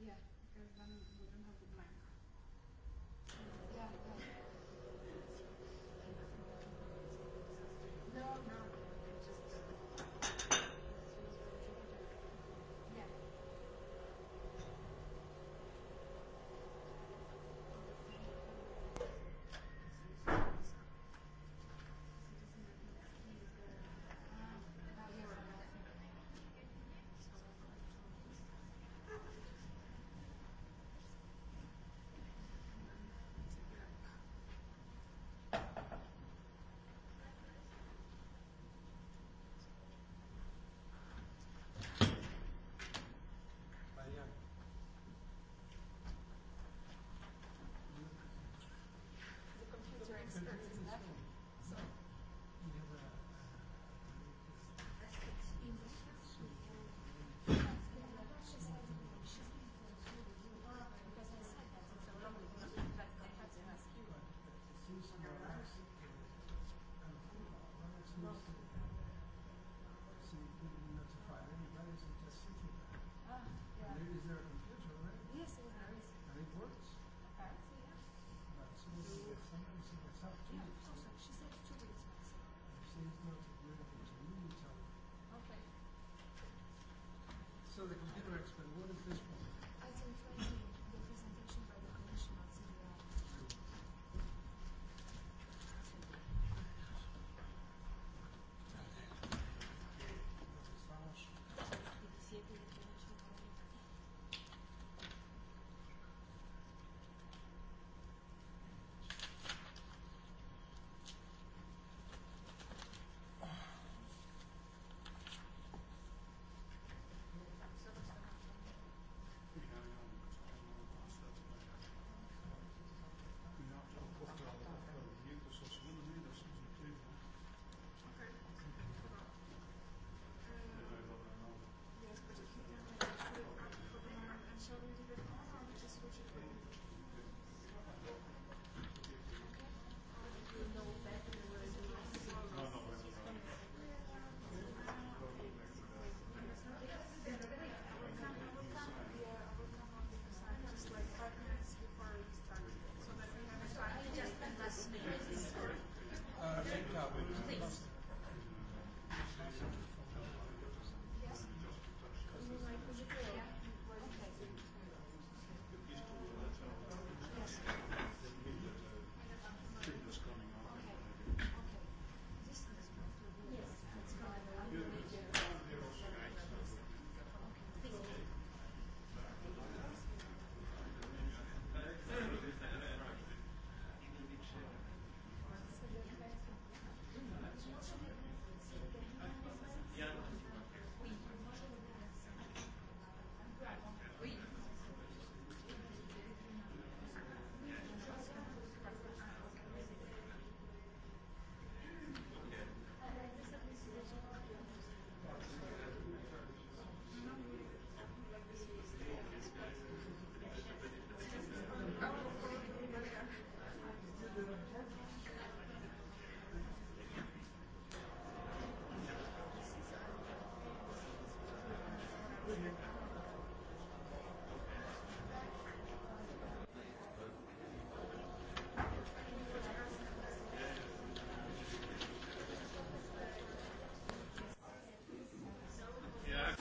Yeah, because then we don't have the blank. Yeah, yeah. No, no.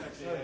Thank you.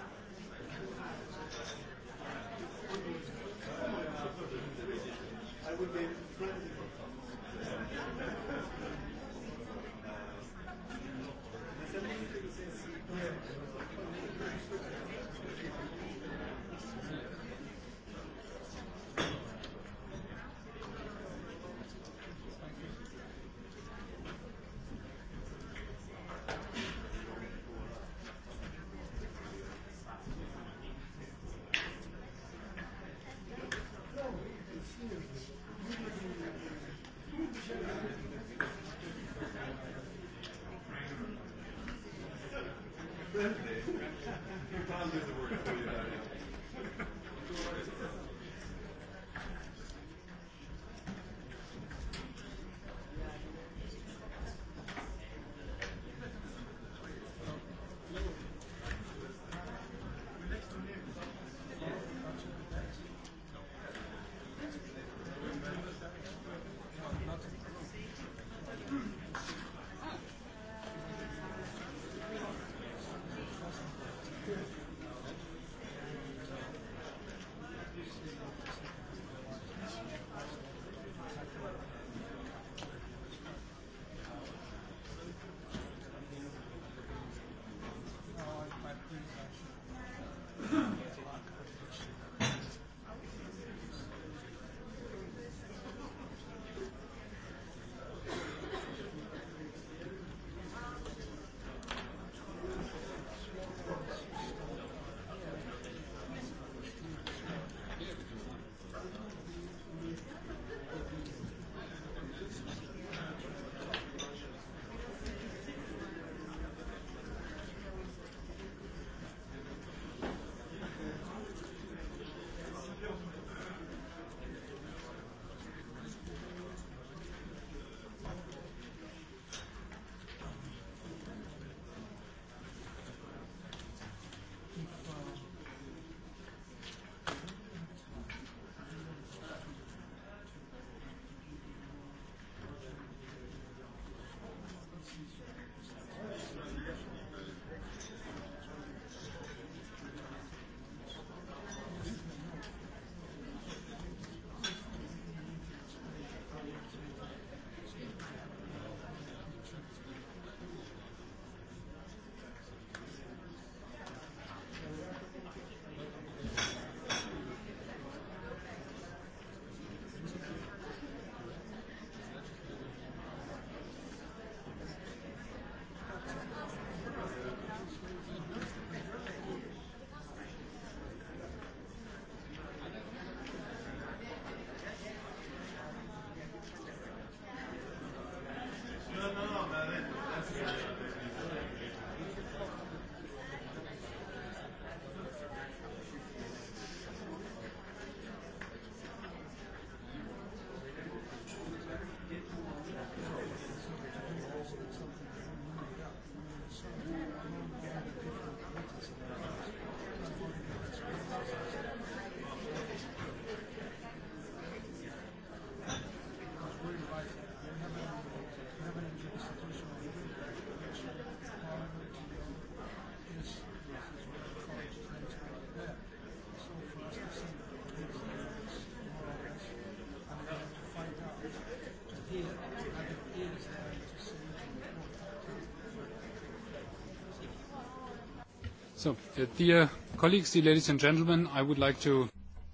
Uh, dear colleagues, dear ladies and gentlemen, I would like to...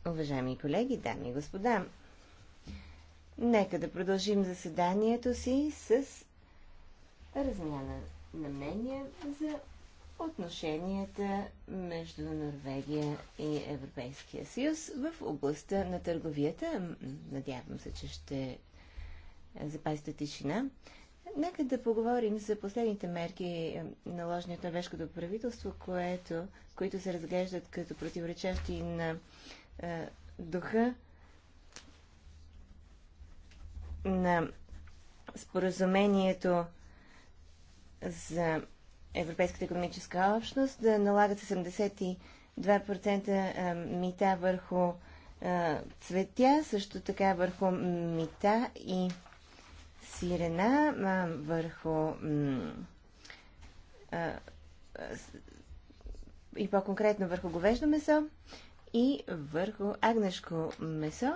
Уважаеми колеги, дами и господа, нека да продължим заседанието си с размяна на мнения за отношенията между Норвегия и Европейския съюз в областта на търговията. Надявам се, че ще запазите тишина. Нека да поговорим за последните мерки, е, наложени от норвежкото правителство, което, които се разглеждат като противоречащи на е, духа на споразумението за Европейската економическа общност, да налагат 72% е, мита върху е, цветя, също така върху мита и сирена а, върху а, и по-конкретно върху говеждо месо и върху агнешко месо.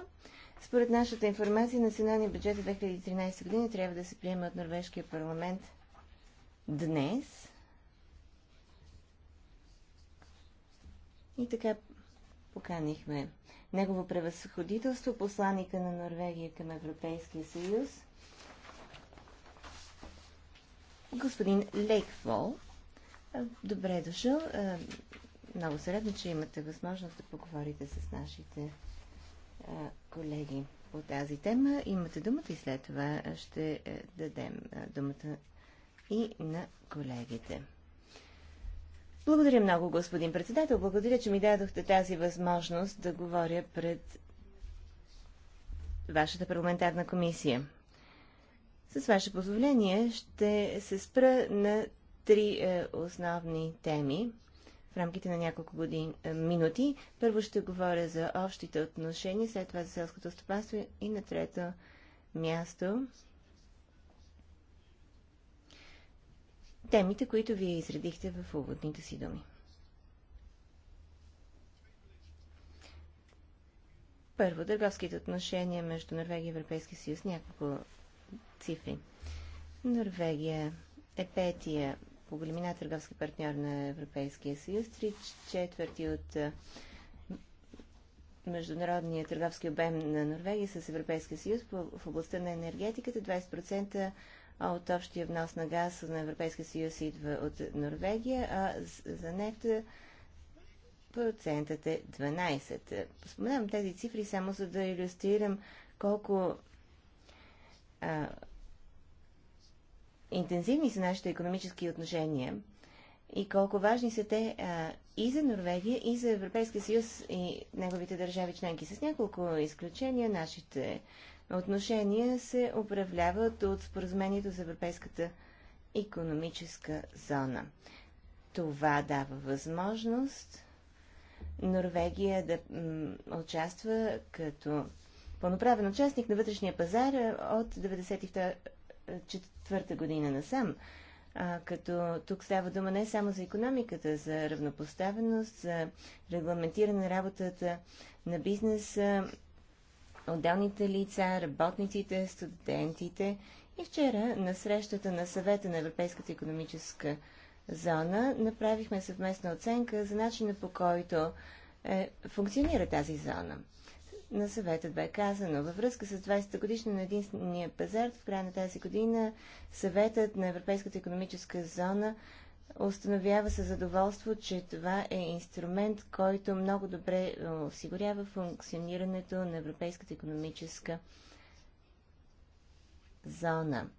Според нашата информация, националния бюджет за 2013 година трябва да се приема от Норвежкия парламент днес. И така поканихме негово превъзходителство, посланика на Норвегия към Европейския съюз, Господин Лейквол, добре е дошъл. Е, много се радвам, че имате възможност да поговорите с нашите е, колеги по тази тема. Имате думата и след това ще е, дадем думата и на колегите. Благодаря много, господин председател. Благодаря, че ми дадохте тази възможност да говоря пред вашата парламентарна комисия. С ваше позволение ще се спра на три е, основни теми в рамките на няколко години, е, минути. Първо ще говоря за общите отношения, след това за селското стопанство и на трето място темите, които вие изредихте в уводните си думи. Първо, дърговските отношения между Норвегия и Европейския съюз. Няколко цифри. Норвегия е петия по големина търговски партньор на Европейския съюз, три четвърти от международния търговски обем на Норвегия с Европейския съюз в областта на енергетиката, 20% от общия внос на газ на Европейския съюз идва от Норвегия, а за нефта процентът е 12. Споменавам тези цифри само за да иллюстрирам колко а, интензивни са нашите економически отношения и колко важни са те а, и за Норвегия, и за Европейския съюз и неговите държави членки. С няколко изключения нашите отношения се управляват от споразумението за Европейската економическа зона. Това дава възможност Норвегия да участва като пълноправен участник на вътрешния пазар от четвърта година насам. А, като тук става дума не само за економиката, за равнопоставеност, за регламентиране на работата на бизнеса, отделните лица, работниците, студентите. И вчера на срещата на съвета на Европейската економическа зона направихме съвместна оценка за начина по който е, функционира тази зона на съвета бе казано. Във връзка с 20-та годишна на единствения пазар, в края на тази година съветът на Европейската економическа зона установява със задоволство, че това е инструмент, който много добре е, осигурява функционирането на Европейската економическа зона.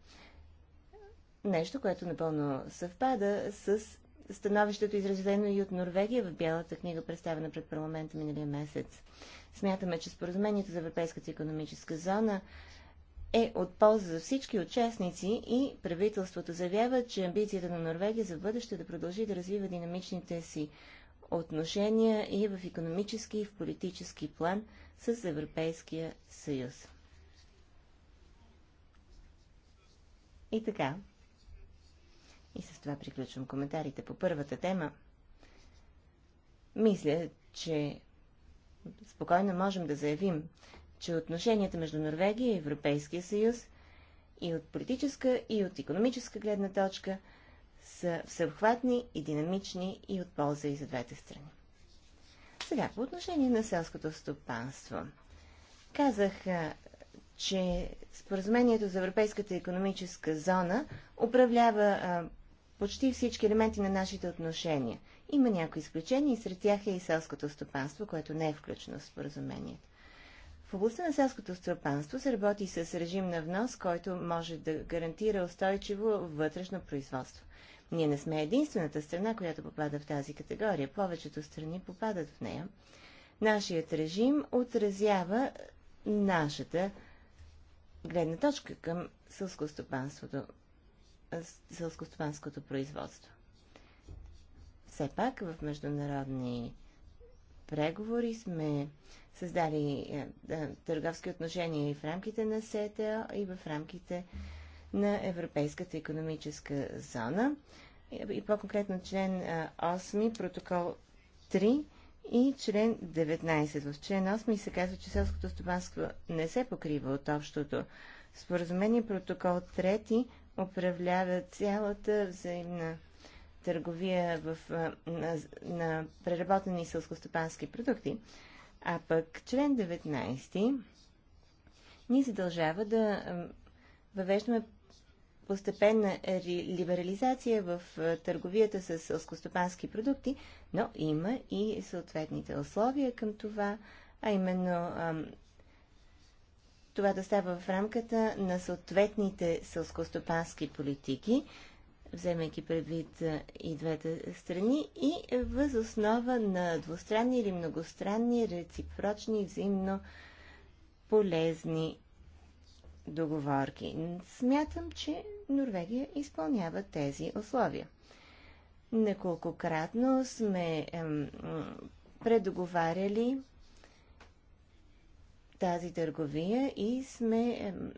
Нещо, което напълно съвпада с становището, изразено и от Норвегия в Бялата книга, представена пред парламента миналия месец. Смятаме, че споразумението за Европейската економическа зона е от полза за всички участници и правителството заявява, че амбицията на Норвегия за бъдеще е да продължи да развива динамичните си отношения и е в економически и в политически план с Европейския съюз. И така. И с това приключвам коментарите по първата тема. Мисля, че спокойно можем да заявим, че отношенията между Норвегия и Европейския съюз и от политическа, и от економическа гледна точка са всеобхватни и динамични и от полза и за двете страни. Сега, по отношение на селското стопанство. Казах, че споразумението за Европейската економическа зона управлява а, почти всички елементи на нашите отношения. Има някои изключения и сред тях е и селското стопанство, което не е включено в споразумението. В областта на селското стопанство се работи с режим на внос, който може да гарантира устойчиво вътрешно производство. Ние не сме единствената страна, която попада в тази категория. Повечето страни попадат в нея. Нашият режим отразява нашата гледна точка към сълскостопанското производство все пак в международни преговори сме създали е, е, търговски отношения и в рамките на СЕТА, и в рамките на Европейската економическа зона. И по-конкретно член 8, е, протокол 3 и член 19. В член 8 се казва, че селското стопанство не се покрива от общото споразумение. Протокол 3 управлява цялата взаимна търговия в, на, на преработени сълскостопански продукти, а пък член 19 ни задължава да въвеждаме постепенна либерализация в търговията с сълскостопански продукти, но има и съответните условия към това, а именно това да става в рамката на съответните сълскостопански политики, вземайки предвид и двете страни и въз основа на двустранни или многостранни, реципрочни, взаимно полезни договорки. Смятам, че Норвегия изпълнява тези условия. Неколкократно сме ем, предоговаряли тази търговия и сме ем,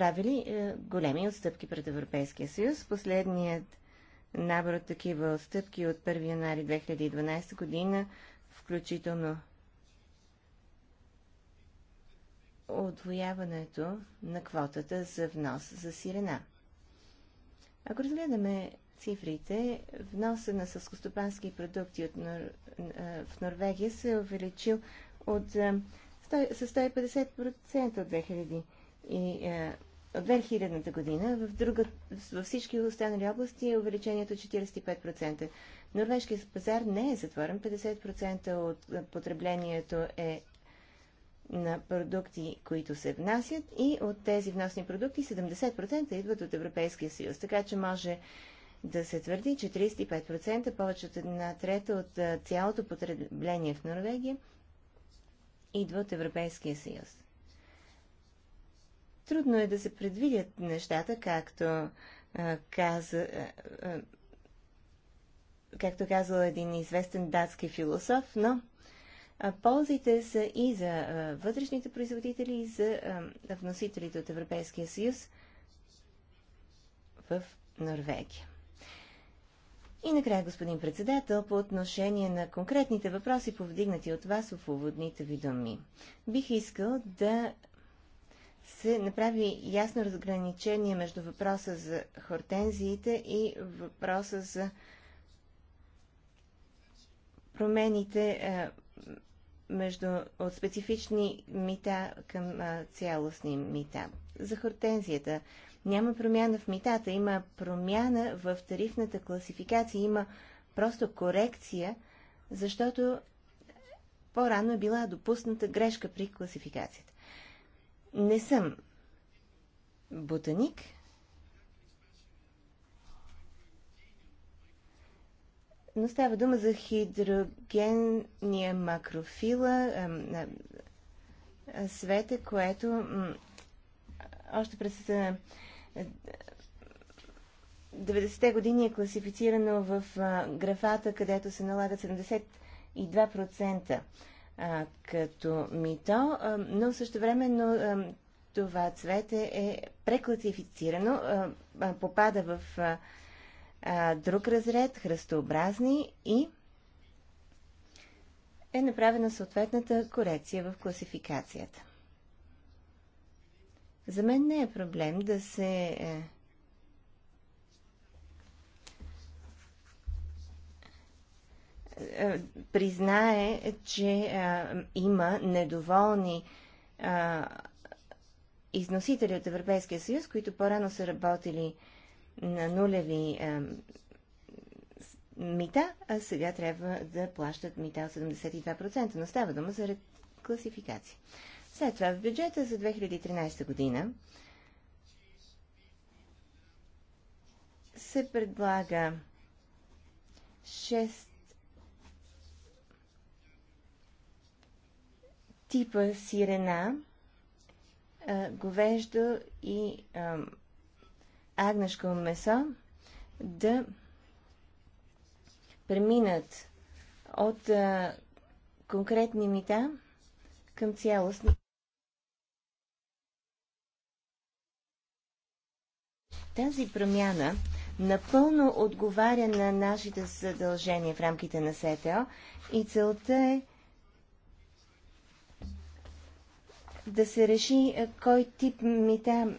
правили е, големи отстъпки пред Европейския съюз. Последният набор от такива отстъпки от 1 януари 2012 година, включително отвояването на квотата за внос за сирена. Ако разгледаме цифрите, вноса на съскостопански продукти от Нор... Е, в Норвегия се е увеличил от, 100... с 150% от 2000 и, е, от 2000-та година в друга, във всички останали области е увеличението 45%. Норвежкият пазар не е затворен. 50% от потреблението е на продукти, които се внасят и от тези вносни продукти 70% идват от Европейския съюз. Така че може да се твърди, че 35% повече от една трета от цялото потребление в Норвегия идва от Европейския съюз. Трудно е да се предвидят нещата, както а, каза. А, както казал един известен датски философ, но ползите са и за вътрешните производители, и за вносителите от Европейския съюз в Норвегия. И накрая, господин председател, по отношение на конкретните въпроси, повдигнати от вас в уводните ви думи, бих искал да се направи ясно разграничение между въпроса за хортензиите и въпроса за промените а, е, между, от специфични мита към а, е, цялостни мита. За хортензията няма промяна в митата, има промяна в тарифната класификация, има просто корекция, защото по-рано е била допусната грешка при класификацията. Не съм ботаник. Но става дума за хидрогенния макрофила, а, а, свете, което още през 90-те години е класифицирано в а, графата, където се налагат 72% а, като мито, а, но също а, това цвете е прекласифицирано, а, а, попада в а, а, друг разред, хръстообразни и е направена съответната корекция в класификацията. За мен не е проблем да се е, Е, признае, че е, има недоволни е, износители от Европейския съюз, които по-рано са работили на нулеви е, мита, а сега трябва да плащат мита от 72%, но става дума за класификация. След това в бюджета за 2013 година се предлага 6 типа сирена, говеждо и агнешко месо да преминат от а, конкретни мита към цялостни. Тази промяна напълно отговаря на нашите задължения в рамките на СТО и целта е да се реши е, кой тип мита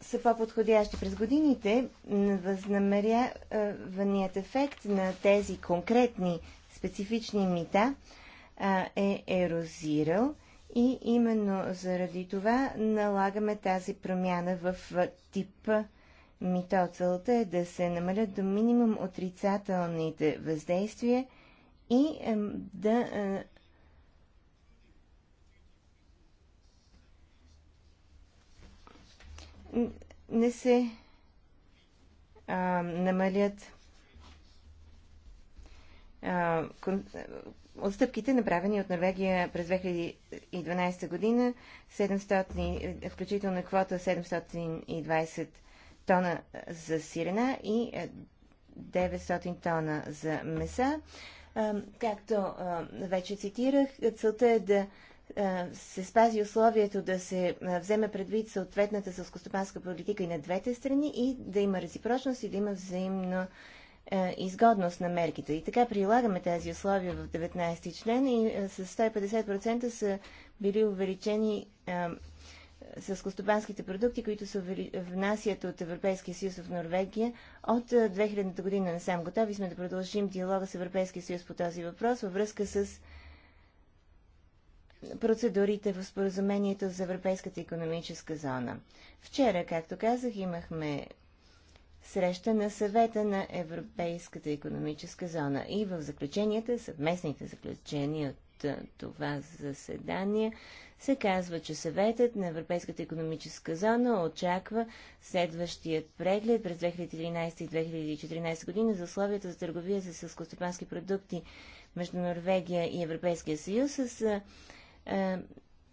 са по-подходящи през годините, възнамеряваният е, ефект на тези конкретни специфични мита е, е ерозирал и именно заради това налагаме тази промяна в типа мито. Целта е да се намалят до минимум отрицателните въздействия и да не се а, намалят отстъпките, направени от Норвегия през 2012 година, 700, включително квота 720 тона за сирена и 900 тона за меса. Както вече цитирах, целта е да се спази условието да се вземе предвид съответната сълскостопанска политика и на двете страни и да има реципрочност и да има взаимно изгодност на мерките. И така прилагаме тези условия в 19 ти член и с 150% са били увеличени сълскостопанските продукти, които се внасят от Европейския съюз в Норвегия от 2000 та година съм Готови сме да продължим диалога с Европейския съюз по този въпрос във връзка с процедурите в споразумението за Европейската економическа зона. Вчера, както казах, имахме среща на съвета на Европейската економическа зона и в заключенията, съвместните заключения от това заседание, се казва, че съветът на Европейската економическа зона очаква следващият преглед през 2013 и 2014 година за условията за търговия за селскостопански продукти между Норвегия и Европейския съюз с е,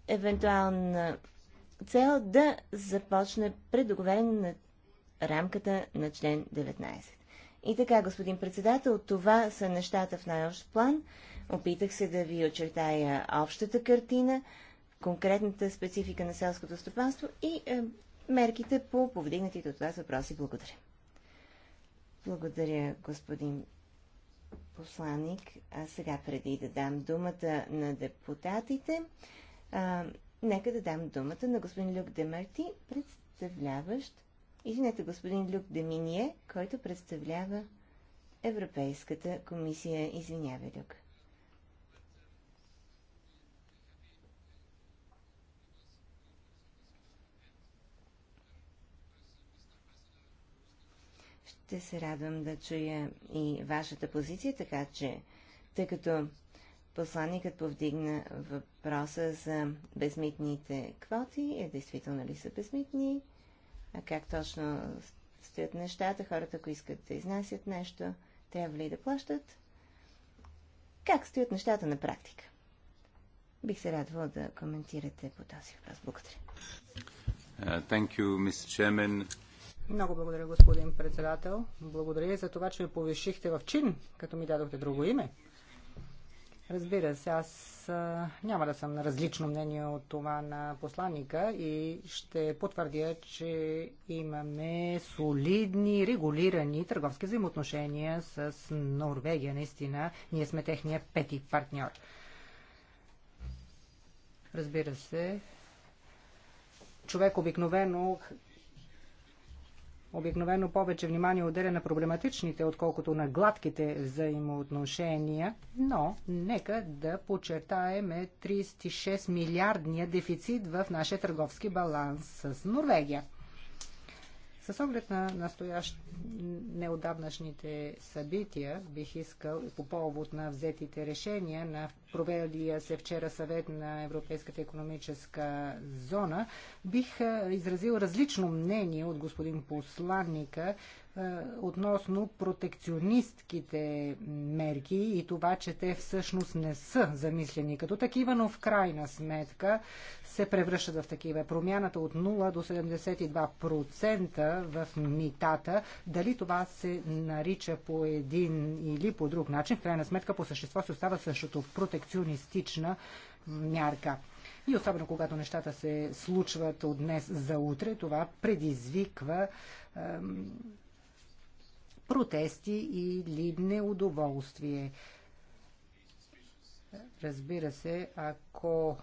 евентуална цел да започне предоговаряне на рамката на член 19. И така, господин председател, това са нещата в най-общ план. Опитах се да ви очертая общата картина, конкретната специфика на селското стопанство и е, мерките по повдигнатите от вас въпроси. Благодаря. Благодаря, господин посланник. А сега, преди да дам думата на депутатите, а, нека да дам думата на господин Люк Демарти, представляващ, извинете, господин Люк Деминие, който представлява Европейската комисия. Извинявай, Люк. Ще се радвам да чуя и вашата позиция, така че, тъй като посланникът повдигна въпроса за безмитните квоти, е действително ли са безмитни, а как точно стоят нещата, хората, ако искат да изнасят нещо, трябва ли да плащат? Как стоят нещата на практика? Бих се радвала да коментирате по този въпрос. Благодаря. Uh, thank you, Mr. Chairman. Много благодаря, господин председател. Благодаря и за това, че ме повишихте в чин, като ми дадохте друго име. Разбира се, аз няма да съм на различно мнение от това на посланника и ще потвърдя, че имаме солидни, регулирани търговски взаимоотношения с Норвегия. Наистина, ние сме техния пети партньор. Разбира се, човек обикновено обикновено повече внимание отделя на проблематичните, отколкото на гладките взаимоотношения, но нека да почертаеме 36 милиардния дефицит в нашия търговски баланс с Норвегия. С оглед на настоящ неодавнашните събития, бих искал по повод на взетите решения на провелия се вчера съвет на Европейската економическа зона, бих изразил различно мнение от господин посланника е, относно протекционистките мерки и това, че те всъщност не са замислени като такива, но в крайна сметка се превръщат в такива. Промяната от 0 до 72% в митата, дали това се нарича по един или по друг начин, в крайна сметка по същество се остава същото протекционистична мярка. И особено когато нещата се случват от днес за утре, това предизвиква протести или неудоволствие. Разбира се, ако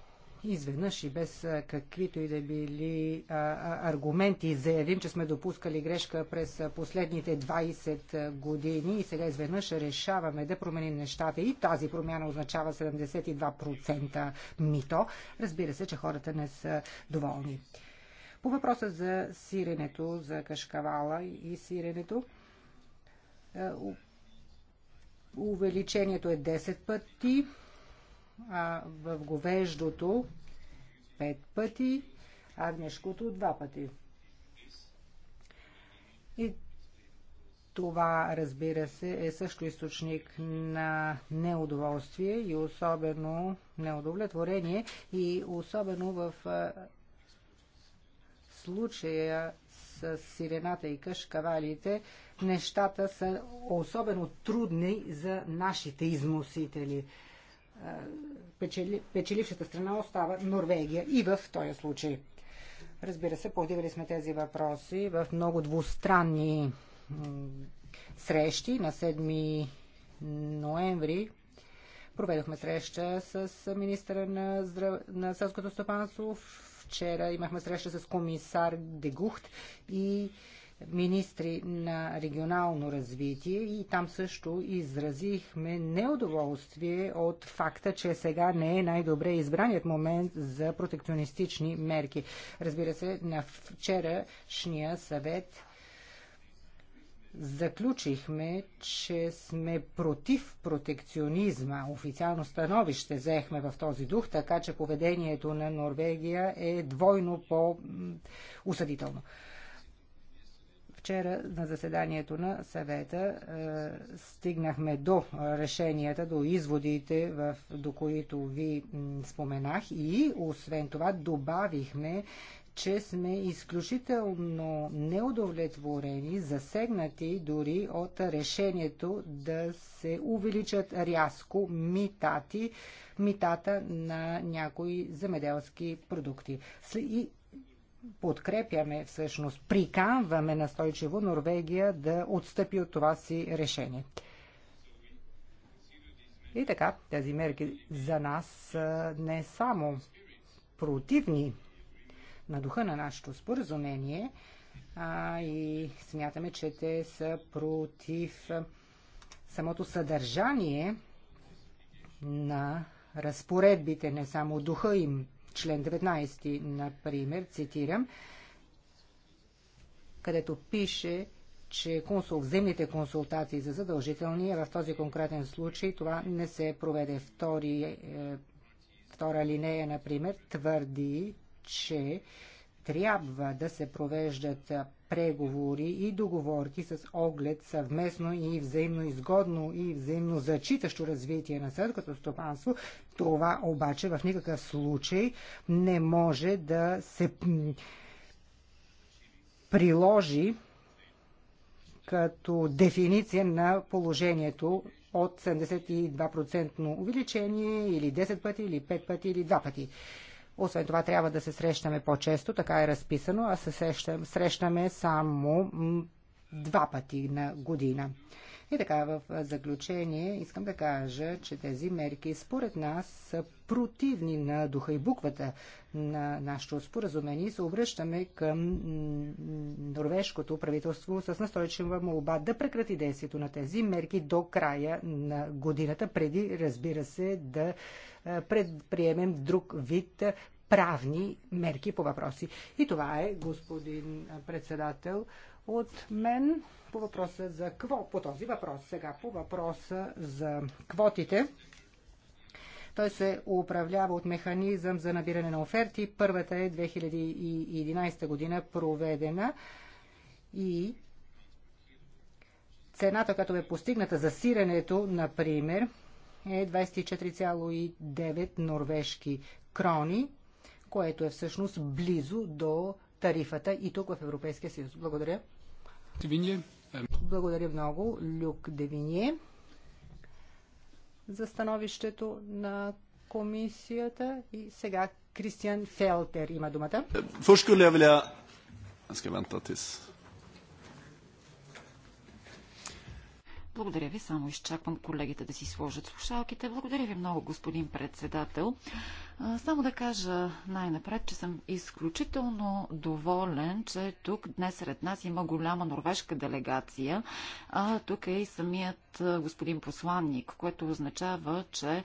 изведнъж и без каквито и да били а, аргументи заявим, че сме допускали грешка през последните 20 години и сега изведнъж решаваме да променим нещата и тази промяна означава 72% мито, разбира се, че хората не са доволни. По въпроса за сиренето, за кашкавала и сиренето, е, увеличението е 10 пъти, а в говеждото 5 пъти, а гнешкото 2 пъти. И това, разбира се, е също източник на неудоволствие и особено неудовлетворение и особено в е, случая с сирената и кашкавалите нещата са особено трудни за нашите износители. Печели, печелившата страна остава Норвегия и в този случай. Разбира се, повдигали сме тези въпроси в много двустранни срещи на 7 ноември Проведохме среща с министъра на, здрав... на селското стопанство. Вчера имахме среща с комисар Дегухт и министри на регионално развитие и там също изразихме неудоволствие от факта, че сега не е най-добре избраният момент за протекционистични мерки. Разбира се, на вчерашния съвет заключихме, че сме против протекционизма. Официално становище взехме в този дух, така че поведението на Норвегия е двойно по-осъдително. Вчера на заседанието на съвета е, стигнахме до решенията, до изводите, в, до които ви споменах и освен това добавихме че сме изключително неудовлетворени, засегнати дори от решението да се увеличат рязко митати, митата на някои земеделски продукти. И подкрепяме, всъщност приканваме настойчиво Норвегия да отстъпи от това си решение. И така, тези мерки за нас са не само противни на духа на нашето споразумение, а и смятаме, че те са против самото съдържание на разпоредбите, не само духа им член 19, например, цитирам, където пише, че консул, земните консултации за задължителни, в този конкретен случай това не се проведе. Втори, е, втора линея, например, твърди, че трябва да се провеждат преговори и договорки с оглед съвместно и взаимно изгодно и взаимно зачитащо развитие на като стопанство. Това обаче в никакъв случай не може да се приложи като дефиниция на положението от 72% увеличение или 10 пъти, или 5 пъти, или 2 пъти. Освен това трябва да се срещаме по-често, така е разписано, а се срещаме само два пъти на година. И така, в заключение искам да кажа, че тези мерки според нас са противни на духа и буквата на нашето споразумение и се обръщаме към норвежкото правителство с настойчива молба да прекрати действието на тези мерки до края на годината, преди, разбира се, да предприемем друг вид правни мерки по въпроси. И това е, господин председател, от мен по въпроса за кво, по този въпрос. Сега по въпроса за квотите. Той се управлява от механизъм за набиране на оферти. Първата е 2011 година проведена и цената, която е постигната за сиренето, например, е 24,9 норвежки крони, което е всъщност близо до тарифата и тук в Европейския съюз. Благодаря. Девинье. Благодаря много, Люк Девинье, за становището на комисията. И сега Кристиан Фелтер има думата. Е, Först skulle Аз ще Благодаря ви, само изчаквам колегите да си сложат слушалките. Благодаря ви много, господин председател. Само да кажа най-напред, че съм изключително доволен, че тук днес сред нас има голяма норвежка делегация, а тук е и самият господин посланник, което означава, че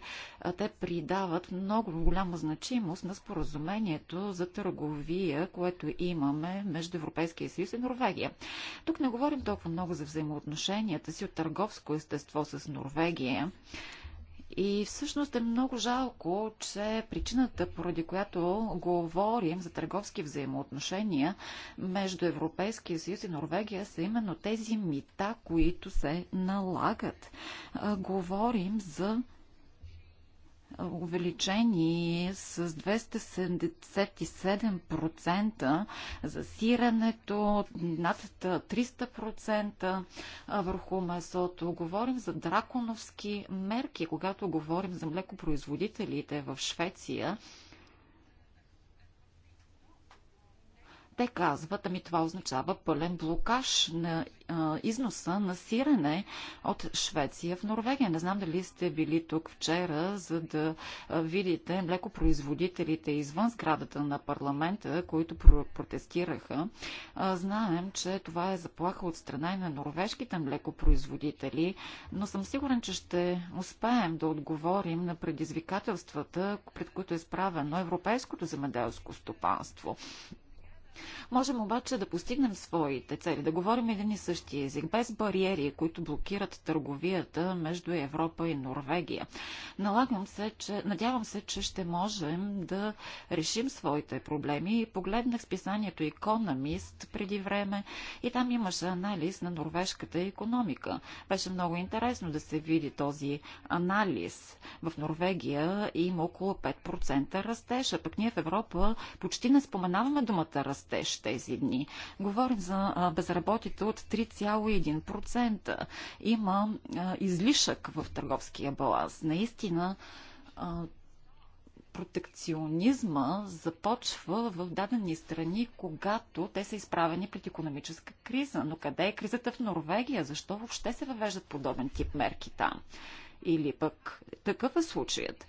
те придават много голяма значимост на споразумението за търговия, което имаме между Европейския съюз и Норвегия. Тук не говорим толкова много за взаимоотношенията си от търговско естество с Норвегия. И всъщност е много жалко, че причината, поради която говорим за търговски взаимоотношения между Европейския съюз и Норвегия, са именно тези мита, които се налагат. Говорим за увеличени с 277% за сирането, над 300% върху месото. Говорим за драконовски мерки, когато говорим за млекопроизводителите в Швеция. Те казват, ами това означава пълен блокаж на а, износа на сирене от Швеция в Норвегия. Не знам дали сте били тук вчера, за да видите млекопроизводителите извън сградата на парламента, които протестираха. А, знаем, че това е заплаха от страна и на норвежките млекопроизводители, но съм сигурен, че ще успеем да отговорим на предизвикателствата, пред които е справено европейското земеделско стопанство. Можем обаче да постигнем своите цели, да говорим един и същи език, без бариери, които блокират търговията между Европа и Норвегия. Налагам се, че, надявам се, че ще можем да решим своите проблеми. Погледнах списанието Economist преди време и там имаше анализ на норвежката економика. Беше много интересно да се види този анализ. В Норвегия има около 5% растежа, пък ние в Европа почти не споменаваме думата растеж растеж тези дни. Говорим за безработите от 3,1%. Има излишък в търговския баланс. Наистина протекционизма започва в дадени страни, когато те са изправени пред економическа криза. Но къде е кризата в Норвегия? Защо въобще се въвеждат подобен тип мерки там? Или пък такъв е случаят.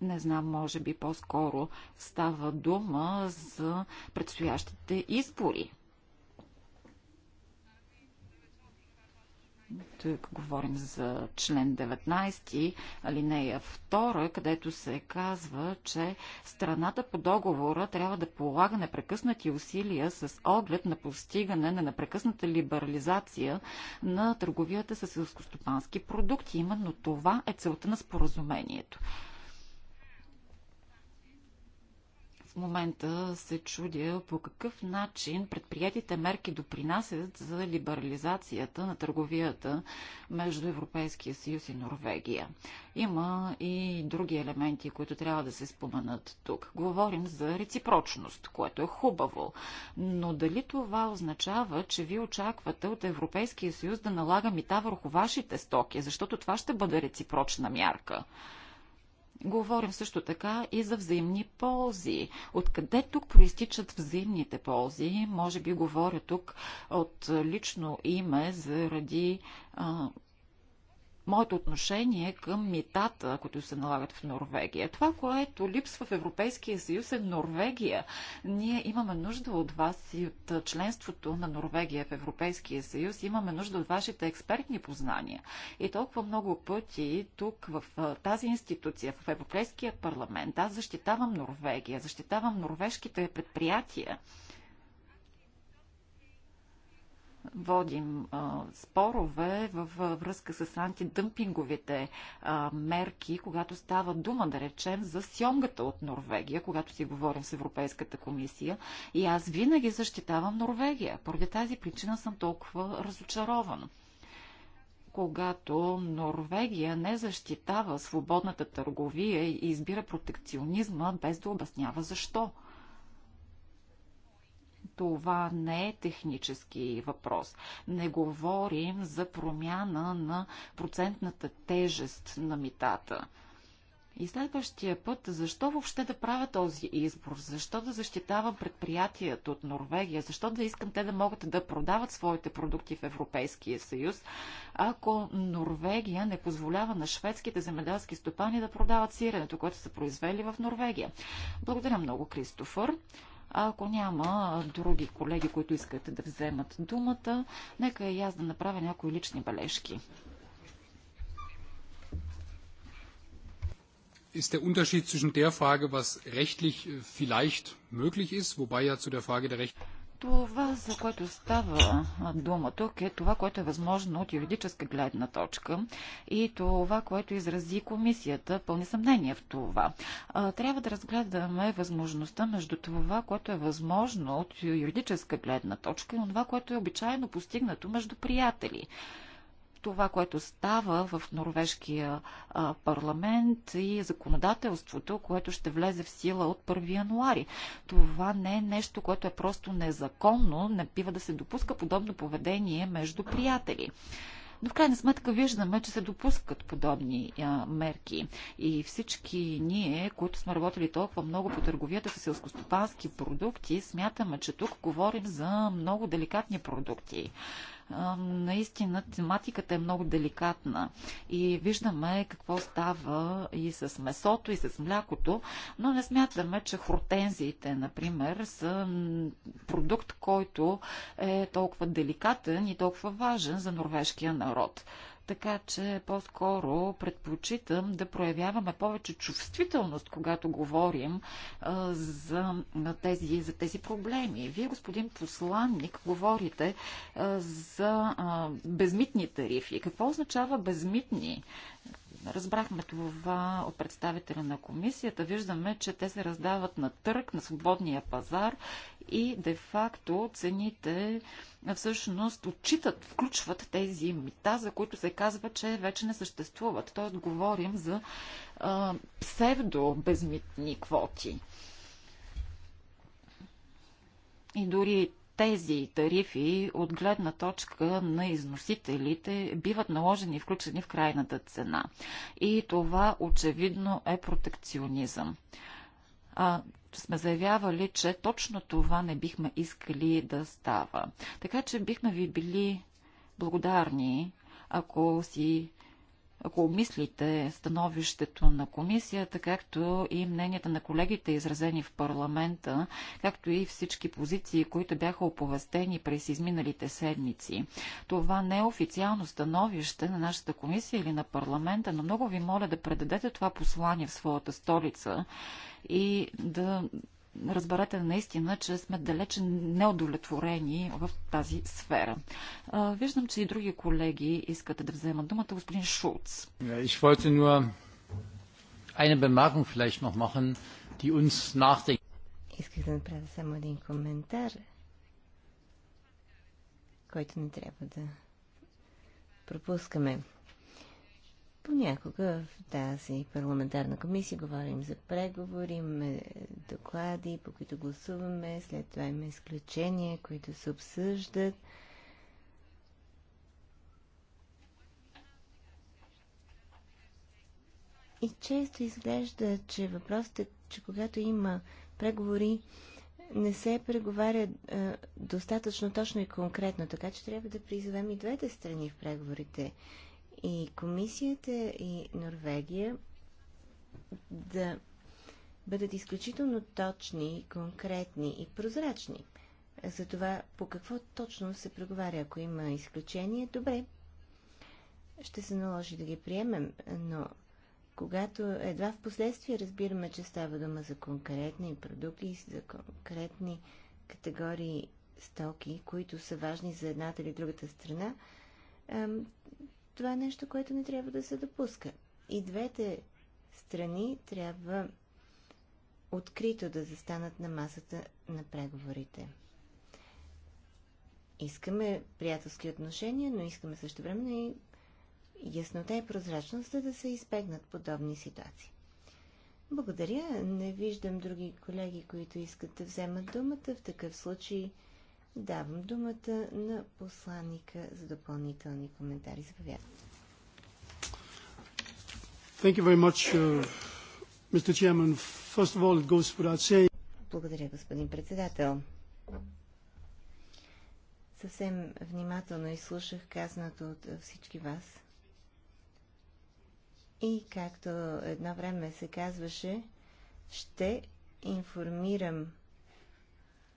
Не знам, може би по-скоро става дума за предстоящите избори. Тук говорим за член 19, алинея 2, където се казва, че страната по договора трябва да полага непрекъснати усилия с оглед на постигане на непрекъсната либерализация на търговията с селскостопански продукти. Именно това е целта на споразумението. момента се чудя по какъв начин предприятите мерки допринасят за либерализацията на търговията между Европейския съюз и Норвегия. Има и други елементи, които трябва да се споменат тук. Говорим за реципрочност, което е хубаво. Но дали това означава, че ви очаквате от Европейския съюз да налага мита върху вашите стоки, защото това ще бъде реципрочна мярка? Говорим също така и за взаимни ползи. Откъде тук проистичат взаимните ползи? Може би говоря тук от лично име заради а, моето отношение към митата, които се налагат в Норвегия. Това, което липсва в Европейския съюз е Норвегия. Ние имаме нужда от вас и от членството на Норвегия в Европейския съюз. Имаме нужда от вашите експертни познания. И толкова много пъти тук в тази институция, в Европейския парламент, аз защитавам Норвегия, защитавам норвежките предприятия водим а, спорове във връзка с антидъмпинговите а, мерки, когато става дума, да речем, за сьомгата от Норвегия, когато си говорим с Европейската комисия. И аз винаги защитавам Норвегия. Поради тази причина съм толкова разочарован когато Норвегия не защитава свободната търговия и избира протекционизма без да обяснява защо това не е технически въпрос. Не говорим за промяна на процентната тежест на митата. И следващия път, защо въобще да правя този избор? Защо да защитавам предприятието от Норвегия? Защо да искам те да могат да продават своите продукти в Европейския съюз, ако Норвегия не позволява на шведските земеделски стопани да продават сиренето, което са произвели в Норвегия? Благодаря много, Кристофър. А ако няма други колеги, които искат да вземат думата, нека и аз да направя някои лични бележки. ist der Unterschied zwischen der Frage, was rechtlich vielleicht möglich ist, wobei ja zu der Frage der Rechte. Това, за което става дума тук, е това, което е възможно от юридическа гледна точка и това, което изрази комисията, пълни съмнение в това. Трябва да разгледаме възможността между това, което е възможно от юридическа гледна точка и това, което е обичайно постигнато между приятели това, което става в норвежкия парламент и законодателството, което ще влезе в сила от 1 януари. Това не е нещо, което е просто незаконно, не бива да се допуска подобно поведение между приятели. Но в крайна сметка виждаме, че се допускат подобни а, мерки. И всички ние, които сме работили толкова много по търговията с селскостопански продукти, смятаме, че тук говорим за много деликатни продукти наистина тематиката е много деликатна и виждаме какво става и с месото, и с млякото, но не смятаме, че хортензиите, например, са продукт, който е толкова деликатен и толкова важен за норвежкия народ. Така че по-скоро предпочитам да проявяваме повече чувствителност, когато говорим а, за, тези, за тези проблеми. Вие, господин посланник, говорите а, за а, безмитни тарифи. Какво означава безмитни? Разбрахме това от представителя на комисията. Виждаме, че те се раздават на търг, на свободния пазар и де-факто цените всъщност отчитат, включват тези мита, за които се казва, че вече не съществуват. Тоест говорим за а, псевдо-безмитни квоти. И дори тези тарифи от гледна точка на износителите биват наложени и включени в крайната цена. И това очевидно е протекционизъм. А, сме заявявали, че точно това не бихме искали да става. Така че бихме ви били благодарни, ако си ако обмислите становището на комисията, както и мненията на колегите, изразени в парламента, както и всички позиции, които бяха оповестени през изминалите седмици. Това не е официално становище на нашата комисия или на парламента, но много ви моля да предадете това послание в своята столица и да разберете наистина, че сме далече неудовлетворени в тази сфера. Виждам, че и други колеги искат да вземат думата. Господин Шулц. Ich wollte nur eine Bemerkung vielleicht noch machen, die uns nachdenken. Исках да направя само един коментар, който не трябва да пропускаме. Понякога в тази парламентарна комисия говорим за преговори, имаме доклади, по които гласуваме, след това има изключения, които се обсъждат. И често изглежда, че въпросът е, че когато има преговори, не се преговаря е, достатъчно точно и конкретно, така че трябва да призовем и двете страни в преговорите и комисията и Норвегия да бъдат изключително точни, конкретни и прозрачни за това по какво точно се преговаря. Ако има изключение, добре, ще се наложи да ги приемем, но когато едва в последствие разбираме, че става дума за конкретни продукти, за конкретни категории стоки, които са важни за едната или другата страна, това е нещо, което не трябва да се допуска. И двете страни трябва открито да застанат на масата на преговорите. Искаме приятелски отношения, но искаме също време и яснота и прозрачност, да се избегнат подобни ситуации. Благодаря. Не виждам други колеги, които искат да вземат думата. В такъв случай Давам думата на посланника за допълнителни коментари. Заповядайте. Thank you very much, uh, Mr. Chairman. First of all, it goes without saying. Благодаря, господин председател. Съвсем внимателно изслушах казаното от всички вас. И както едно време се казваше, ще информирам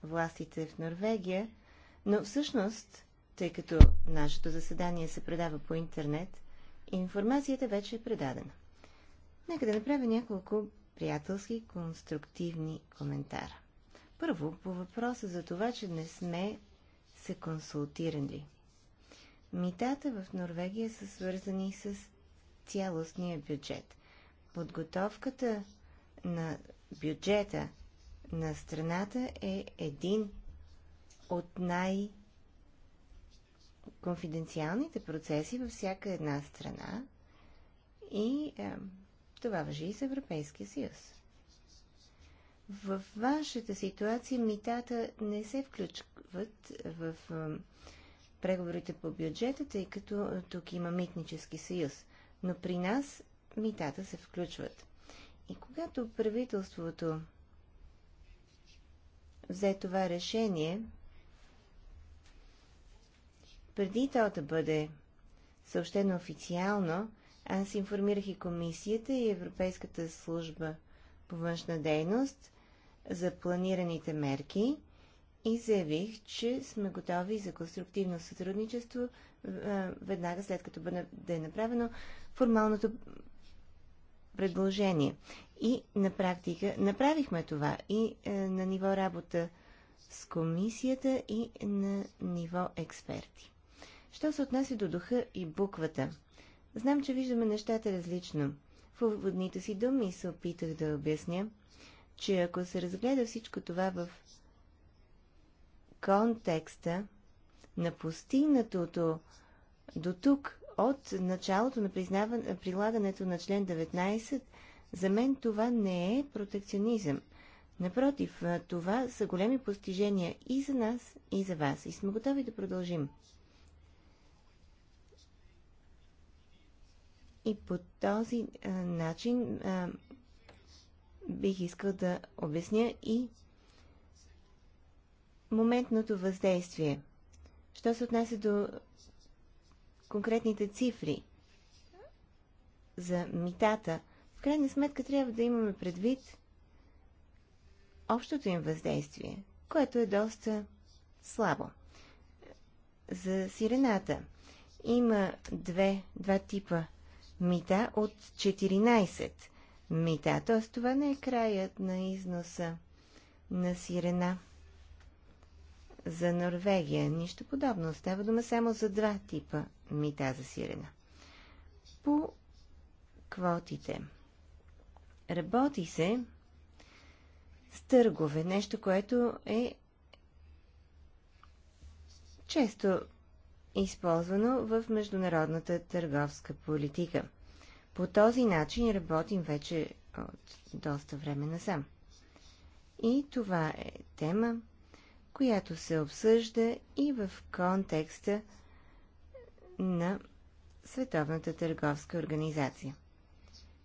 властите в Норвегия, но всъщност, тъй като нашето заседание се предава по интернет, информацията вече е предадена. Нека да направя няколко приятелски конструктивни коментара. Първо, по въпроса за това, че не сме се консултирали. Митата в Норвегия са свързани с цялостния бюджет. Подготовката на бюджета на страната е един от най- конфиденциалните процеси във всяка една страна и е, това въжи и за Европейския съюз. В вашата ситуация митата не се включват в е, преговорите по бюджета, тъй като тук има митнически съюз. Но при нас митата се включват. И когато правителството взе това решение, преди то да бъде съобщено официално, аз информирах и комисията и Европейската служба по външна дейност за планираните мерки и заявих, че сме готови за конструктивно сътрудничество веднага след като бъде направено формалното предложение. И на практика направихме това и е, на ниво работа с комисията и на ниво експерти. Що се отнася до духа и буквата? Знам, че виждаме нещата различно. В уводните си думи се опитах да обясня, че ако се разгледа всичко това в контекста на постигнатото до тук от началото на прилагането на член 19, за мен това не е протекционизъм. Напротив, това са големи постижения и за нас, и за вас. И сме готови да продължим. И по този а, начин а, бих искал да обясня и моментното въздействие. Що се отнася до конкретните цифри за митата, в крайна сметка трябва да имаме предвид общото им въздействие, което е доста слабо. За сирената има две, два типа мита от 14 мита. Т.е. това не е краят на износа на сирена за Норвегия. Нищо подобно. Става дума само за два типа мита за сирена. По квотите. Работи се с търгове, нещо, което е често използвано в международната търговска политика. По този начин работим вече от доста време насам. И това е тема, която се обсъжда и в контекста на Световната търговска организация.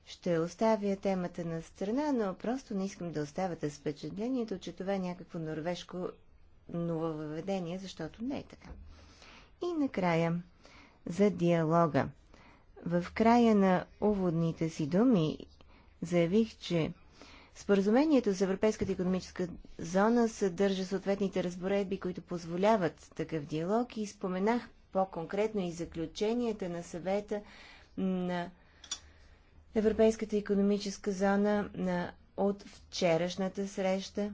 Ще оставя темата на страна, но просто не искам да оставате с впечатлението, че това е някакво норвежко нововъведение, защото не е така. И накрая, за диалога. В края на уводните си думи заявих, че Споразумението за Европейската економическа зона съдържа съответните разпоредби, които позволяват такъв диалог и споменах по-конкретно и заключенията на съвета на Европейската економическа зона на, от вчерашната среща.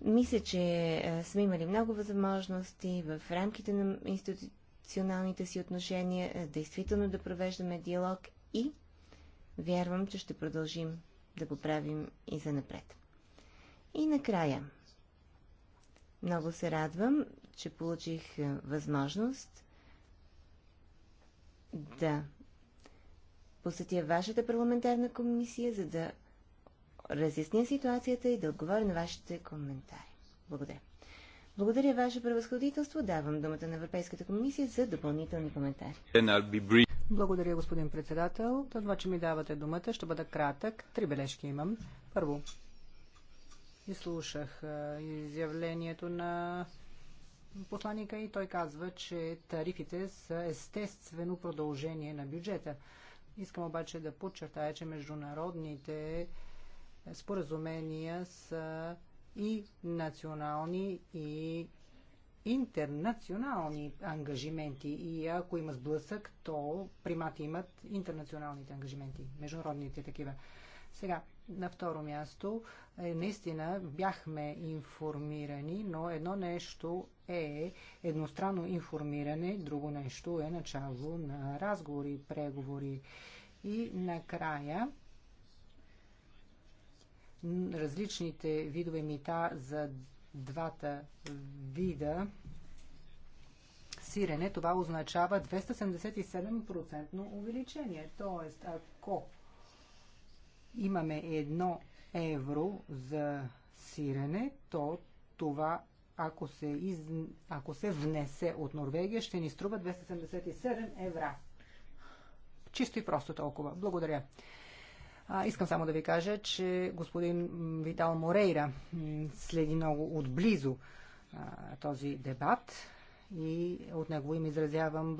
Мисля, че сме имали много възможности в рамките на институционалните си отношения действително да провеждаме диалог и вярвам, че ще продължим да го правим и за напред. И накрая. Много се радвам, че получих е, възможност да посетя вашата парламентарна комисия, за да разясня ситуацията и да отговоря на вашите коментари. Благодаря. Благодаря, Ваше превъзходителство. Давам думата на Европейската комисия за допълнителни коментари. Благодаря, господин председател. това, че ми давате думата, ще бъда кратък. Три бележки имам. Първо, изслушах изявлението на посланика и той казва, че тарифите са естествено продължение на бюджета. Искам обаче да подчертая, че международните споразумения са и национални, и интернационални ангажименти и ако има сблъсък, то примати имат интернационалните ангажименти, международните такива. Сега, на второ място, е, наистина бяхме информирани, но едно нещо е едностранно информиране, друго нещо е начало на разговори, преговори. И накрая, различните видове мита за двата вида сирене, това означава 277% увеличение. Тоест, ако имаме едно евро за сирене, то това, ако се, из... ако се внесе от Норвегия, ще ни струва 277 евра. Чисто и просто толкова. Благодаря. А, искам само да ви кажа, че господин Витал Морейра следи много отблизо а, този дебат и от него им изразявам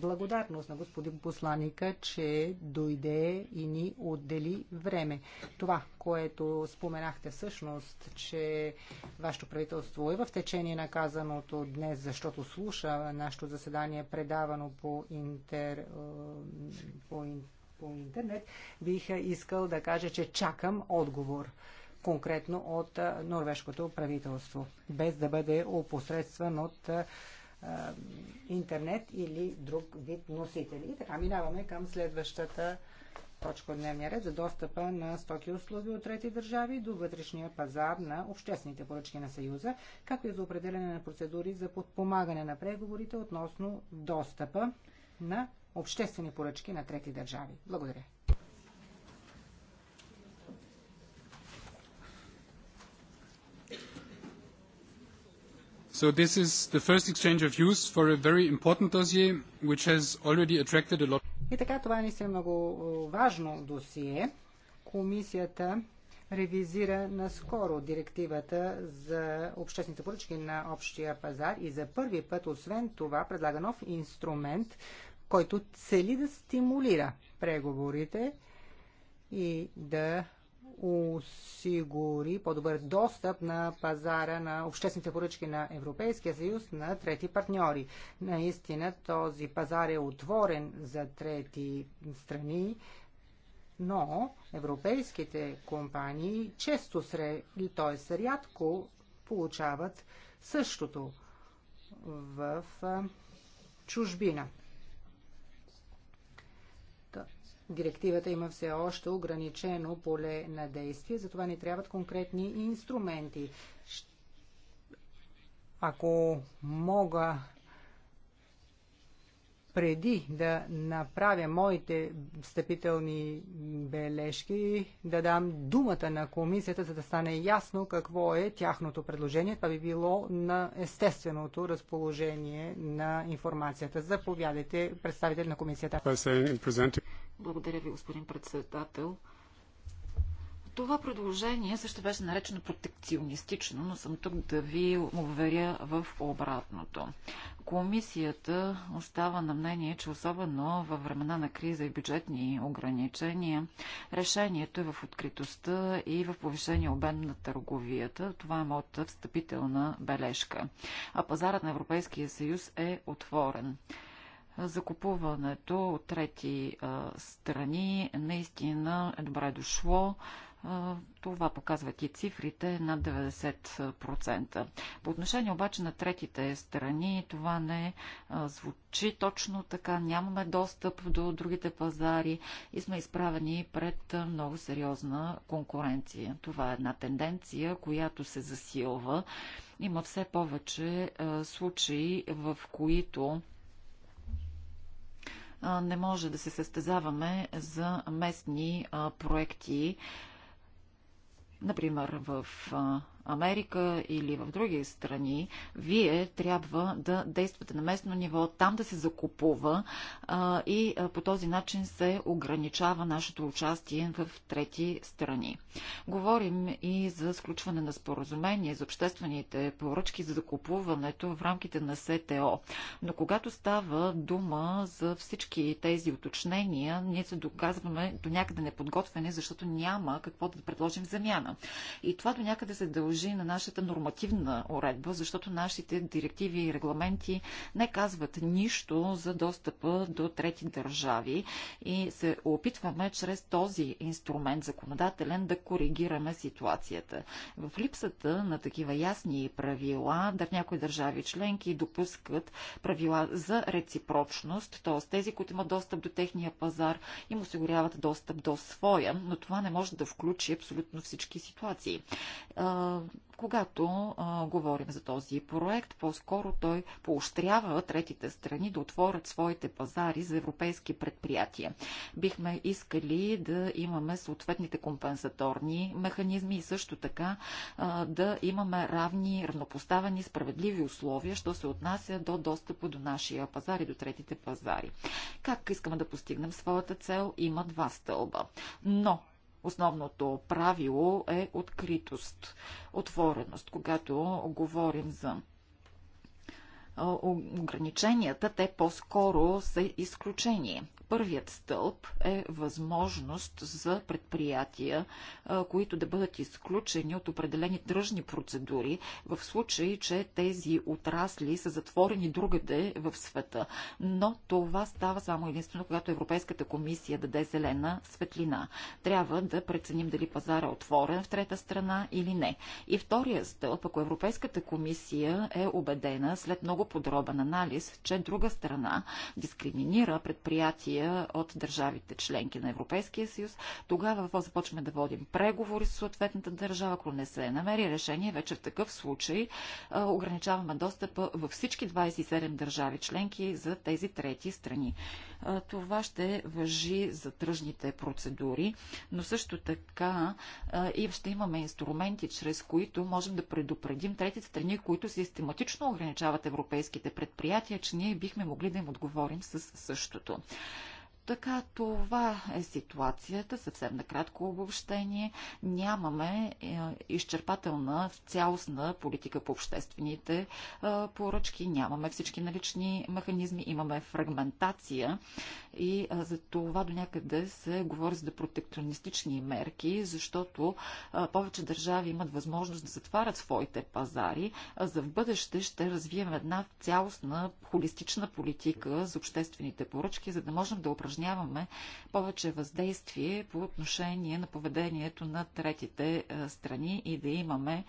благодарност на господин посланика, че дойде и ни отдели време. Това, което споменахте всъщност, че вашето правителство е в течение на казаното днес, защото слуша нашето заседание предавано по, интер, по интер по интернет, бих искал да кажа, че чакам отговор конкретно от норвежкото правителство, без да бъде опосредстван от интернет или друг вид носители. И така минаваме към следващата точка от дневния ред за достъпа на стоки и услуги от трети държави до вътрешния пазар на обществените поръчки на Съюза, както и за определене на процедури за подпомагане на преговорите относно достъпа на обществени поръчки на трети държави. Благодаря. So this is the first exchange of views for a very important dossier, which has already attracted a lot. И така, това е наистина много важно досие. Комисията ревизира наскоро директивата за обществените поръчки на общия пазар и за първи път, освен това, предлага нов инструмент който цели да стимулира преговорите и да осигури по-добър достъп на пазара на обществените поръчки на Европейския съюз на трети партньори. Наистина този пазар е отворен за трети страни, но европейските компании често, сре, т.е. рядко получават същото в чужбина. Директивата има все още ограничено поле на действие, затова ни трябват конкретни инструменти. Ако мога преди да направя моите встъпителни бележки, да дам думата на комисията, за да стане ясно какво е тяхното предложение. Това би било на естественото разположение на информацията. Заповядайте, представител на комисията. Благодаря ви, господин председател. Това предложение също беше наречено протекционистично, но съм тук да ви уверя в обратното. Комисията остава на мнение, че особено във времена на криза и бюджетни ограничения, решението е в откритостта и в повишение обем на търговията. Това е моята встъпителна бележка. А пазарът на Европейския съюз е отворен закупуването от трети страни наистина е добре дошло. Това показват и цифрите над 90%. По отношение обаче на третите страни, това не звучи точно така. Нямаме достъп до другите пазари и сме изправени пред много сериозна конкуренция. Това е една тенденция, която се засилва. Има все повече случаи, в които не може да се състезаваме за местни проекти, например в Америка или в други страни, вие трябва да действате на местно ниво, там да се закупува а, и а, по този начин се ограничава нашето участие в трети страни. Говорим и за сключване на споразумение за обществените поръчки за закупуването в рамките на СТО. Но когато става дума за всички тези уточнения, ние се доказваме до някъде неподготвени, защото няма какво да предложим замяна. И това до някъде се дължи дължи на нашата нормативна уредба, защото нашите директиви и регламенти не казват нищо за достъпа до трети държави и се опитваме чрез този инструмент законодателен да коригираме ситуацията. В липсата на такива ясни правила, да в някои държави членки допускат правила за реципрочност, т.е. тези, които имат достъп до техния пазар, им осигуряват достъп до своя, но това не може да включи абсолютно всички ситуации когато а, говорим за този проект, по-скоро той поощрява третите страни да отворят своите пазари за европейски предприятия. Бихме искали да имаме съответните компенсаторни механизми и също така а, да имаме равни, равнопоставени, справедливи условия, що се отнася до достъпа до нашия пазар и до третите пазари. Как искаме да постигнем своята цел? Има два стълба. Но Основното правило е откритост, отвореност. Когато говорим за ограниченията, те по-скоро са изключение. Първият стълб е възможност за предприятия, които да бъдат изключени от определени тръжни процедури, в случай, че тези отрасли са затворени другаде в света. Но това става само единствено, когато Европейската комисия даде зелена светлина. Трябва да преценим дали пазара е отворен в трета страна или не. И втория стълб, ако Европейската комисия е убедена след много по подробен анализ, че друга страна дискриминира предприятия от държавите членки на Европейския съюз, тогава какво започваме да водим преговори с съответната държава, ако не се намери решение, вече в такъв случай ограничаваме достъпа във всички 27 държави членки за тези трети страни. това ще въжи за тръжните процедури, но също така и ще имаме инструменти, чрез които можем да предупредим трети страни, които систематично ограничават европейските европейските предприятия, че ние бихме могли да им отговорим с същото така това е ситуацията, съвсем накратко обобщение. Нямаме е, изчерпателна, цялостна политика по обществените е, поръчки, нямаме всички налични механизми, имаме фрагментация и е, за това до някъде се говори за протекционистични мерки, защото повече държави имат възможност да затварят своите пазари, а за в бъдеще ще развием една цялостна холистична политика за обществените поръчки, за да можем да упражняваме упражняваме повече въздействие по отношение на поведението на третите е, страни и да имаме е,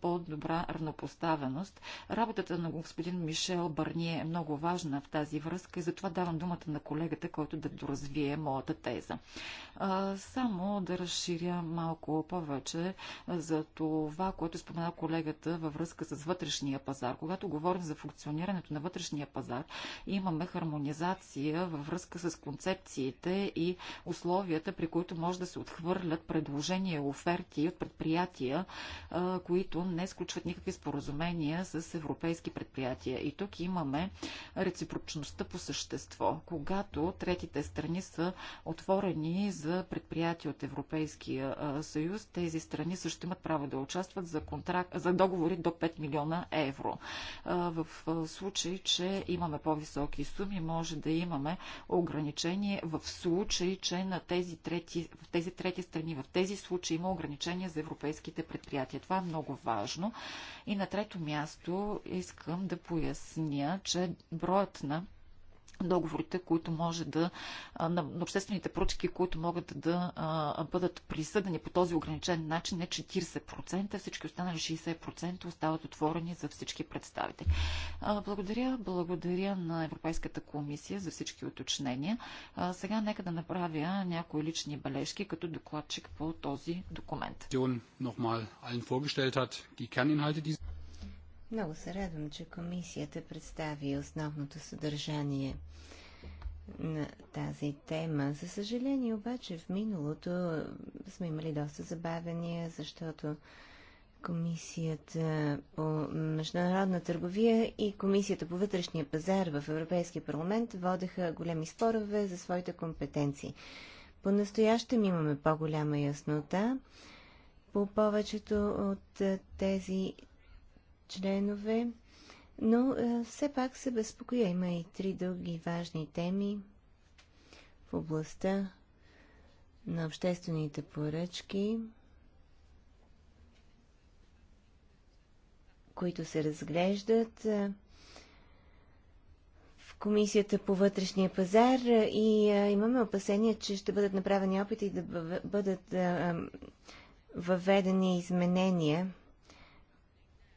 по-добра равнопоставеност. Работата на господин Мишел Барние е много важна в тази връзка и затова давам думата на колегата, който да доразвие моята теза. Е, само да разширя малко повече за това, което спомена колегата във връзка с вътрешния пазар. Когато говорим за функционирането на вътрешния пазар, имаме хармонизация във връзка с с концепциите и условията, при които може да се отхвърлят предложения и оферти от предприятия, които не сключват никакви споразумения с европейски предприятия. И тук имаме реципрочността по същество. Когато третите страни са отворени за предприятия от Европейския съюз, тези страни също имат право да участват за, контрак... за договори до 5 милиона евро. В случай, че имаме по-високи суми, може да имаме ограничения ограничение в случай, че на тези трети, в тези трети страни, в тези случаи има ограничения за европейските предприятия. Това е много важно. И на трето място искам да поясня, че броят на договорите, които може да, на, обществените поръчки, които могат да бъдат присъдени по този ограничен начин не 40%, всички останали 60% остават отворени за всички представители. благодаря, благодаря на Европейската комисия за всички уточнения. сега нека да направя някои лични бележки като докладчик по този документ. Много се радвам, че комисията представи основното съдържание на тази тема. За съжаление обаче в миналото сме имали доста забавения, защото Комисията по международна търговия и Комисията по вътрешния пазар в Европейския парламент водеха големи спорове за своите компетенции. По-настоящем имаме по-голяма яснота по повечето от тези членове, но е, все пак се безпокоя. Има и три други важни теми в областта на обществените поръчки, които се разглеждат е, в Комисията по вътрешния пазар е, и имаме опасения, че ще бъдат направени опити да бъдат въведени изменения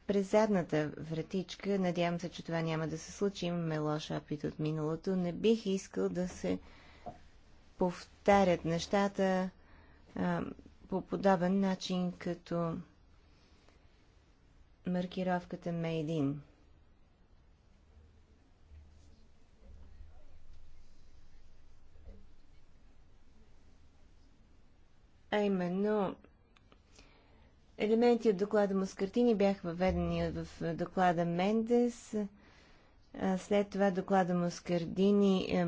през задната вратичка. Надявам се, че това няма да се случи. Имаме лош опит от миналото. Не бих искал да се повтарят нещата а, по подобен начин, като маркировката Мейдин. А именно елементи от доклада Маскартини бяха въведени в доклада Мендес. След това доклада Маскардини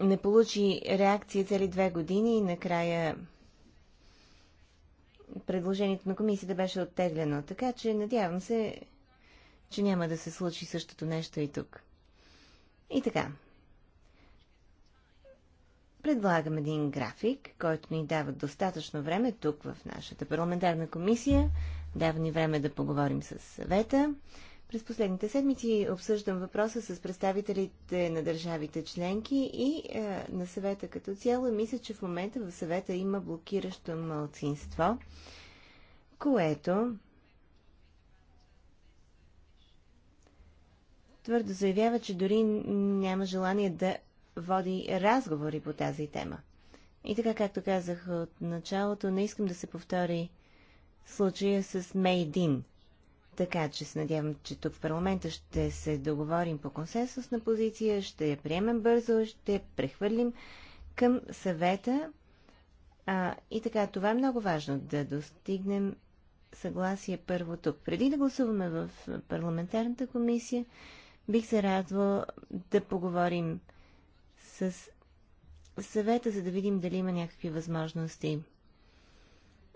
не получи реакция цели две години и накрая предложението на комисията беше оттеглено. Така че надявам се, че няма да се случи същото нещо и тук. И така. Предлагам един график, който ни дава достатъчно време тук в нашата парламентарна комисия. Дава ни време да поговорим с съвета. През последните седмици обсъждам въпроса с представителите на държавите членки и е, на съвета като цяло. Мисля, че в момента в съвета има блокиращо малцинство, което твърдо заявява, че дори няма желание да води разговори по тази тема. И така, както казах от началото, не искам да се повтори случая с Мейдин. Така че се надявам, че тук в парламента ще се договорим по консенсусна позиция, ще я приемем бързо, ще я прехвърлим към съвета. А, и така, това е много важно, да достигнем съгласие първо тук. Преди да гласуваме в парламентарната комисия, бих се радвал да поговорим с съвета, за да видим дали има някакви възможности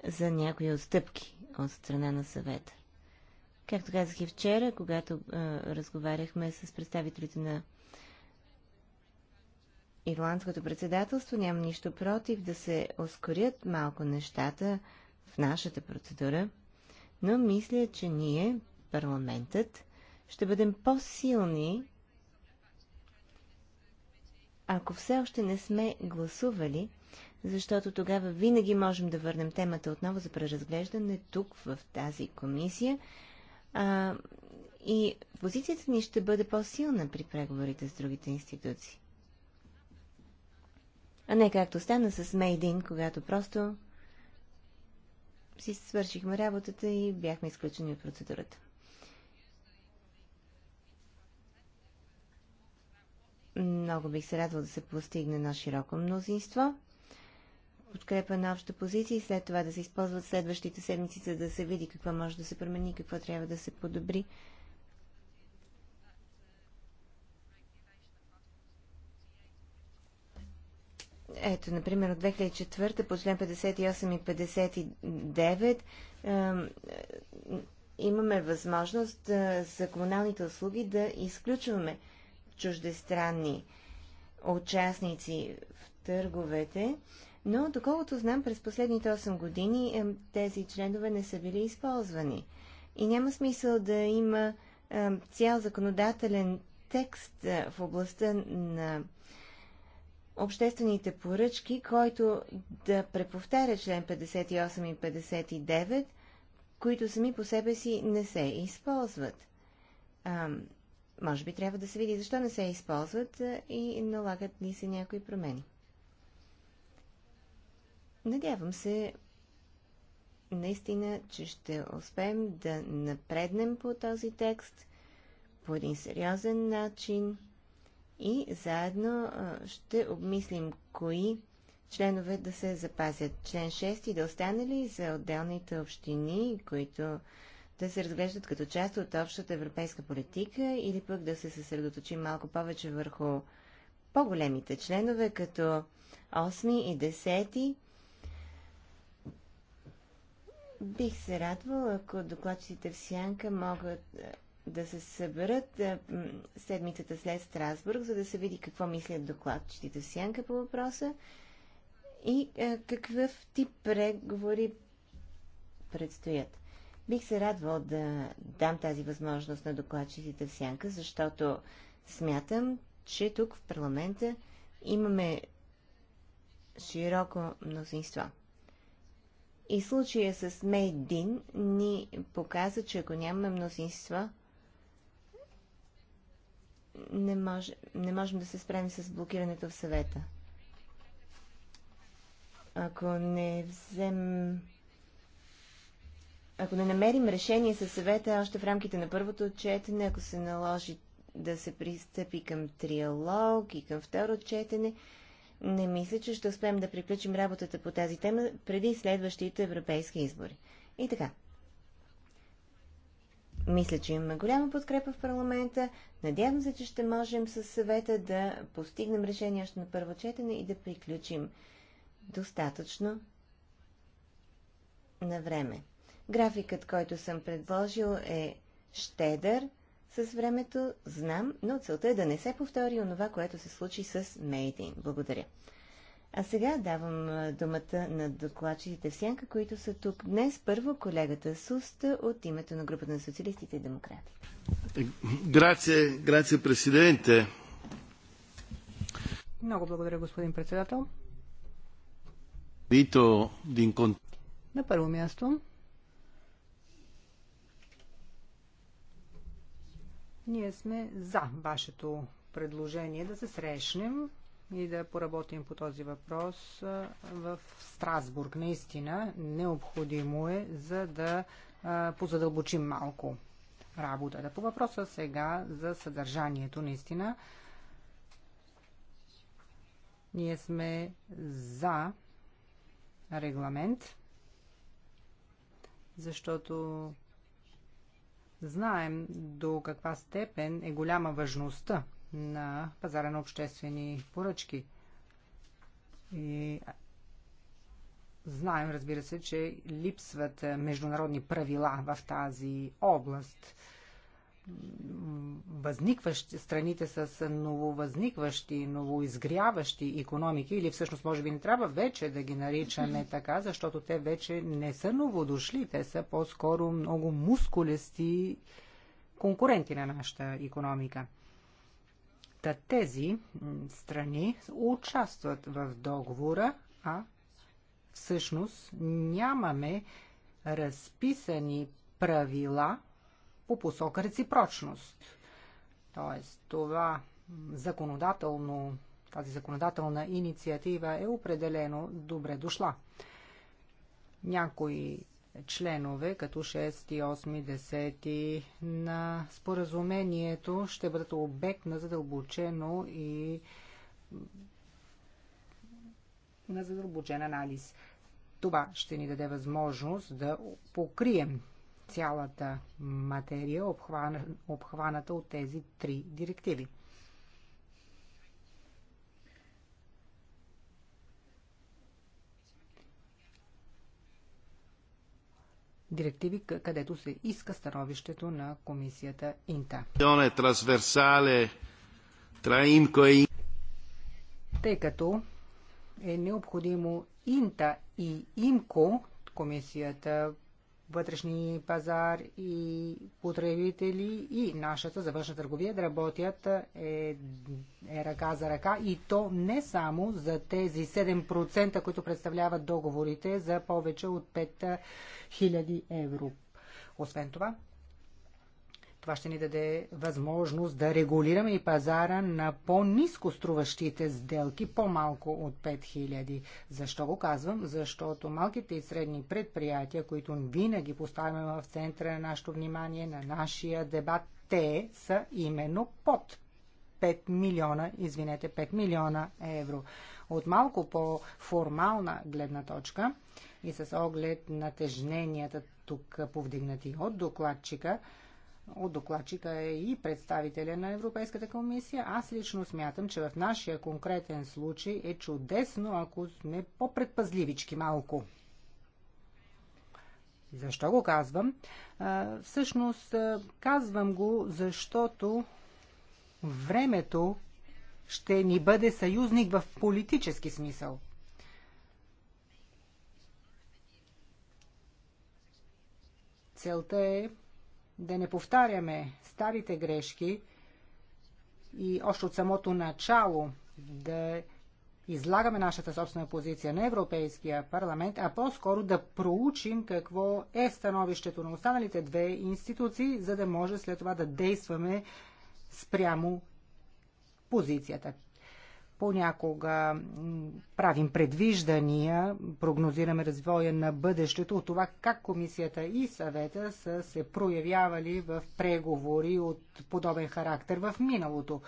за някои отстъпки от страна на съвета. Както казах и вчера, когато е, разговаряхме с представителите на Ирландското председателство, нямам нищо против да се ускорят малко нещата в нашата процедура, но мисля, че ние, парламентът, ще бъдем по-силни ако все още не сме гласували, защото тогава винаги можем да върнем темата отново за преразглеждане тук, в тази комисия. А, и позицията ни ще бъде по-силна при преговорите с другите институции. А не както стана с Мейдин, когато просто си свършихме работата и бяхме изключени от процедурата. Много бих се радвал да се постигне на широко мнозинство, подкрепа на обща позиция и след това да се използват следващите седмици, за да се види какво може да се промени, какво трябва да се подобри. Ето, например, от 2004 по член 58 и 59 имаме възможност за комуналните услуги да изключваме чуждестранни участници в търговете, но доколкото знам, през последните 8 години е, тези членове не са били използвани. И няма смисъл да има е, цял законодателен текст е, в областта на обществените поръчки, който да преповтаря член 58 и 59, които сами по себе си не се използват. Може би трябва да се види защо не се използват и налагат ни се някои промени. Надявам се наистина, че ще успеем да напреднем по този текст по един сериозен начин и заедно ще обмислим кои членове да се запазят. Член 6 и да остане ли за отделните общини, които да се разглеждат като част от общата европейска политика или пък да се съсредоточи малко повече върху по-големите членове, като 8 и 10. Бих се радвал, ако докладчиците в Сянка могат е, да се съберат е, седмицата след Страсбург, за да се види какво мислят докладчиците в Сянка по въпроса и е, какъв тип преговори предстоят. Бих се радвал да дам тази възможност на докладчиците в сянка, защото смятам, че тук в парламента имаме широко мнозинство. И случая с Мейдин ни показа, че ако нямаме мнозинство, не, мож, не можем да се справим с блокирането в съвета. Ако не вземем ако не намерим решение със съвета още в рамките на първото четене, ако се наложи да се пристъпи към триалог и към второ четене, не мисля, че ще успеем да приключим работата по тази тема преди следващите европейски избори. И така. Мисля, че имаме голяма подкрепа в парламента. Надявам се, че ще можем със съвета да постигнем решение още на първо четене и да приключим достатъчно на време. Графикът, който съм предложил е щедър с времето, знам, но целта е да не се повтори онова, което се случи с Мейдин. Благодаря. А сега давам думата на докладчиците в сянка, които са тук днес. Първо колегата Суста от името на групата на социалистите и демократи. Грация, грация, президенте. Много благодаря, господин председател. На първо място Ние сме за вашето предложение да се срещнем и да поработим по този въпрос в Страсбург. Наистина необходимо е, за да позадълбочим малко работата. По въпроса сега за съдържанието, наистина ние сме за регламент, защото Знаем до каква степен е голяма важността на пазара на обществени поръчки. И знаем, разбира се, че липсват международни правила в тази област възникващи, страните с нововъзникващи, новоизгряващи економики, или всъщност може би не трябва вече да ги наричаме така, защото те вече не са новодошли, те са по-скоро много мускулести конкуренти на нашата економика. Та тези страни участват в договора, а всъщност нямаме разписани правила по посока реципрочност. Тоест, това законодателно, тази законодателна инициатива е определено добре дошла. Някои членове, като 6, 8, 10 на споразумението, ще бъдат обект на задълбочено и на задълбочен анализ. Това ще ни даде възможност да покрием цялата материя, обхвана, обхваната от тези три директиви. директиви, където се иска становището на комисията Инта. Е Тъй като е необходимо Инта и Имко, комисията вътрешни пазар и потребители и нашата за външна търговия да работят е, е ръка за ръка и то не само за тези 7%, които представляват договорите за повече от 5000 евро. Освен това, това ще ни даде възможност да регулираме и пазара на по-низко струващите сделки, по-малко от 5000. Защо го казвам? Защото малките и средни предприятия, които винаги поставяме в центъра на нашето внимание, на нашия дебат, те са именно под 5 милиона, извинете, 5 милиона евро. От малко по-формална гледна точка и с оглед на тежненията тук повдигнати от докладчика, от докладчика е и представителя на Европейската комисия. Аз лично смятам, че в нашия конкретен случай е чудесно, ако сме по-предпазливички малко. Защо го казвам? всъщност казвам го, защото времето ще ни бъде съюзник в политически смисъл. Целта е да не повтаряме старите грешки и още от самото начало да излагаме нашата собствена позиция на Европейския парламент, а по-скоро да проучим какво е становището на останалите две институции, за да може след това да действаме спрямо позицията Понякога правим предвиждания, прогнозираме развоя на бъдещето от това как комисията и съвета са се проявявали в преговори от подобен характер в миналото.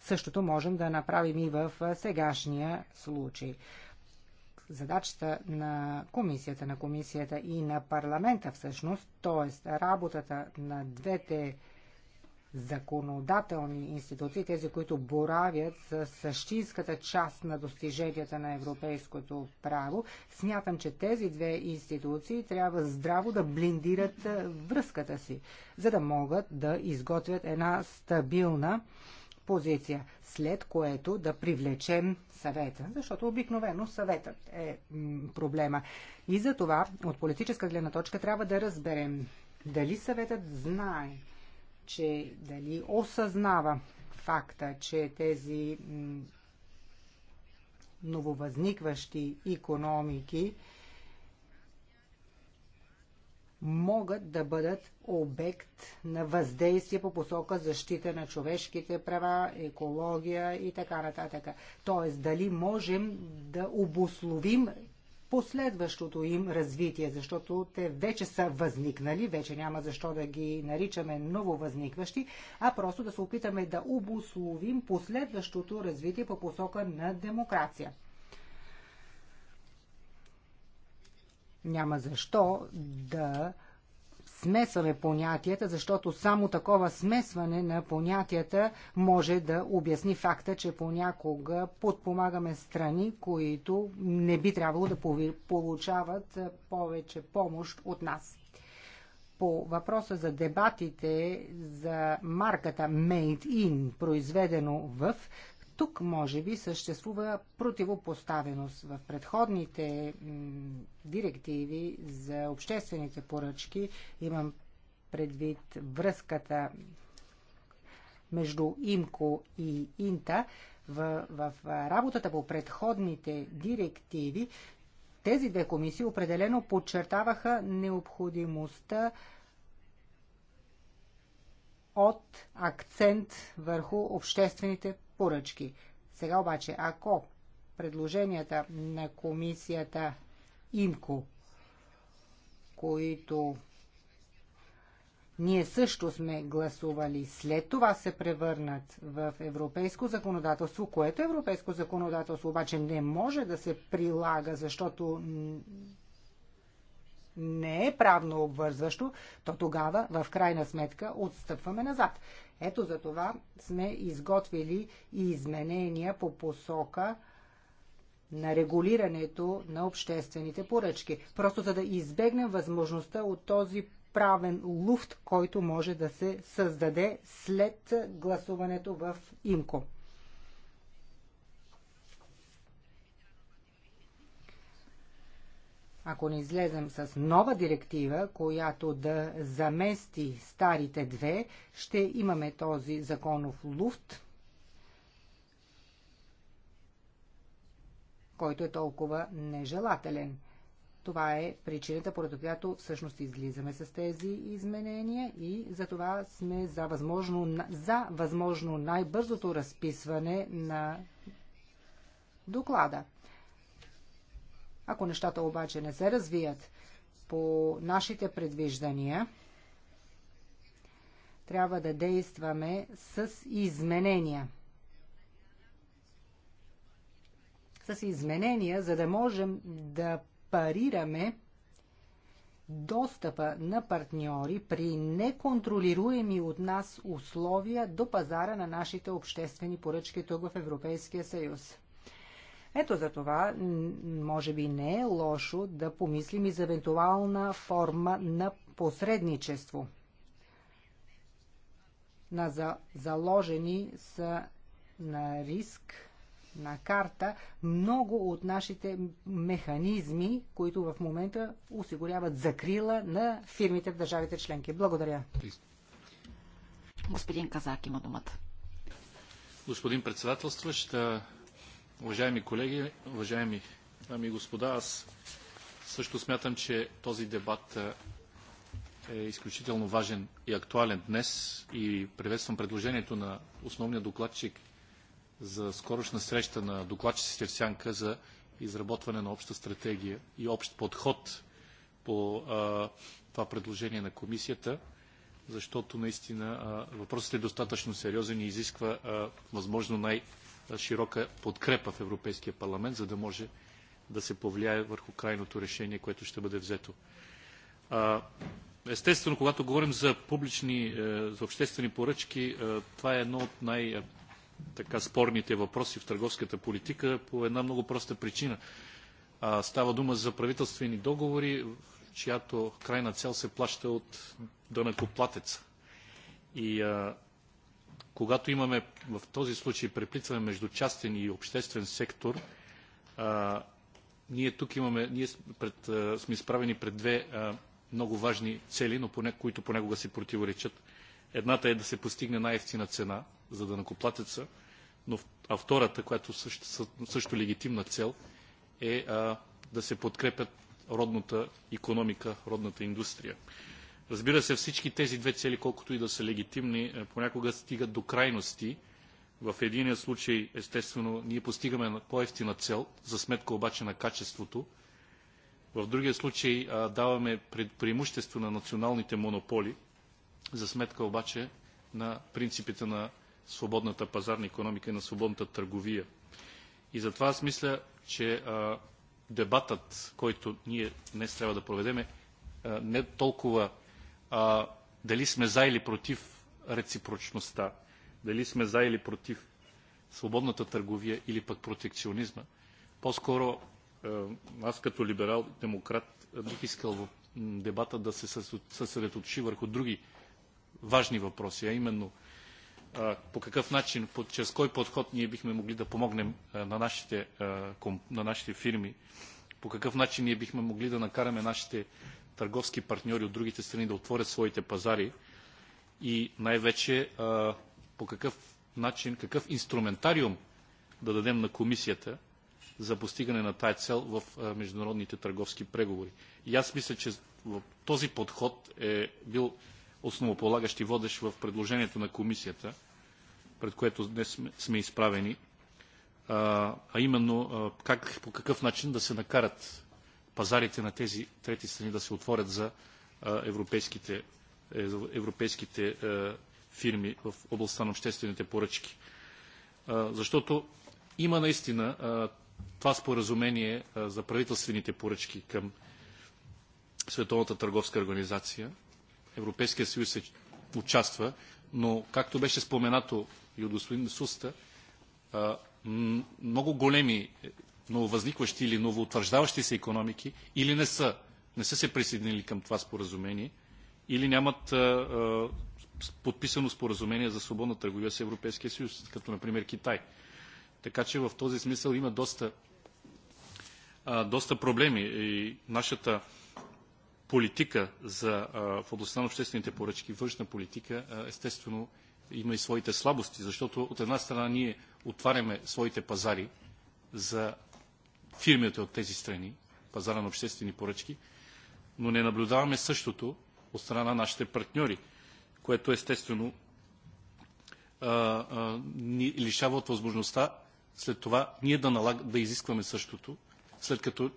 Същото можем да направим и в сегашния случай. Задачата на комисията, на комисията и на парламента всъщност, т.е. работата на двете законодателни институции, тези, които боравят с същинската част на достиженията на европейското право. Смятам, че тези две институции трябва здраво да блиндират връзката си, за да могат да изготвят една стабилна позиция, след което да привлечем съвета, защото обикновено съветът е проблема. И за това от политическа гледна точка трябва да разберем дали съветът знае че дали осъзнава факта, че тези нововъзникващи економики могат да бъдат обект на въздействие по посока защита на човешките права, екология и така нататък. Тоест, дали можем да обословим последващото им развитие, защото те вече са възникнали, вече няма защо да ги наричаме ново възникващи, а просто да се опитаме да обусловим последващото развитие по посока на демокрация. Няма защо да смесваме понятията, защото само такова смесване на понятията може да обясни факта, че понякога подпомагаме страни, които не би трябвало да получават повече помощ от нас. По въпроса за дебатите за марката Made in, произведено в, тук, може би, съществува противопоставеност. В предходните директиви за обществените поръчки имам предвид връзката между ИМКО и ИНТА. В, в работата по предходните директиви тези две комисии определено подчертаваха необходимостта от акцент върху обществените поръчки. Сега обаче, ако предложенията на комисията ИМКО, които ние също сме гласували. След това се превърнат в европейско законодателство, което е европейско законодателство обаче не може да се прилага, защото не е правно обвързващо, то тогава, в крайна сметка, отстъпваме назад. Ето за това сме изготвили и изменения по посока на регулирането на обществените поръчки. Просто за да избегнем възможността от този правен луфт, който може да се създаде след гласуването в ИМКО. ако не излезем с нова директива, която да замести старите две, ще имаме този законов луфт, който е толкова нежелателен. Това е причината, поради която всъщност излизаме с тези изменения и за това сме за възможно, за възможно най-бързото разписване на доклада. Ако нещата обаче не се развият по нашите предвиждания, трябва да действаме с изменения. С изменения, за да можем да парираме достъпа на партньори при неконтролируеми от нас условия до пазара на нашите обществени поръчки тук в Европейския съюз. Ето за това, може би не е лошо да помислим и за евентуална форма на посредничество. На за, заложени са на риск, на карта, много от нашите механизми, които в момента осигуряват закрила на фирмите в държавите членки. Благодаря. Господин Казак има думата. Господин председателстващ, Уважаеми колеги, уважаеми дами и господа, аз също смятам, че този дебат е изключително важен и актуален днес и приветствам предложението на основния докладчик за скорошна среща на докладчиците в Сянка за изработване на обща стратегия и общ подход по а, това предложение на комисията, защото наистина а, въпросът е достатъчно сериозен и изисква а, възможно най- широка подкрепа в Европейския парламент, за да може да се повлияе върху крайното решение, което ще бъде взето. Естествено, когато говорим за публични, е, за обществени поръчки, е, това е едно от най- е, така спорните въпроси в търговската политика по една много проста причина. Става дума за правителствени договори, чиято крайна цел се плаща от дънакоплатеца. И когато имаме в този случай преплитване между частен и обществен сектор, ние тук имаме, ние пред, сме изправени пред две много важни цели, но поне, които понякога си противоречат. Едната е да се постигне най-ефтина цена за данакоплатеца, но, а втората, която също, също легитимна цел, е а, да се подкрепят родната економика, родната индустрия. Разбира се, всички тези две цели, колкото и да са легитимни, е, понякога стигат до крайности. В единия случай, естествено, ние постигаме по-ефтина цел, за сметка обаче на качеството. В другия случай даваме преимущество на националните монополи, за сметка обаче на принципите на свободната пазарна економика и на свободната търговия. И затова аз мисля, че дебатът, който ние днес трябва да проведем, не толкова а дали сме за или против реципрочността, дали сме за или против свободната търговия или пък протекционизма. По-скоро е, аз като либерал-демократ е, бих искал в дебата да се съсредоточи върху други важни въпроси, а именно по какъв начин, чрез кой подход ние бихме могли да помогнем е, на нашите, на нашите фирми, по какъв начин ние бихме могли да накараме нашите търговски партньори от другите страни да отворят своите пазари и най-вече по какъв начин, какъв инструментариум да дадем на комисията за постигане на тая цел в международните търговски преговори. И аз мисля, че този подход е бил основополагащ и водещ в предложението на комисията, пред което днес сме изправени, а именно как, по какъв начин да се накарат пазарите на тези трети страни да се отворят за европейските, е, европейските е, фирми в областта на обществените поръчки. Защото има наистина това споразумение за правителствените поръчки към Световната търговска организация. Европейския съюз се участва, но както беше споменато и от господин Суста, много големи нововъзникващи или новоутвърждаващи се економики или не са, не са се присъединили към това споразумение, или нямат а, а, подписано споразумение за свободна търговия с Европейския съюз, като например Китай. Така че в този смисъл има доста, а, доста проблеми и нашата политика за, а, в областта на обществените поръчки, външна политика, а, естествено има и своите слабости, защото от една страна ние отваряме своите пазари за фирмите от тези страни, пазара на обществени поръчки, но не наблюдаваме същото от страна на нашите партньори, което естествено а, а, ни лишава от възможността след това ние да, налаг, да изискваме същото, след като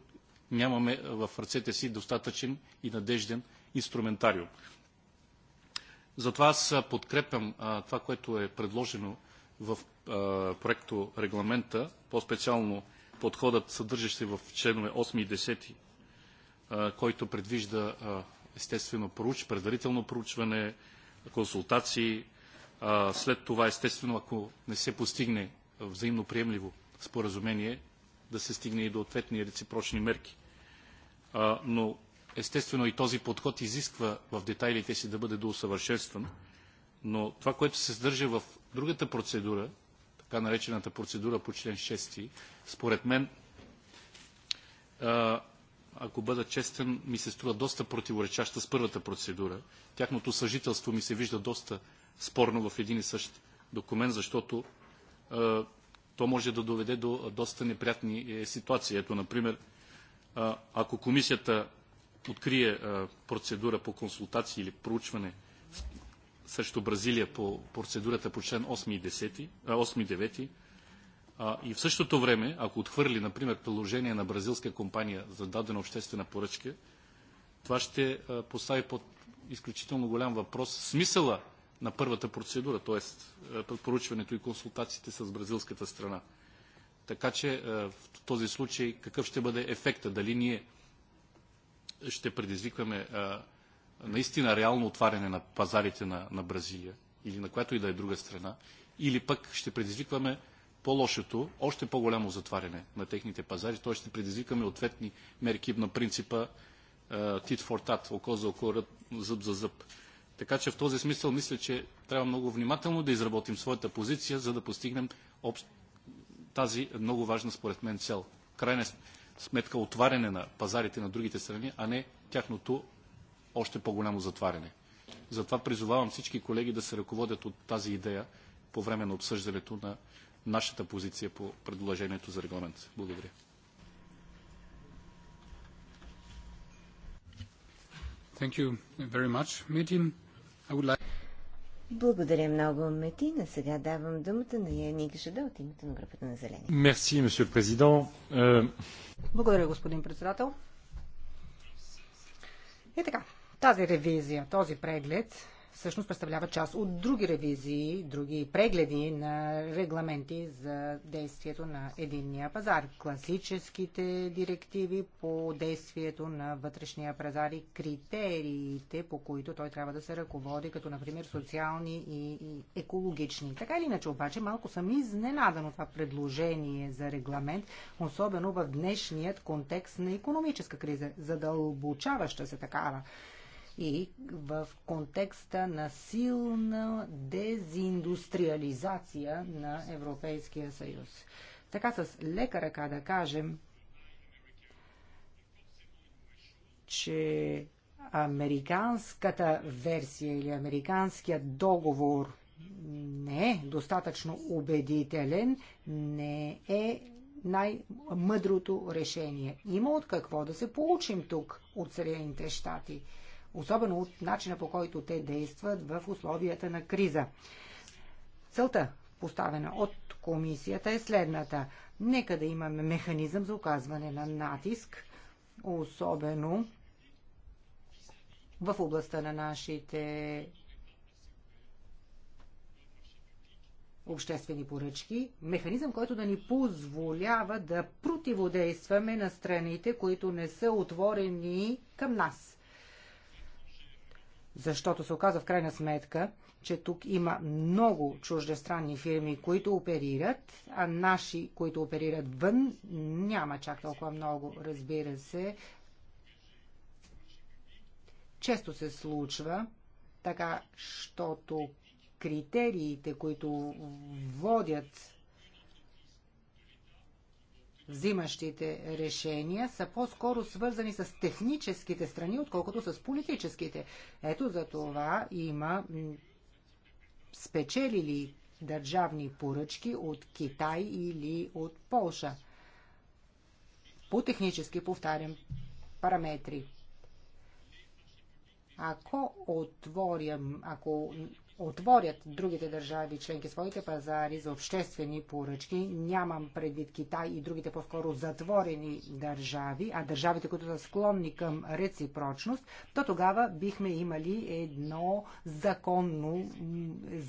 нямаме в ръцете си достатъчен и надежден инструментариум. Затова аз подкрепям а, това, което е предложено в проекто регламента, по-специално подходът, съдържащ се в членове 8 и 10, който предвижда естествено проуч, предварително проучване, консултации. След това, естествено, ако не се постигне взаимно приемливо споразумение, да се стигне и до ответни реципрочни мерки. Но естествено и този подход изисква в детайлите си да бъде доусъвършенстван. Но това, което се съдържа в другата процедура, така наречената процедура по член 6, според мен, ако бъда честен, ми се струва доста противоречаща с първата процедура. Тяхното съжителство ми се вижда доста спорно в един и същ документ, защото то може да доведе до доста неприятни е, ситуации. Ето, например, ако комисията открие процедура по консултации или проучване срещу Бразилия по процедурата по член 8 и 9. И в същото време, ако отхвърли, например, приложение на бразилска компания за дадена обществена поръчка, това ще постави под изключително голям въпрос смисъла на първата процедура, т.е. проучването и консултациите с бразилската страна. Така че в този случай какъв ще бъде ефекта? Дали ние ще предизвикваме наистина реално отваряне на пазарите на, на Бразилия или на която и да е друга страна, или пък ще предизвикваме по-лошото, още по-голямо затваряне на техните пазари, т.е. ще предизвикаме ответни мерки на принципа тит for tat, око за око, зъб за зъб. Така че в този смисъл мисля, че трябва много внимателно да изработим своята позиция, за да постигнем общ... тази много важна според мен цел. Крайна сметка отваряне на пазарите на другите страни, а не тяхното още по-голямо затваряне. Затова призовавам всички колеги да се ръководят от тази идея по време на обсъждането на нашата позиция по предложението за регламент. Благодаря. Thank you very much, Metin. I would like... Благодаря много, Метина. Сега давам думата на Яник Жада от името на групата на Зелени. Мерси, месье президент. Благодаря, господин председател. И така, тази ревизия, този преглед всъщност представлява част от други ревизии, други прегледи на регламенти за действието на единния пазар. Класическите директиви по действието на вътрешния пазар и критериите, по които той трябва да се ръководи, като например социални и, екологични. Така или иначе, обаче, малко съм изненадан от това предложение за регламент, особено в днешният контекст на економическа криза, задълбочаваща се такава и в контекста на силна дезиндустриализация на Европейския съюз. Така с лека ръка да кажем, че американската версия или американският договор не е достатъчно убедителен, не е най-мъдрото решение. Има от какво да се получим тук от Съединените щати особено от начина по който те действат в условията на криза. Целта, поставена от комисията, е следната. Нека да имаме механизъм за оказване на натиск, особено в областта на нашите обществени поръчки, механизъм, който да ни позволява да противодействаме на страните, които не са отворени към нас защото се оказа в крайна сметка, че тук има много чуждестранни фирми, които оперират, а наши, които оперират вън, няма чак толкова много, разбира се. Често се случва така, щото критериите, които водят взимащите решения са по-скоро свързани с техническите страни, отколкото с политическите. Ето за това има спечелили държавни поръчки от Китай или от Полша. По технически, повтарям, параметри. Ако отворям, ако отворят другите държави членки своите пазари за обществени поръчки. Нямам предвид Китай и другите по-скоро затворени държави, а държавите, които са склонни към реципрочност, то тогава бихме имали едно законно,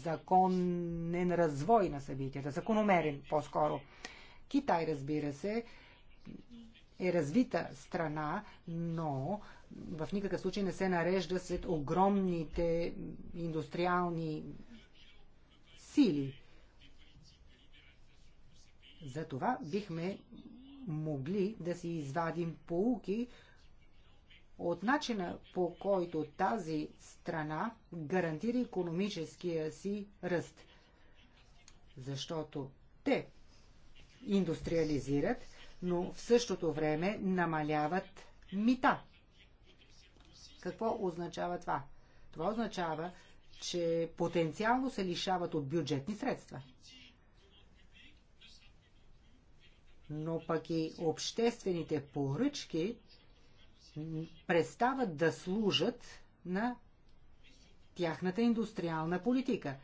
законен развой на събитията, закономерен по-скоро. Китай, разбира се, е развита страна, но в никакъв случай не се нарежда след огромните индустриални сили. За това бихме могли да си извадим поуки от начина по който тази страна гарантира економическия си ръст. Защото те индустриализират, но в същото време намаляват мита – какво означава това? Това означава, че потенциално се лишават от бюджетни средства. Но пък и обществените поръчки престават да служат на тяхната индустриална политика.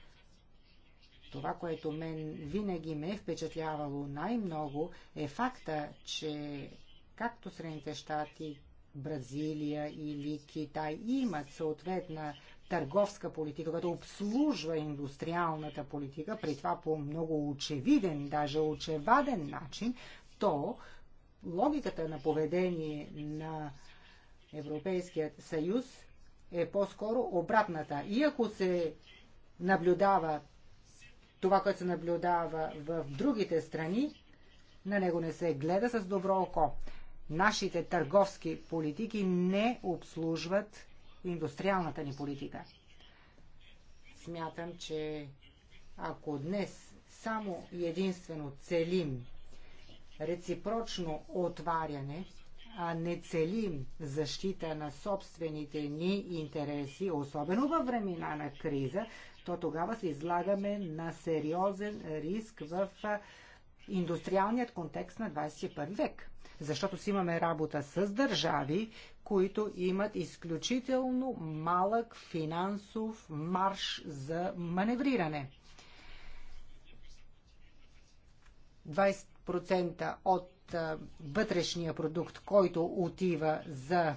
Това, което мен винаги ме е впечатлявало най-много е факта, че както Средните щати, Бразилия или Китай имат съответна търговска политика, която обслужва индустриалната политика, при това по много очевиден, даже очеваден начин, то логиката на поведение на Европейският съюз е по-скоро обратната. И ако се наблюдава това, което се наблюдава в другите страни, на него не се гледа с добро око нашите търговски политики не обслужват индустриалната ни политика. Смятам, че ако днес само и единствено целим реципрочно отваряне, а не целим защита на собствените ни интереси, особено във времена на криза, то тогава се излагаме на сериозен риск в индустриалният контекст на 21 век. Защото си имаме работа с държави, които имат изключително малък финансов марш за маневриране. 20% от вътрешния продукт, който отива за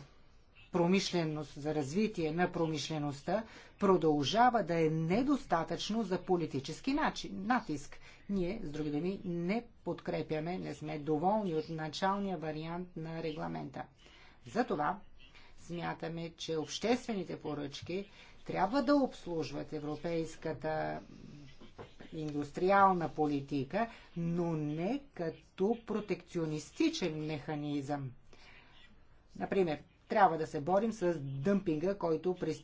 промишленост, за развитие на промишлеността, продължава да е недостатъчно за политически начин, натиск. Ние, с други думи, не подкрепяме, не сме доволни от началния вариант на регламента. Затова смятаме, че обществените поръчки трябва да обслужват европейската индустриална политика, но не като протекционистичен механизъм. Например, трябва да се борим с дъмпинга, който през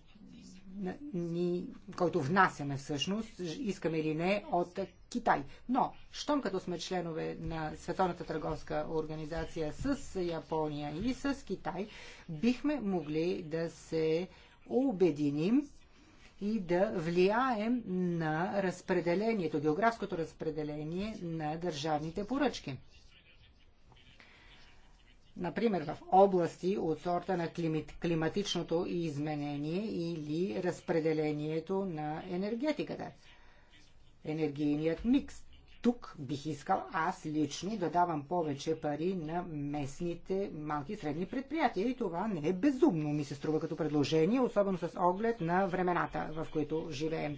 ни, който внасяме всъщност, искаме или не, от Китай. Но, щом като сме членове на Световната търговска организация с Япония и с Китай, бихме могли да се обединим и да влияем на разпределението, географското разпределение на държавните поръчки например в области от сорта на климатичното изменение или разпределението на енергетиката, енергийният микс. Тук бих искал аз лично да давам повече пари на местните малки и средни предприятия и това не е безумно, ми се струва като предложение, особено с оглед на времената, в които живеем.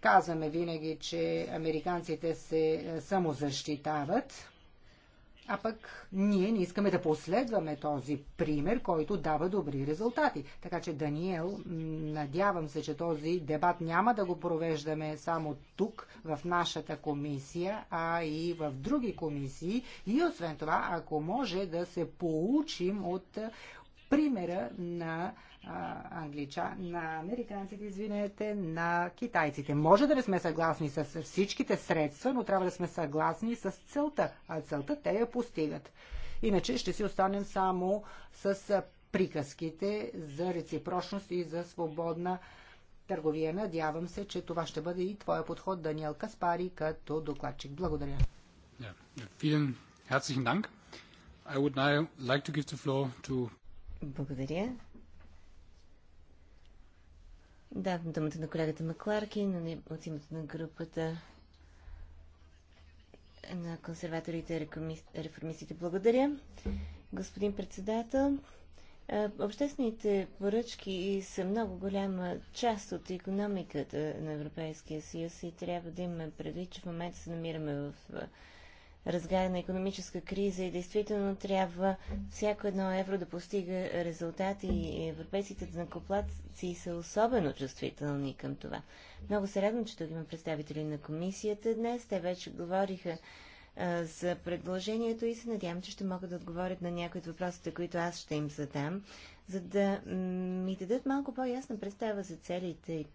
Казваме винаги, че американците се самозащитават, а пък ние не искаме да последваме този пример, който дава добри резултати. Така че, Даниел, надявам се, че този дебат няма да го провеждаме само тук, в нашата комисия, а и в други комисии. И освен това, ако може да се получим от примера на англича, на американците, извинете, на китайците. Може да не сме съгласни с всичките средства, но трябва да сме съгласни с целта, а целта те я постигат. Иначе ще си останем само с приказките за реципрочност и за свободна търговия. Надявам се, че това ще бъде и твоя подход, Даниел Каспари, като докладчик. Благодаря. Yeah. Vielen herzlichen Dank. I would now like to give the floor to благодаря. Давам думата на колегата Макларки, от името на групата на консерваторите и реформистите. Благодаря. Господин председател, обществените поръчки са много голяма част от економиката на Европейския съюз и трябва да имаме предвид, че в момента се намираме в разгаря на економическа криза и действително трябва всяко едно евро да постига резултати и европейските знакоплатци са особено чувствителни към това. Много се радвам, че тук има представители на комисията днес. Те вече говориха за предложението и се надявам, че ще могат да отговорят на някои от въпросите, които аз ще им задам, за да ми дадат малко по-ясна представа за целите и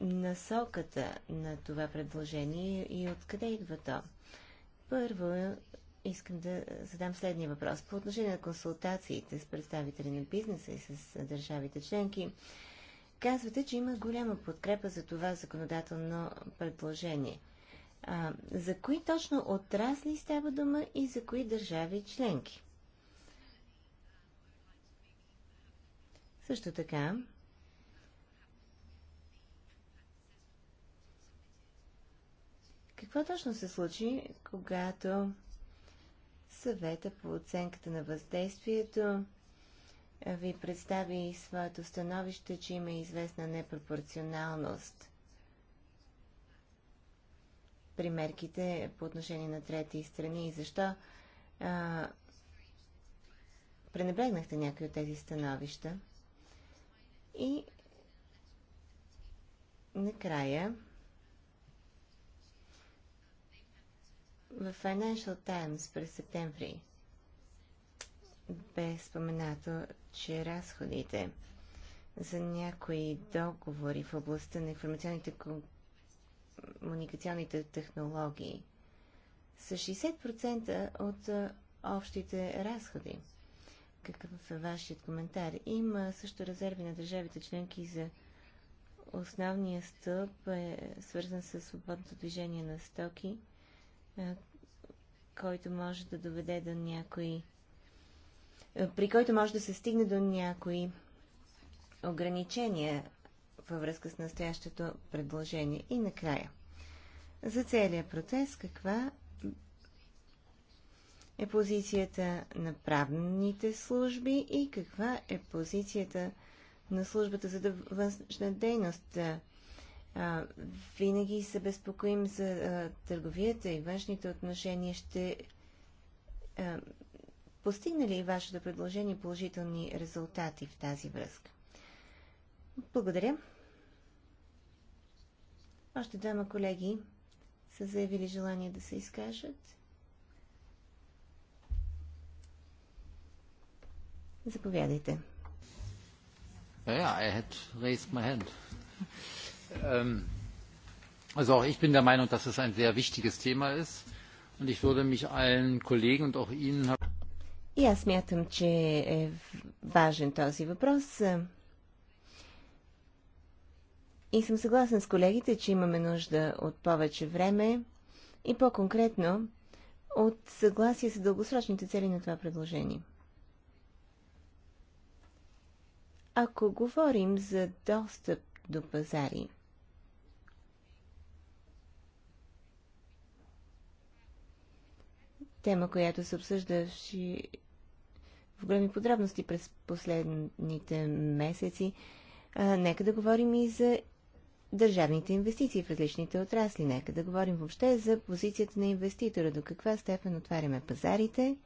насоката на това предложение и откъде идва то. Първо, искам да задам следния въпрос. По отношение на консултациите с представители на бизнеса и с държавите членки, казвате, че има голяма подкрепа за това законодателно предложение. А, за кои точно отрасли става дума и за кои държави членки? Също така, Какво точно се случи, когато съвета по оценката на въздействието ви представи своето становище, че има известна непропорционалност при мерките по отношение на трети страни и защо а, пренебрегнахте някои от тези становища? И накрая в Financial Times през септември бе споменато, че разходите за някои договори в областта на информационните комуникационните технологии са 60% от общите разходи. Какъв е вашият коментар? Има също резерви на държавите членки за основния стълб, е свързан с свободното движение на стоки – който може да доведе до някои при който може да се стигне до някои ограничения във връзка с настоящото предложение. И накрая. За целият процес каква е позицията на правните служби и каква е позицията на службата за външна дейност? а, винаги се безпокоим за а, търговията и външните отношения. Ще а, постигна ли вашето предложение положителни резултати в тази връзка? Благодаря. Още двама колеги са заявили желание да се изкажат. Заповядайте. Yeah, I had raised my hand. Ähm, also auch ich bin der meinung dass es ein sehr wichtiges thema ist und ich würde mich allen kollegen und auch ihnen И аз смятам, че е важен този въпрос. И съм съгласен с колегите, че имаме нужда от повече време и по-конкретно от съгласие с дългосрочните цели на това предложение. Ако говорим за достъп до пазари, тема, която се и в големи подробности през последните месеци. А, нека да говорим и за държавните инвестиции в различните отрасли. Нека да говорим въобще за позицията на инвеститора. До каква степен отваряме пазарите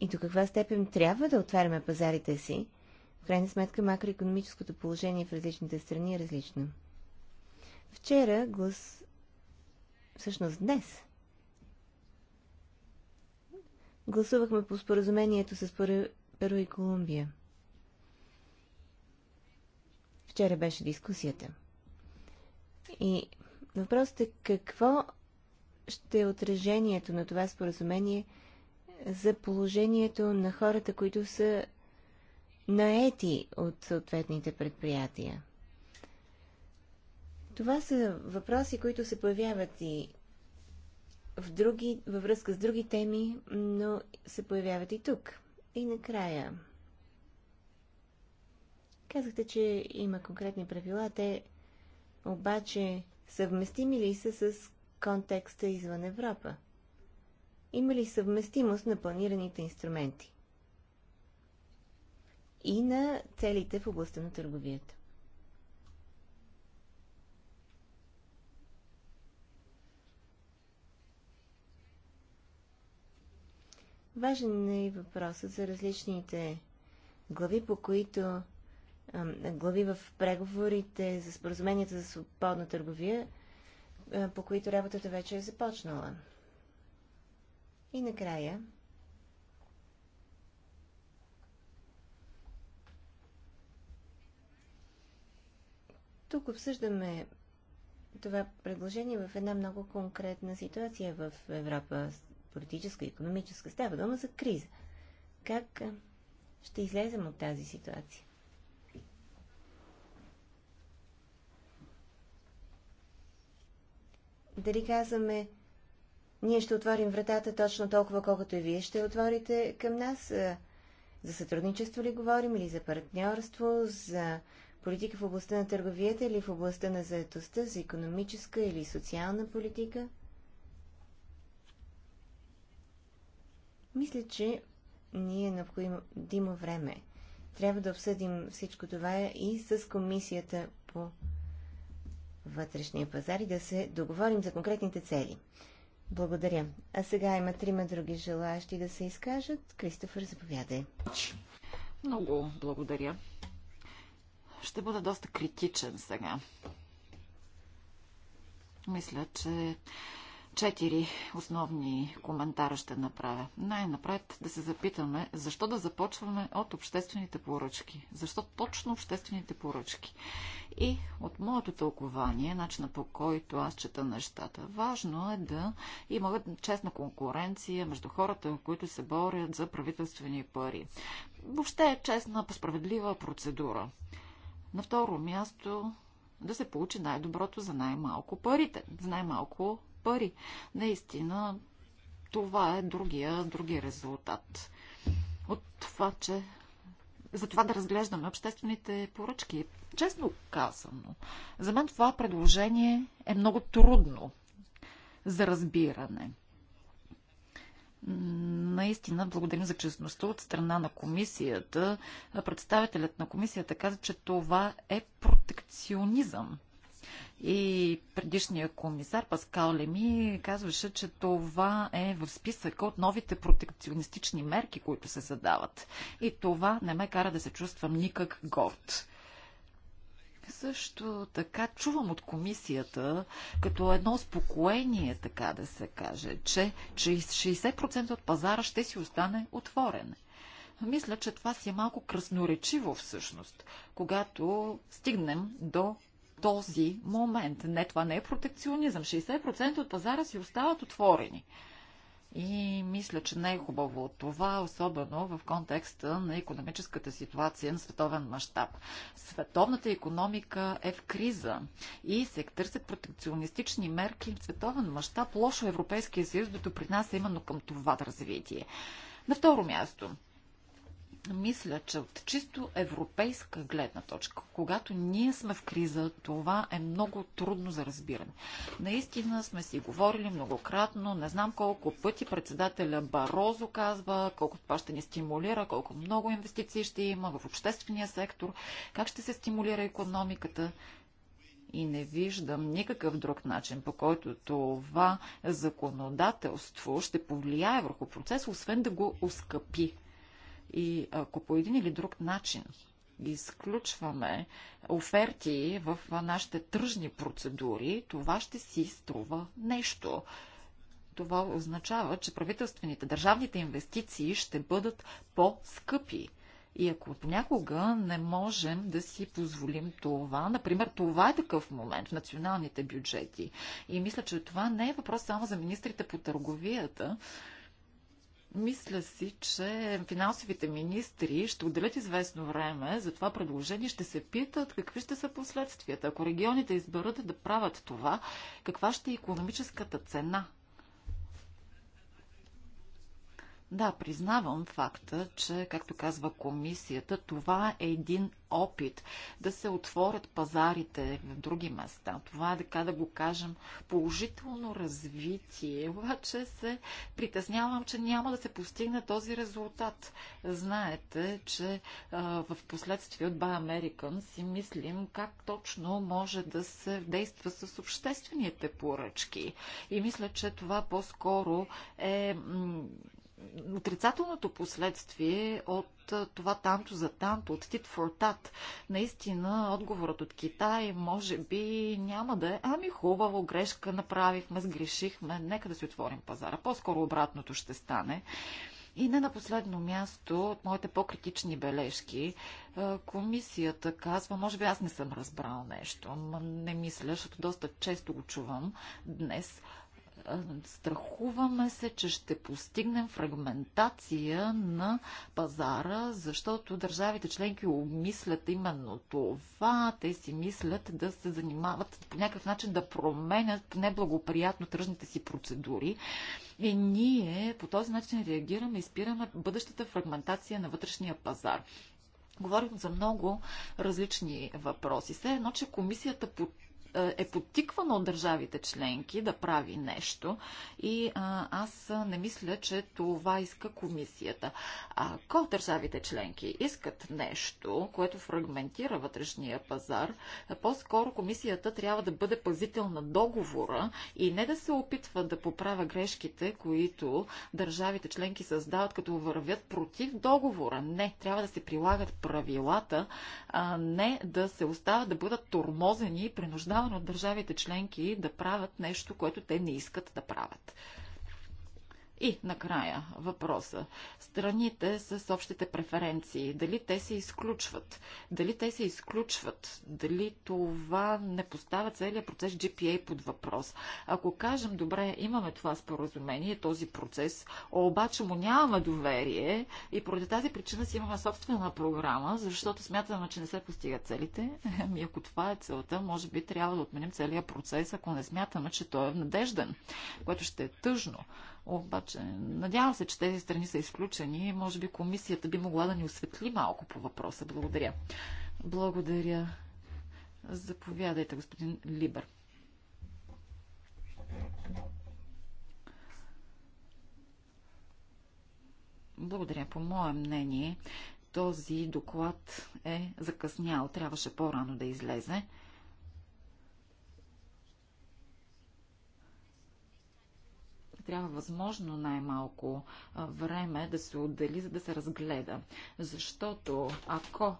и до каква степен трябва да отваряме пазарите си. В крайна сметка макроекономическото положение в различните страни е различно. Вчера глас... Всъщност днес Гласувахме по споразумението с Перу и Колумбия. Вчера беше дискусията. И въпросът е какво ще е отражението на това споразумение за положението на хората, които са наети от съответните предприятия. Това са въпроси, които се появяват и в други, във връзка с други теми, но се появяват и тук. И накрая. Казахте, че има конкретни правила, те обаче съвместими ли са с контекста извън Европа? Има ли съвместимост на планираните инструменти? И на целите в областта на търговията? Важен е и въпросът за различните глави, по които глави в преговорите за споразуменията за свободна търговия, по които работата вече е започнала. И накрая. Тук обсъждаме това предложение в една много конкретна ситуация в Европа политическа и економическа. Става дума за криза. Как ще излезем от тази ситуация? Дали казваме, ние ще отворим вратата точно толкова, колкото и вие ще отворите към нас? За сътрудничество ли говорим или за партньорство, за политика в областта на търговията или в областта на заетостта, за економическа или социална политика? Мисля, че ни е необходимо време. Трябва да обсъдим всичко това и с комисията по вътрешния пазар и да се договорим за конкретните цели. Благодаря. А сега има трима други желаящи да се изкажат. Кристофър, заповядай. Много благодаря. Ще бъда доста критичен сега. Мисля, че Четири основни коментара ще направя. Най-напред да се запитаме, защо да започваме от обществените поръчки? Защо точно обществените поръчки? И от моето тълкование, начина по който аз чета нещата, важно е да има честна конкуренция между хората, които се борят за правителствени пари. Въобще е честна, справедлива процедура. На второ място да се получи най-доброто за най-малко парите, за най-малко пари. Наистина, това е другия, другия резултат от това, че за това да разглеждаме обществените поръчки. Честно казано, за мен това предложение е много трудно за разбиране. Наистина, благодарим за честността от страна на комисията. Представителят на комисията каза, че това е протекционизъм. И предишния комисар Паскал Леми казваше, че това е в списъка от новите протекционистични мерки, които се задават. И това не ме кара да се чувствам никак горд. Също така чувам от комисията като едно успокоение, така да се каже, че, че 60% от пазара ще си остане отворен. Мисля, че това си е малко красноречиво всъщност, когато стигнем до този момент. Не, това не е протекционизъм. 60% от пазара си остават отворени. И мисля, че не е хубаво от това, особено в контекста на економическата ситуация на световен мащаб. Световната економика е в криза и се търсят протекционистични мерки в световен мащаб. Лошо Европейския съюз да допринася именно към това развитие. На второ място, мисля, че от чисто европейска гледна точка, когато ние сме в криза, това е много трудно за разбиране. Наистина сме си говорили многократно, не знам колко пъти председателя Барозо казва, колко това ще ни стимулира, колко много инвестиции ще има в обществения сектор, как ще се стимулира економиката и не виждам никакъв друг начин, по който това законодателство ще повлияе върху процеса, освен да го оскъпи. И ако по един или друг начин изключваме оферти в нашите тръжни процедури, това ще си струва нещо. Това означава, че правителствените, държавните инвестиции ще бъдат по-скъпи. И ако понякога не можем да си позволим това, например, това е такъв момент в националните бюджети. И мисля, че това не е въпрос само за министрите по търговията, мисля си, че финансовите министри ще отделят известно време за това предложение, ще се питат какви ще са последствията. Ако регионите изберат да правят това, каква ще е економическата цена Да, признавам факта, че, както казва комисията, това е един опит да се отворят пазарите в други места. Това е, така да го кажем, положително развитие. Обаче се притеснявам, че няма да се постигне този резултат. Знаете, че а, в последствие от Buy American си мислим как точно може да се действа с обществените поръчки. И мисля, че това по-скоро е отрицателното последствие от това танто за танто, от тит for tat. Наистина, отговорът от Китай може би няма да е ами хубаво, грешка направихме, сгрешихме, нека да си отворим пазара. По-скоро обратното ще стане. И не на последно място, от моите по-критични бележки, комисията казва, може би аз не съм разбрал нещо, не мисля, защото доста често го чувам днес – Страхуваме се, че ще постигнем фрагментация на пазара, защото държавите членки обмислят именно това. Те си мислят да се занимават по някакъв начин да променят неблагоприятно тръжните си процедури. И ние по този начин реагираме и спираме бъдещата фрагментация на вътрешния пазар. Говорим за много различни въпроси. Все едно, че комисията по е, е подтиквано от държавите членки да прави нещо и а, аз не мисля, че това иска комисията. Ако държавите членки искат нещо, което фрагментира вътрешния пазар, по-скоро комисията трябва да бъде пазител на договора и не да се опитва да поправя грешките, които държавите членки създават, като вървят против договора. Не, трябва да се прилагат правилата, а не да се остават да бъдат тормозени и принуждават нормално от държавите членки да правят нещо, което те не искат да правят. И накрая въпроса. Страните с общите преференции, дали те се изключват? Дали те се изключват? Дали това не поставя целият процес GPA под въпрос? Ако кажем, добре, имаме това споразумение, този процес, обаче му нямаме доверие и поради тази причина си имаме собствена програма, защото смятаме, че не се постигат целите, ами ако това е целта, може би трябва да отменим целият процес, ако не смятаме, че той е надежден, което ще е тъжно. Обаче, надявам се, че тези страни са изключени може би комисията би могла да ни осветли малко по въпроса. Благодаря. Благодаря. Заповядайте, господин Либър. Благодаря. По мое мнение, този доклад е закъснял. Трябваше по-рано да излезе. трябва възможно най-малко време да се отдели, за да се разгледа. Защото ако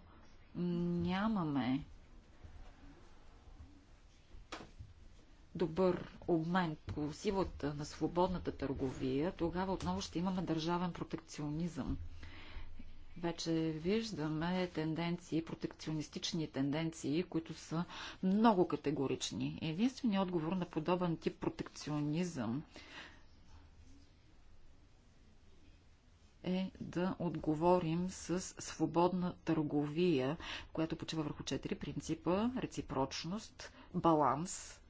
нямаме добър обмен по силата на свободната търговия, тогава отново ще имаме държавен протекционизъм. Вече виждаме тенденции, протекционистични тенденции, които са много категорични. Единственият отговор на подобен тип протекционизъм е да отговорим с свободна търговия, която почива върху четири принципа реципрочност, баланс,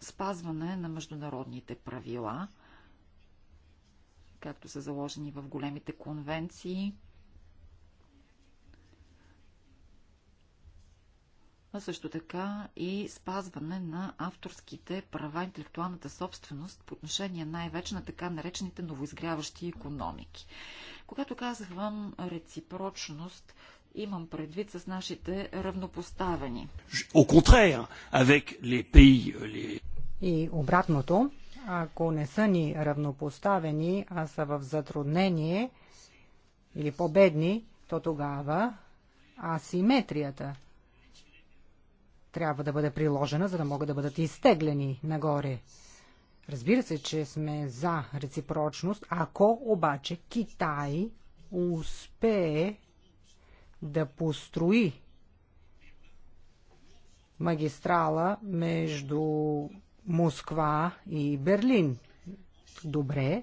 спазване на международните правила, както са заложени в големите конвенции – а също така и спазване на авторските права, интелектуалната собственост по отношение най-вече на така наречените новоизгряващи економики. Когато казах вам реципрочност, имам предвид с нашите равнопоставени. И обратното, ако не са ни равнопоставени, а са в затруднение или победни, то тогава асиметрията – трябва да бъде приложена, за да могат да бъдат изтеглени нагоре. Разбира се, че сме за реципрочност, ако обаче Китай успее да построи магистрала между Москва и Берлин. Добре,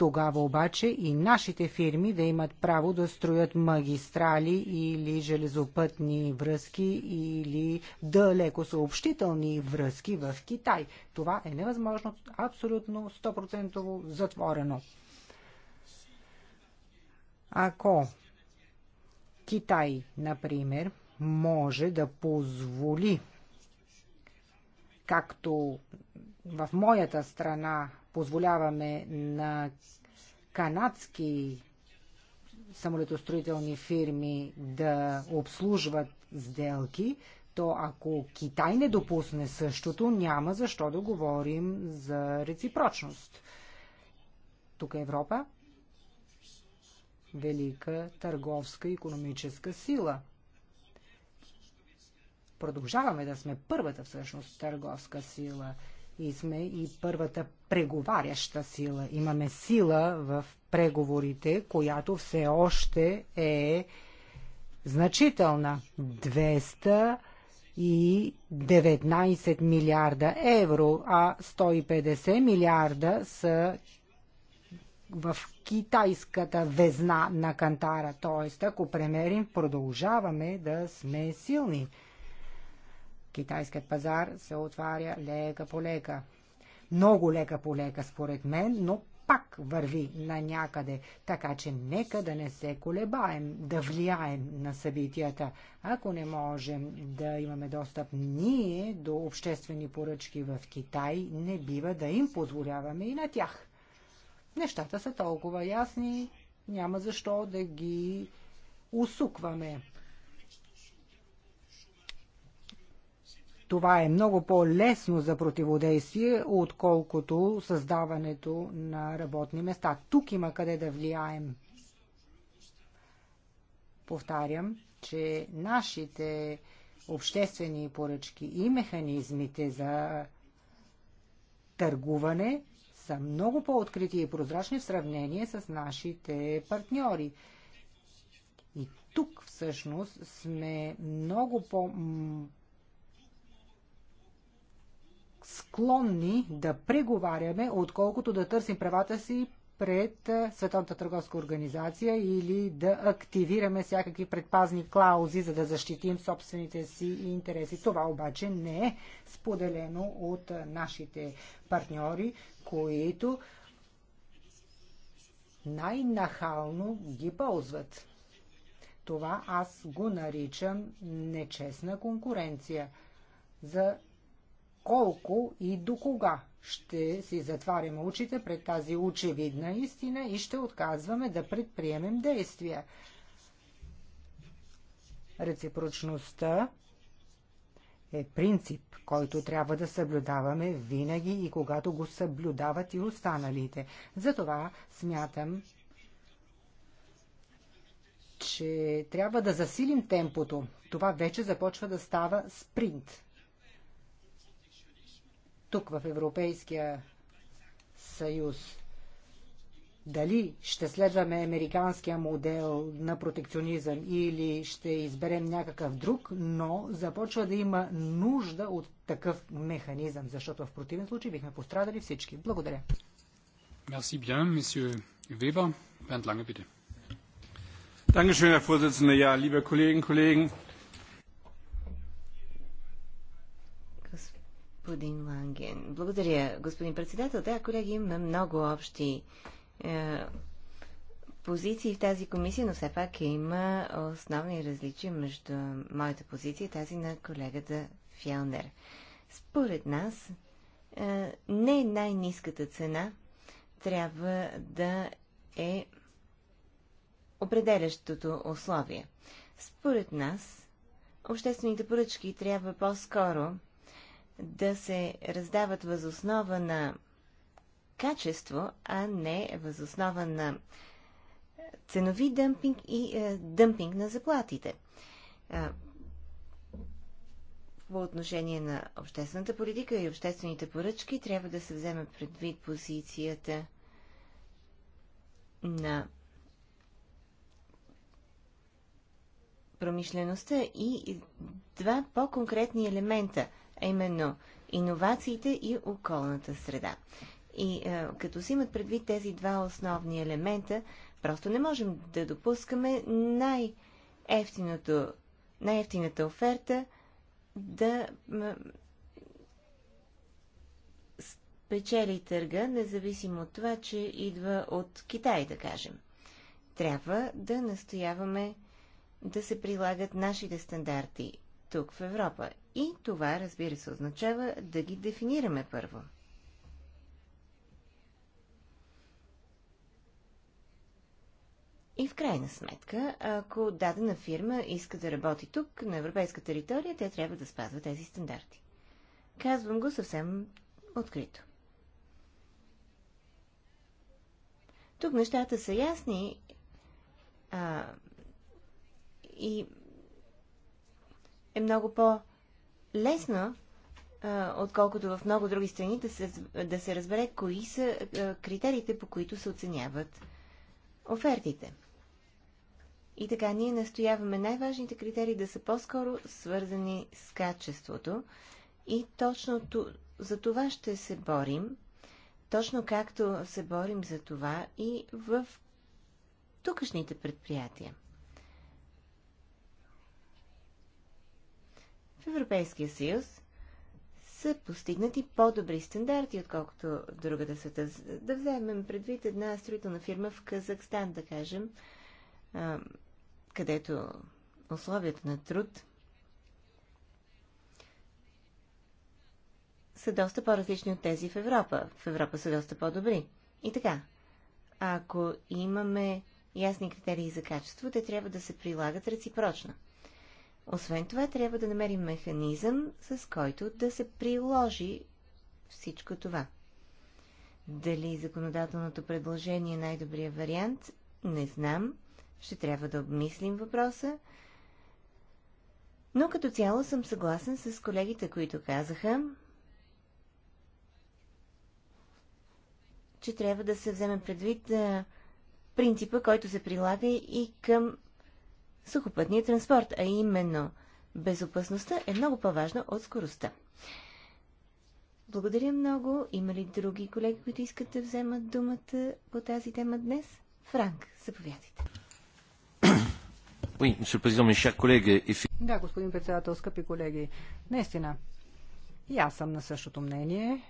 тогава обаче и нашите фирми да имат право да строят магистрали или железопътни връзки или далеко съобщителни връзки в Китай. Това е невъзможно, абсолютно 100% затворено. Ако Китай, например, може да позволи както в моята страна позволяваме на канадски самолетостроителни фирми да обслужват сделки, то ако Китай не допусне същото, няма защо да говорим за реципрочност. Тук е Европа велика търговска и економическа сила. Продължаваме да сме първата всъщност търговска сила – и сме и първата преговаряща сила. Имаме сила в преговорите, която все още е значителна. 219 милиарда евро, а 150 милиарда са в китайската везна на кантара. Тоест, ако премерим, продължаваме да сме силни. Китайският пазар се отваря лека по лека. Много лека по лека, според мен, но пак върви на някъде. Така че нека да не се колебаем, да влияем на събитията. Ако не можем да имаме достъп ние до обществени поръчки в Китай, не бива да им позволяваме и на тях. Нещата са толкова ясни, няма защо да ги усукваме. това е много по-лесно за противодействие, отколкото създаването на работни места. Тук има къде да влияем. Повтарям, че нашите обществени поръчки и механизмите за търгуване са много по-открити и прозрачни в сравнение с нашите партньори. И тук всъщност сме много по- склонни да преговаряме, отколкото да търсим правата си пред Световната търговска организация или да активираме всякакви предпазни клаузи, за да защитим собствените си интереси. Това обаче не е споделено от нашите партньори, които най-нахално ги ползват. Това аз го наричам нечестна конкуренция за колко и до кога ще си затваряме очите пред тази очевидна истина и ще отказваме да предприемем действия. Реципрочността е принцип, който трябва да съблюдаваме винаги и когато го съблюдават и останалите. Затова смятам, че трябва да засилим темпото. Това вече започва да става спринт тук в Европейския съюз. Дали ще следваме американския модел на протекционизъм или ще изберем някакъв друг, но започва да има нужда от такъв механизъм, защото в противен случай бихме пострадали всички. Благодаря. Merci bien, monsieur Weber. Bernd Lange, bitte. Dankeschön, Herr Vorsitzender. Ja, liebe Kolleginnen Kollegen, господин Ланген. Благодаря, господин председател. Да, колеги, има много общи е, позиции в тази комисия, но все пак има основни различия между моята позиция и тази на колегата Фялнер. Според нас, е, не е най-низката цена трябва да е определящото условие. Според нас, обществените поръчки трябва по-скоро да се раздават възоснова на качество, а не възоснова на е, ценови дъмпинг и е, дъмпинг на заплатите. по отношение на обществената политика и обществените поръчки трябва да се вземе предвид позицията на промишлеността и два по-конкретни елемента – а именно иновациите и околната среда. И а, е, като си имат предвид тези два основни елемента, просто не можем да допускаме най-ефтиното, най-ефтината оферта да спечели търга, независимо от това, че идва от Китай, да кажем. Трябва да настояваме да се прилагат нашите стандарти тук в Европа. И това, разбира се, означава да ги дефинираме първо. И в крайна сметка, ако дадена фирма иска да работи тук, на европейска територия, те трябва да спазва тези стандарти. Казвам го съвсем открито. Тук нещата са ясни а, и е много по-лесно, отколкото в много други страни, да се, да се разбере кои са критериите, по които се оценяват офертите. И така ние настояваме най-важните критерии да са по-скоро свързани с качеството и точно за това ще се борим, точно както се борим за това и в тукашните предприятия. в Европейския съюз са постигнати по-добри стандарти, отколкото другата света. Да вземем предвид една строителна фирма в Казахстан, да кажем, където условията на труд са доста по-различни от тези в Европа. В Европа са доста по-добри. И така, ако имаме ясни критерии за качество, те трябва да се прилагат реципрочно. Освен това, трябва да намерим механизъм, с който да се приложи всичко това. Дали законодателното предложение е най-добрият вариант, не знам. Ще трябва да обмислим въпроса. Но като цяло съм съгласен с колегите, които казаха, че трябва да се вземе предвид принципа, който се прилага и към сухопътния транспорт, а именно безопасността е много по-важна от скоростта. Благодаря много. Има ли други колеги, които искат да вземат думата по тази тема днес? Франк, заповядайте. Да, господин председател, скъпи колеги, наистина, и аз съм на същото мнение.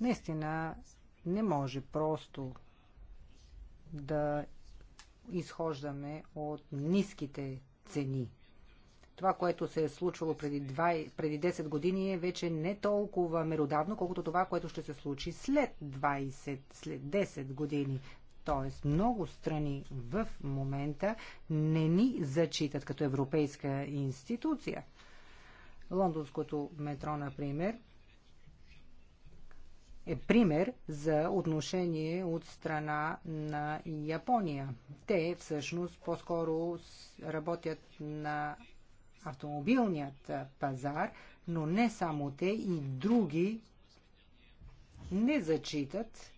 Наистина, не може просто да изхождаме от ниските цени. Това, което се е случвало преди, 20, преди 10 години е вече не толкова меродавно, колкото това, което ще се случи след 20, след 10 години. Тоест, много страни в момента не ни зачитат като европейска институция. Лондонското метро, например, е пример за отношение от страна на Япония. Те всъщност по-скоро работят на автомобилният пазар, но не само те и други не зачитат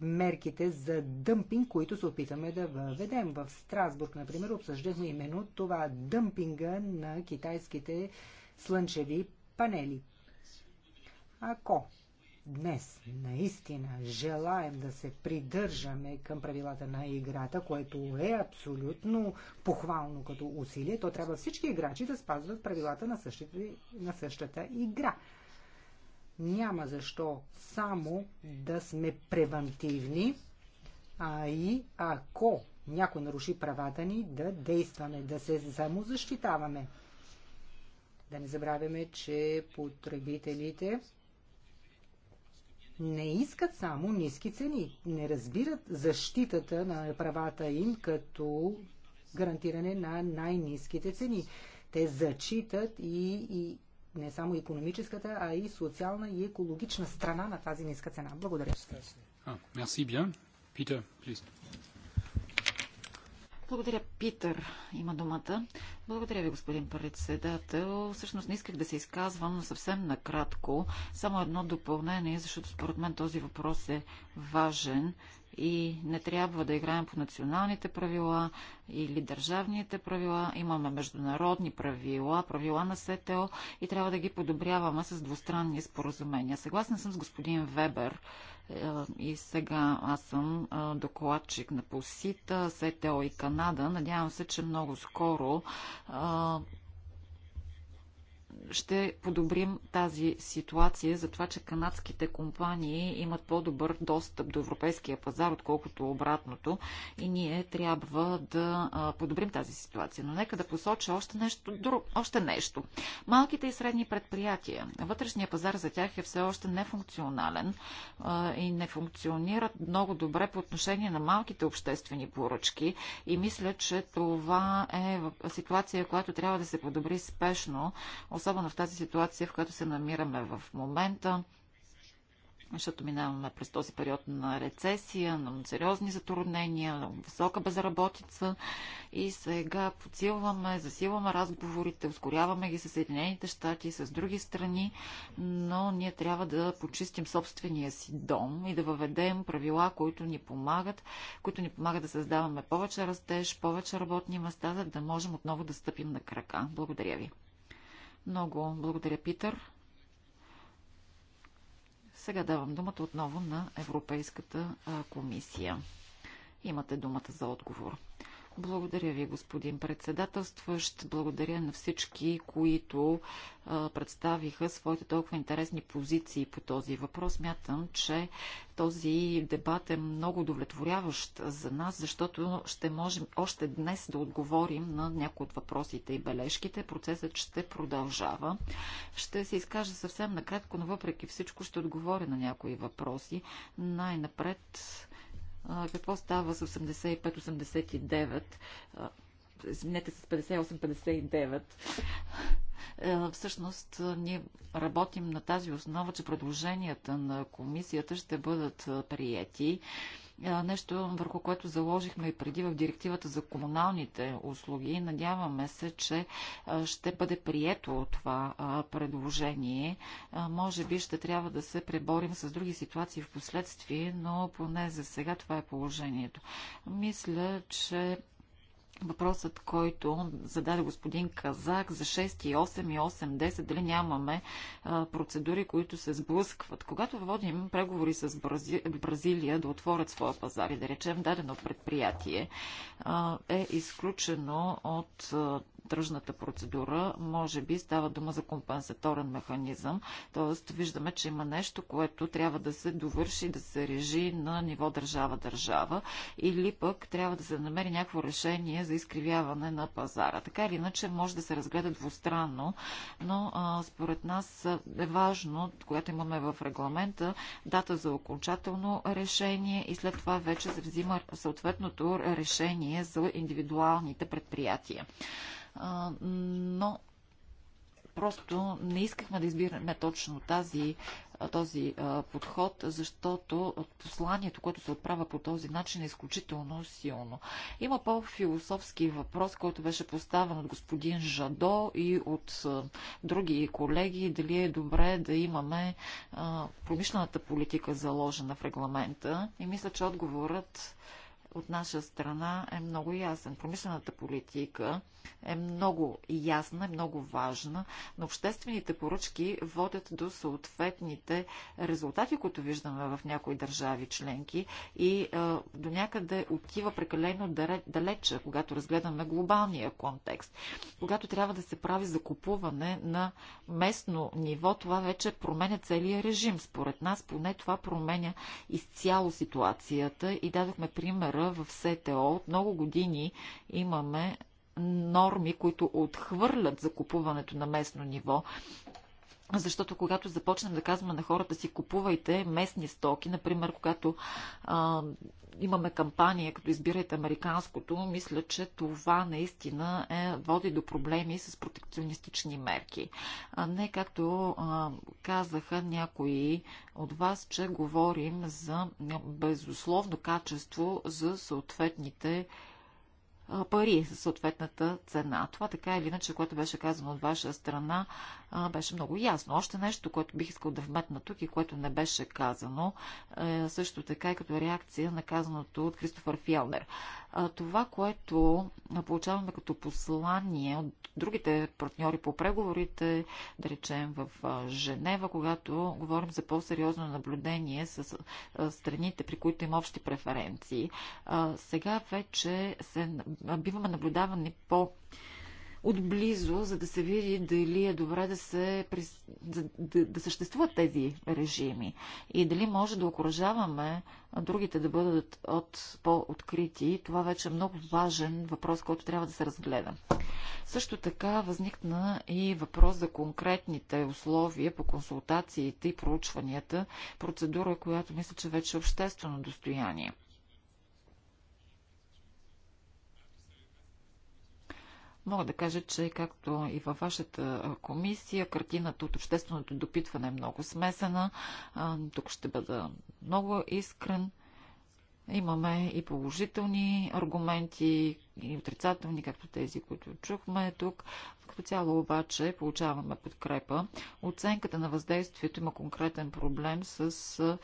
мерките за дъмпинг, които се опитаме да въведем. В Страсбург, например, обсъждахме именно това дъмпинга на китайските слънчеви панели. Ако днес наистина желаем да се придържаме към правилата на играта, което е абсолютно похвално като усилие, то трябва всички играчи да спазват правилата на същата, на същата игра. Няма защо само да сме превантивни, а и ако някой наруши правата ни, да действаме, да се самозащитаваме. Да не забравяме, че потребителите не искат само ниски цени, не разбират защитата на правата им като гарантиране на най-низките цени. Те зачитат и, и не само економическата, а и социална и екологична страна на тази ниска цена. Благодаря. Merci bien. Peter, please. Благодаря, Питър. Има думата. Благодаря ви, господин председател. Всъщност не исках да се изказвам, но съвсем накратко. Само едно допълнение, защото според мен този въпрос е важен и не трябва да играем по националните правила или държавните правила. Имаме международни правила, правила на СТО и трябва да ги подобряваме с двустранни споразумения. Съгласна съм с господин Вебер е, и сега аз съм е, докладчик на Посита, СТО и Канада. Надявам се, че много скоро е, ще подобрим тази ситуация за това, че канадските компании имат по-добър достъп до европейския пазар, отколкото обратното и ние трябва да подобрим тази ситуация. Но нека да посоча още нещо, друг, още нещо. Малките и средни предприятия. Вътрешният пазар за тях е все още нефункционален и не функционират много добре по отношение на малките обществени поръчки и мисля, че това е ситуация, която трябва да се подобри спешно, особено особено в тази ситуация, в която се намираме в момента, защото минаваме през този период на рецесия, на сериозни затруднения, на висока безработица и сега подсилваме, засилваме разговорите, ускоряваме ги с Съединените щати, с други страни, но ние трябва да почистим собствения си дом и да въведем правила, които ни помагат, които ни помагат да създаваме повече растеж, повече работни места, за да можем отново да стъпим на крака. Благодаря ви. Много благодаря, Питър. Сега давам думата отново на Европейската комисия. Имате думата за отговор. Благодаря ви, господин председателстващ. Благодаря на всички, които а, представиха своите толкова интересни позиции по този въпрос. Мятам, че този дебат е много удовлетворяващ за нас, защото ще можем още днес да отговорим на някои от въпросите и бележките. Процесът ще продължава. Ще се изкажа съвсем накратко, но въпреки всичко ще отговоря на някои въпроси. Най-напред какво става с 85-89? Извинете, с 58-59. Всъщност, ние работим на тази основа, че предложенията на комисията ще бъдат приети нещо върху което заложихме и преди в директивата за комуналните услуги. Надяваме се, че ще бъде прието това предложение. Може би ще трябва да се преборим с други ситуации в последствие, но поне за сега това е положението. Мисля, че въпросът, който зададе господин Казак за 6 и 8 и 8, 10, дали нямаме процедури, които се сблъскват. Когато водим преговори с Брази... Бразилия да отворят своя пазар и да речем дадено предприятие е изключено от тръжната процедура, може би става дума за компенсаторен механизъм. Тоест виждаме, че има нещо, което трябва да се довърши, да се режи на ниво държава-държава или пък трябва да се намери някакво решение за изкривяване на пазара. Така или иначе може да се разгледа двустранно, но а, според нас е важно, което имаме в регламента, дата за окончателно решение и след това вече се взима съответното решение за индивидуалните предприятия но просто не искахме да избираме точно тази, този подход, защото посланието, което се отправя по този начин е изключително силно. Има по-философски въпрос, който беше поставен от господин Жадо и от други колеги, дали е добре да имаме промишлената политика заложена в регламента. И мисля, че отговорът от наша страна е много ясен. Промишлената политика е много ясна, е много важна, но обществените поръчки водят до съответните резултати, които виждаме в някои държави членки и е, до някъде отива прекалено далече, когато разгледаме глобалния контекст. Когато трябва да се прави закупуване на местно ниво, това вече променя целият режим. Според нас поне това променя изцяло ситуацията и дадохме примера хора в СТО от много години имаме норми, които отхвърлят закупуването на местно ниво защото когато започнем да казваме на хората си купувайте местни стоки, например, когато а, имаме кампания като избирайте американското, мисля, че това наистина е, води до проблеми с протекционистични мерки. А не както а, казаха някои от вас, че говорим за безусловно качество за съответните пари за съответната цена. Това така или иначе, което беше казано от ваша страна, а, беше много ясно. Още нещо, което бих искал да вметна тук и което не беше казано, е, също така и като реакция на казаното от Кристофър Фелнер. А, това, което получаваме като послание от другите партньори по преговорите, да речем в Женева, когато говорим за по-сериозно наблюдение с страните, при които има общи преференции, а, сега вече се, биваме наблюдавани по- отблизо, за да се види дали е добре да, се, да, да съществуват тези режими и дали може да окоръжаваме другите да бъдат от, по-открити. Това вече е много важен въпрос, който трябва да се разгледа. Също така възникна и въпрос за конкретните условия по консултациите и проучванията, процедура, която мисля, че вече е обществено достояние. Мога да кажа, че както и във вашата комисия, картината от общественото допитване е много смесена. Тук ще бъда много искрен. Имаме и положителни аргументи, и отрицателни, както тези, които чухме тук. Като цяло обаче получаваме подкрепа. Оценката на въздействието има конкретен проблем с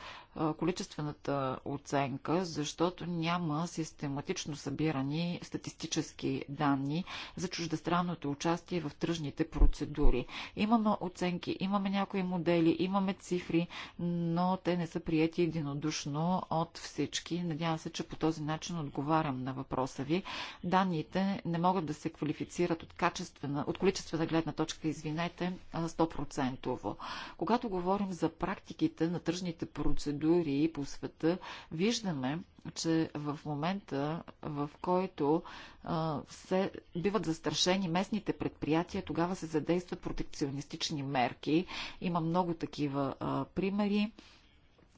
количествената оценка, защото няма систематично събирани статистически данни за чуждестранното участие в тръжните процедури. Имаме оценки, имаме някои модели, имаме цифри, но те не са прияти единодушно от всички. Надявам се, че по този начин отговарям на въпроса ви. Данните не могат да се квалифицират от, качествена, от количествена гледна точка, извинете, 100%. Когато говорим за практиките на тръжните процедури, дори и по света, виждаме, че в момента, в който а, се биват застрашени местните предприятия, тогава се задействат протекционистични мерки. Има много такива а, примери.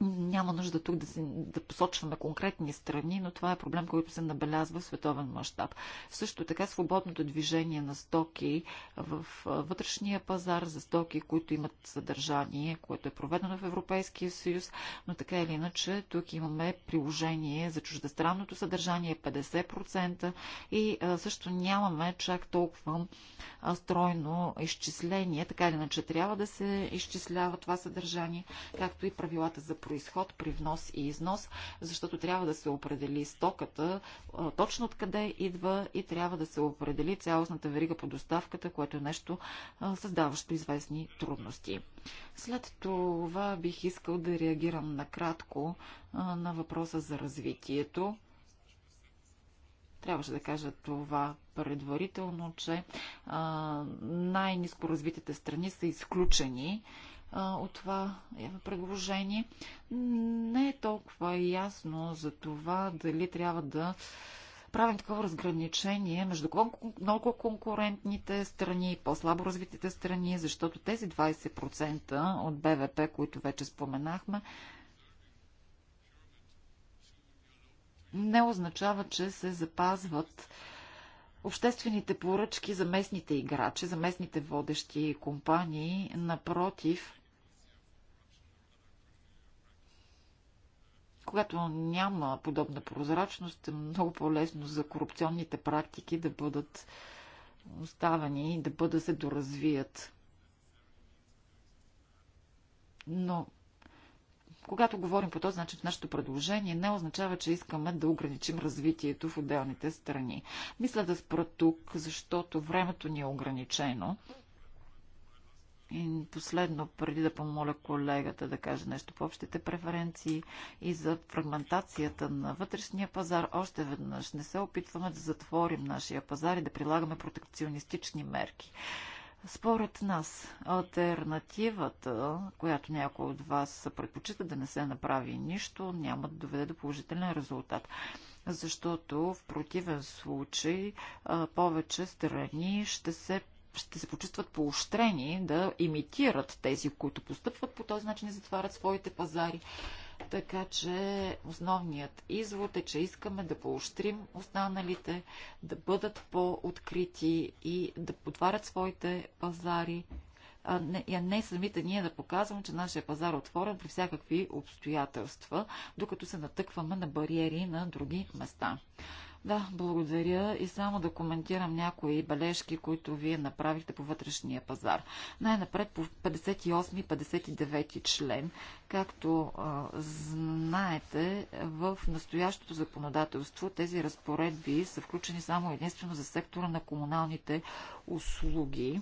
Няма нужда тук да, си, да посочваме конкретни страни, но това е проблем, който се набелязва в световен мащаб. Също така свободното движение на стоки в вътрешния пазар за стоки, които имат съдържание, което е проведено в Европейския съюз, но така или иначе тук имаме приложение за чуждестранното съдържание 50% и също нямаме чак толкова стройно изчисление, така или иначе трябва да се изчислява това съдържание, както и правилата за производство происход при внос и износ, защото трябва да се определи стоката, точно откъде идва и трябва да се определи цялостната верига по доставката, което е нещо създаващо известни трудности. След това бих искал да реагирам накратко на въпроса за развитието. Трябваше да кажа това предварително, че най-низко развитите страни са изключени от това е, предложение. Не е толкова ясно за това дали трябва да правим такова разграничение между много конкурентните страни и по-слабо развитите страни, защото тези 20% от БВП, които вече споменахме, не означава, че се запазват обществените поръчки за местните играчи, за местните водещи компании. Напротив, Когато няма подобна прозрачност, е много по-лесно за корупционните практики да бъдат оставени и да бъдат се доразвият. Но когато говорим по този начин в нашето предложение, не означава, че искаме да ограничим развитието в отделните страни. Мисля да спра тук, защото времето ни е ограничено. И последно, преди да помоля колегата да каже нещо по общите преференции и за фрагментацията на вътрешния пазар, още веднъж не се опитваме да затворим нашия пазар и да прилагаме протекционистични мерки. Според нас, альтернативата, която някой от вас предпочита да не се направи нищо, няма да доведе до положителен резултат защото в противен случай повече страни ще се ще се почувстват поощрени да имитират тези, които постъпват по този начин и затварят своите пазари. Така че основният извод е, че искаме да поощрим останалите, да бъдат по-открити и да подварят своите пазари. А не, а не самите ние да показваме, че нашия пазар е отворен при всякакви обстоятелства, докато се натъкваме на бариери на други места. Да, благодаря и само да коментирам някои бележки, които вие направихте по вътрешния пазар. Най-напред по 58 и 59 член. Както а, знаете, в настоящото законодателство тези разпоредби са включени само единствено за сектора на комуналните услуги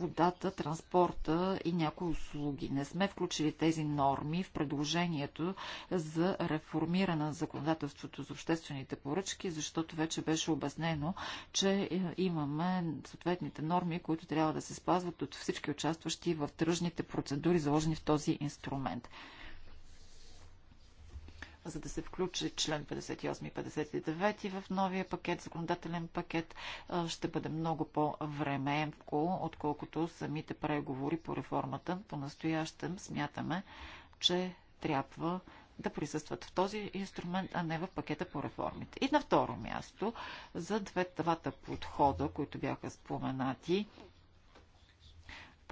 водата, транспорта и някои услуги. Не сме включили тези норми в предложението за реформиране на законодателството за обществените поръчки, защото вече беше обяснено, че е, имаме съответните норми, които трябва да се спазват от всички участващи в тръжните процедури, заложени в този инструмент за да се включи член 58 и 59 в новия пакет, законодателен пакет, ще бъде много по-времеемко, отколкото самите преговори по реформата. По-настоящем смятаме, че трябва да присъстват в този инструмент, а не в пакета по реформите. И на второ място, за две, двата подхода, които бяха споменати,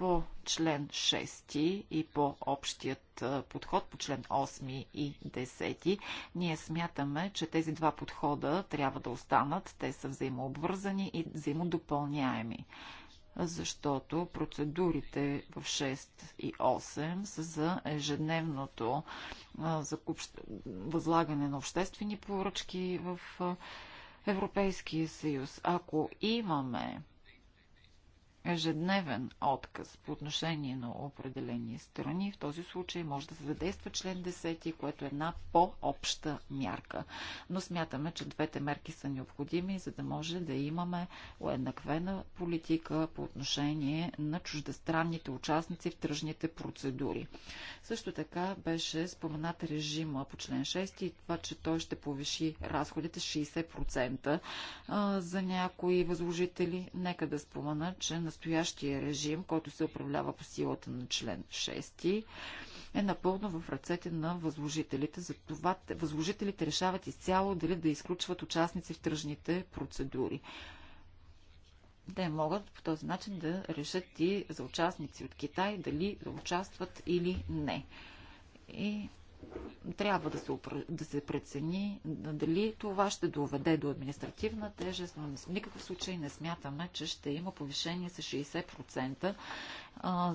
по член 6 и по общият подход по член 8 и 10, ние смятаме, че тези два подхода трябва да останат. Те са взаимообвързани и взаимодопълняеми защото процедурите в 6 и 8 са за ежедневното възлагане на обществени поръчки в Европейския съюз. Ако имаме ежедневен отказ по отношение на определени страни, в този случай може да се задейства член 10, което е една по-обща мярка. Но смятаме, че двете мерки са необходими, за да може да имаме уеднаквена политика по отношение на чуждестранните участници в тръжните процедури. Също така беше споменат режима по член 6 и това, че той ще повиши разходите 60% за някои възложители. Нека да спомена, че на настоящия режим, който се управлява по силата на член 6, е напълно в ръцете на възложителите. Затова възложителите решават изцяло дали да изключват участници в тръжните процедури. Те могат по този начин да решат и за участници от Китай дали да участват или не. И трябва да се, да се прецени дали това ще доведе до административна тежест, но в никакъв случай не смятаме, че ще има повишение с 60%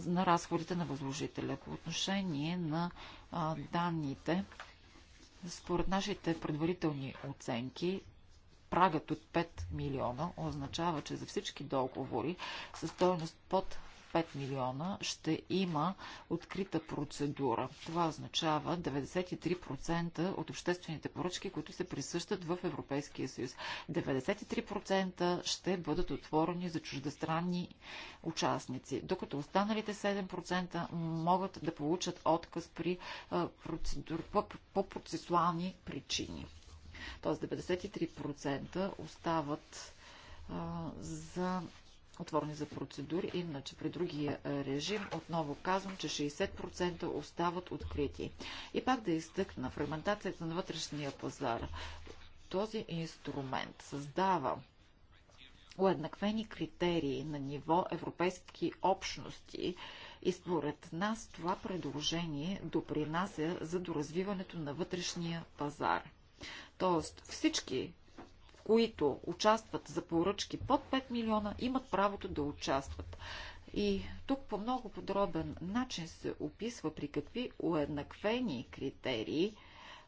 на разходите на възложителя. По отношение на данните, според нашите предварителни оценки, прагът от 5 милиона означава, че за всички договори със стоеност под 5 милиона ще има открита процедура. Това означава 93% от обществените поръчки, които се присъщат в Европейския съюз. 93% ще бъдат отворени за чуждестранни участници, докато останалите 7% могат да получат отказ при процедур, по, по процесуални причини. Тоест 93% остават за отворени за процедури, иначе при другия режим отново казвам, че 60% остават открити. И пак да изтъкна фрагментацията на вътрешния пазар. Този инструмент създава уеднаквени критерии на ниво европейски общности и според нас това предложение допринася за доразвиването на вътрешния пазар. Тоест всички които участват за поръчки под 5 милиона, имат правото да участват. И тук по много подробен начин се описва при какви уеднаквени критерии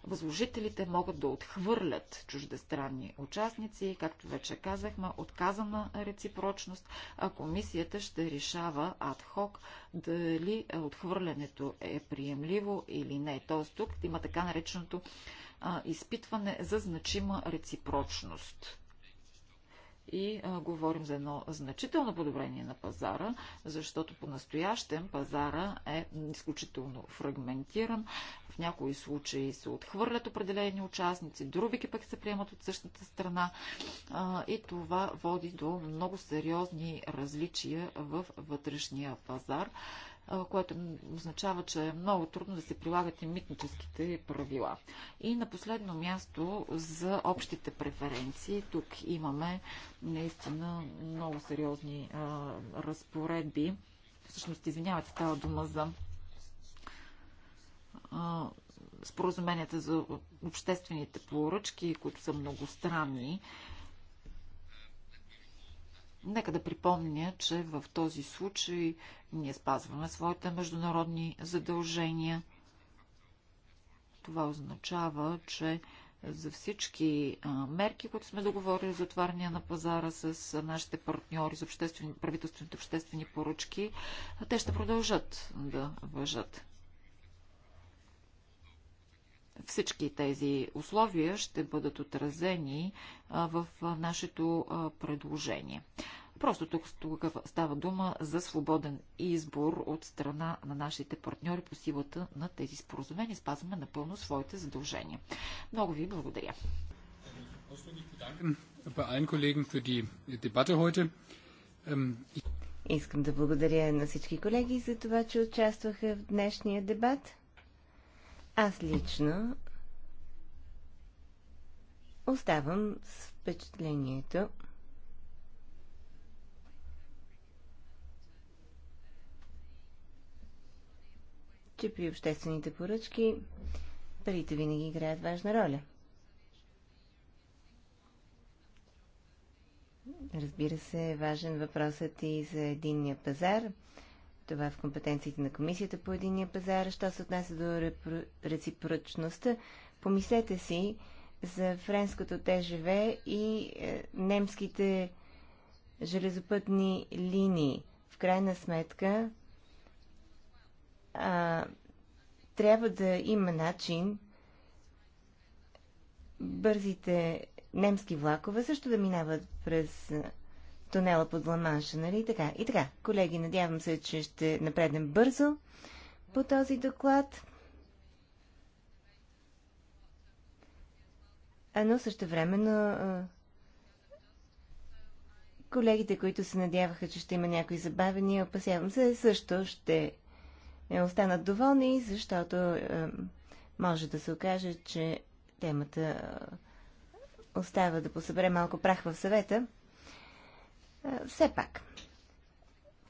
възложителите могат да отхвърлят чуждестранни участници. Както вече казахме, отказана реципрочност, а комисията ще решава адхок дали отхвърлянето е приемливо или не. Тоест, тук има така нареченото а, изпитване за значима реципрочност и а, говорим за едно значително подобрение на пазара, защото по настоящен пазара е изключително фрагментиран. В някои случаи се отхвърлят определени участници, други пък се приемат от същата страна а, и това води до много сериозни различия в вътрешния пазар което означава, че е много трудно да се прилагат и митническите правила. И на последно място за общите преференции. Тук имаме наистина много сериозни а, разпоредби. Всъщност, извинявате, става дума за а, споразуменията за обществените поръчки, които са многостранни Нека да припомня, че в този случай ние спазваме своите международни задължения. Това означава, че за всички мерки, които сме договорили за отваряне на пазара с нашите партньори за обществени, правителствените обществени поръчки, те ще продължат да въжат. Всички тези условия ще бъдат отразени в нашето предложение. Просто тук, тук става дума за свободен избор от страна на нашите партньори по силата на тези споразумения. Спазваме напълно своите задължения. Много ви благодаря. Ähm, Искам да благодаря на всички колеги за това, че участваха в днешния дебат. Аз лично оставам с впечатлението, че при обществените поръчки парите винаги играят важна роля. Разбира се, важен въпросът и за единния пазар – това е в компетенциите на Комисията по единия пазар. Що се отнася до реципрочността, помислете си за френското ТЖВ и е, немските железопътни линии. В крайна сметка а, трябва да има начин бързите немски влакове също да минават през е, тунела под Ламанша, нали така? И така, колеги, надявам се, че ще напреднем бързо по този доклад. А, но също на колегите, които се надяваха, че ще има някои забавени, опасявам се, също ще е, останат доволни, защото а, може да се окаже, че темата остава да посъбере малко прах в съвета. Все пак,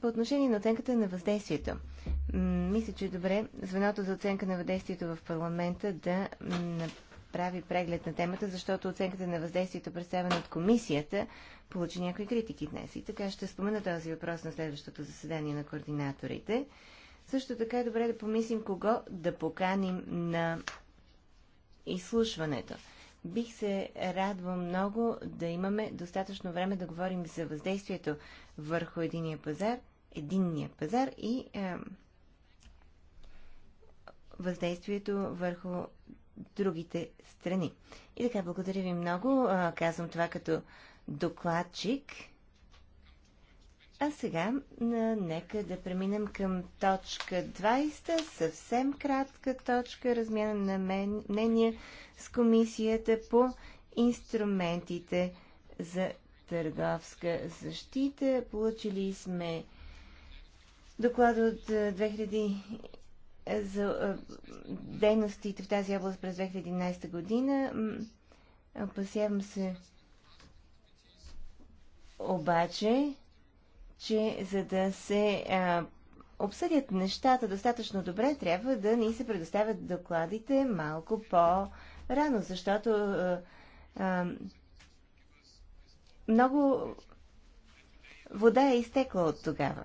по отношение на оценката на въздействието, мисля, че е добре звеното за оценка на въздействието в парламента да прави преглед на темата, защото оценката на въздействието, представена от комисията, получи някои критики днес. И така ще спомена този въпрос на следващото заседание на координаторите. Също така е добре да помислим кого да поканим на изслушването. Бих се радвал много да имаме достатъчно време да говорим за въздействието върху единия пазар, единния пазар и е, въздействието върху другите страни. И така, благодаря ви много. Казвам това като докладчик а сега нека да преминем към точка 20, съвсем кратка точка, размяна на мнения мнение с комисията по инструментите за търговска защита. Получили сме доклад от 2000 за дейностите в тази област през 2011 година. Опасявам се обаче, че за да се а, обсъдят нещата достатъчно добре, трябва да ни се предоставят докладите малко по-рано, защото а, а, много вода е изтекла от тогава.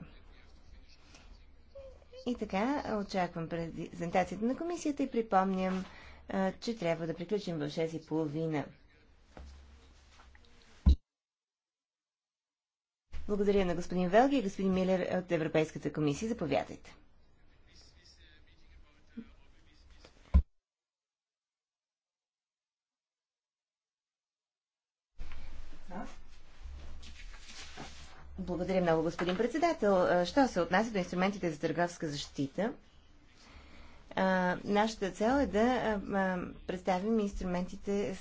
И така, очаквам презентацията на комисията и припомням, а, че трябва да приключим в 6.30. Благодаря на господин Велги и господин Милер от Европейската комисия. Заповядайте. Благодаря много, господин председател. Що се отнася до инструментите за търговска защита, нашата цел е да представим инструментите,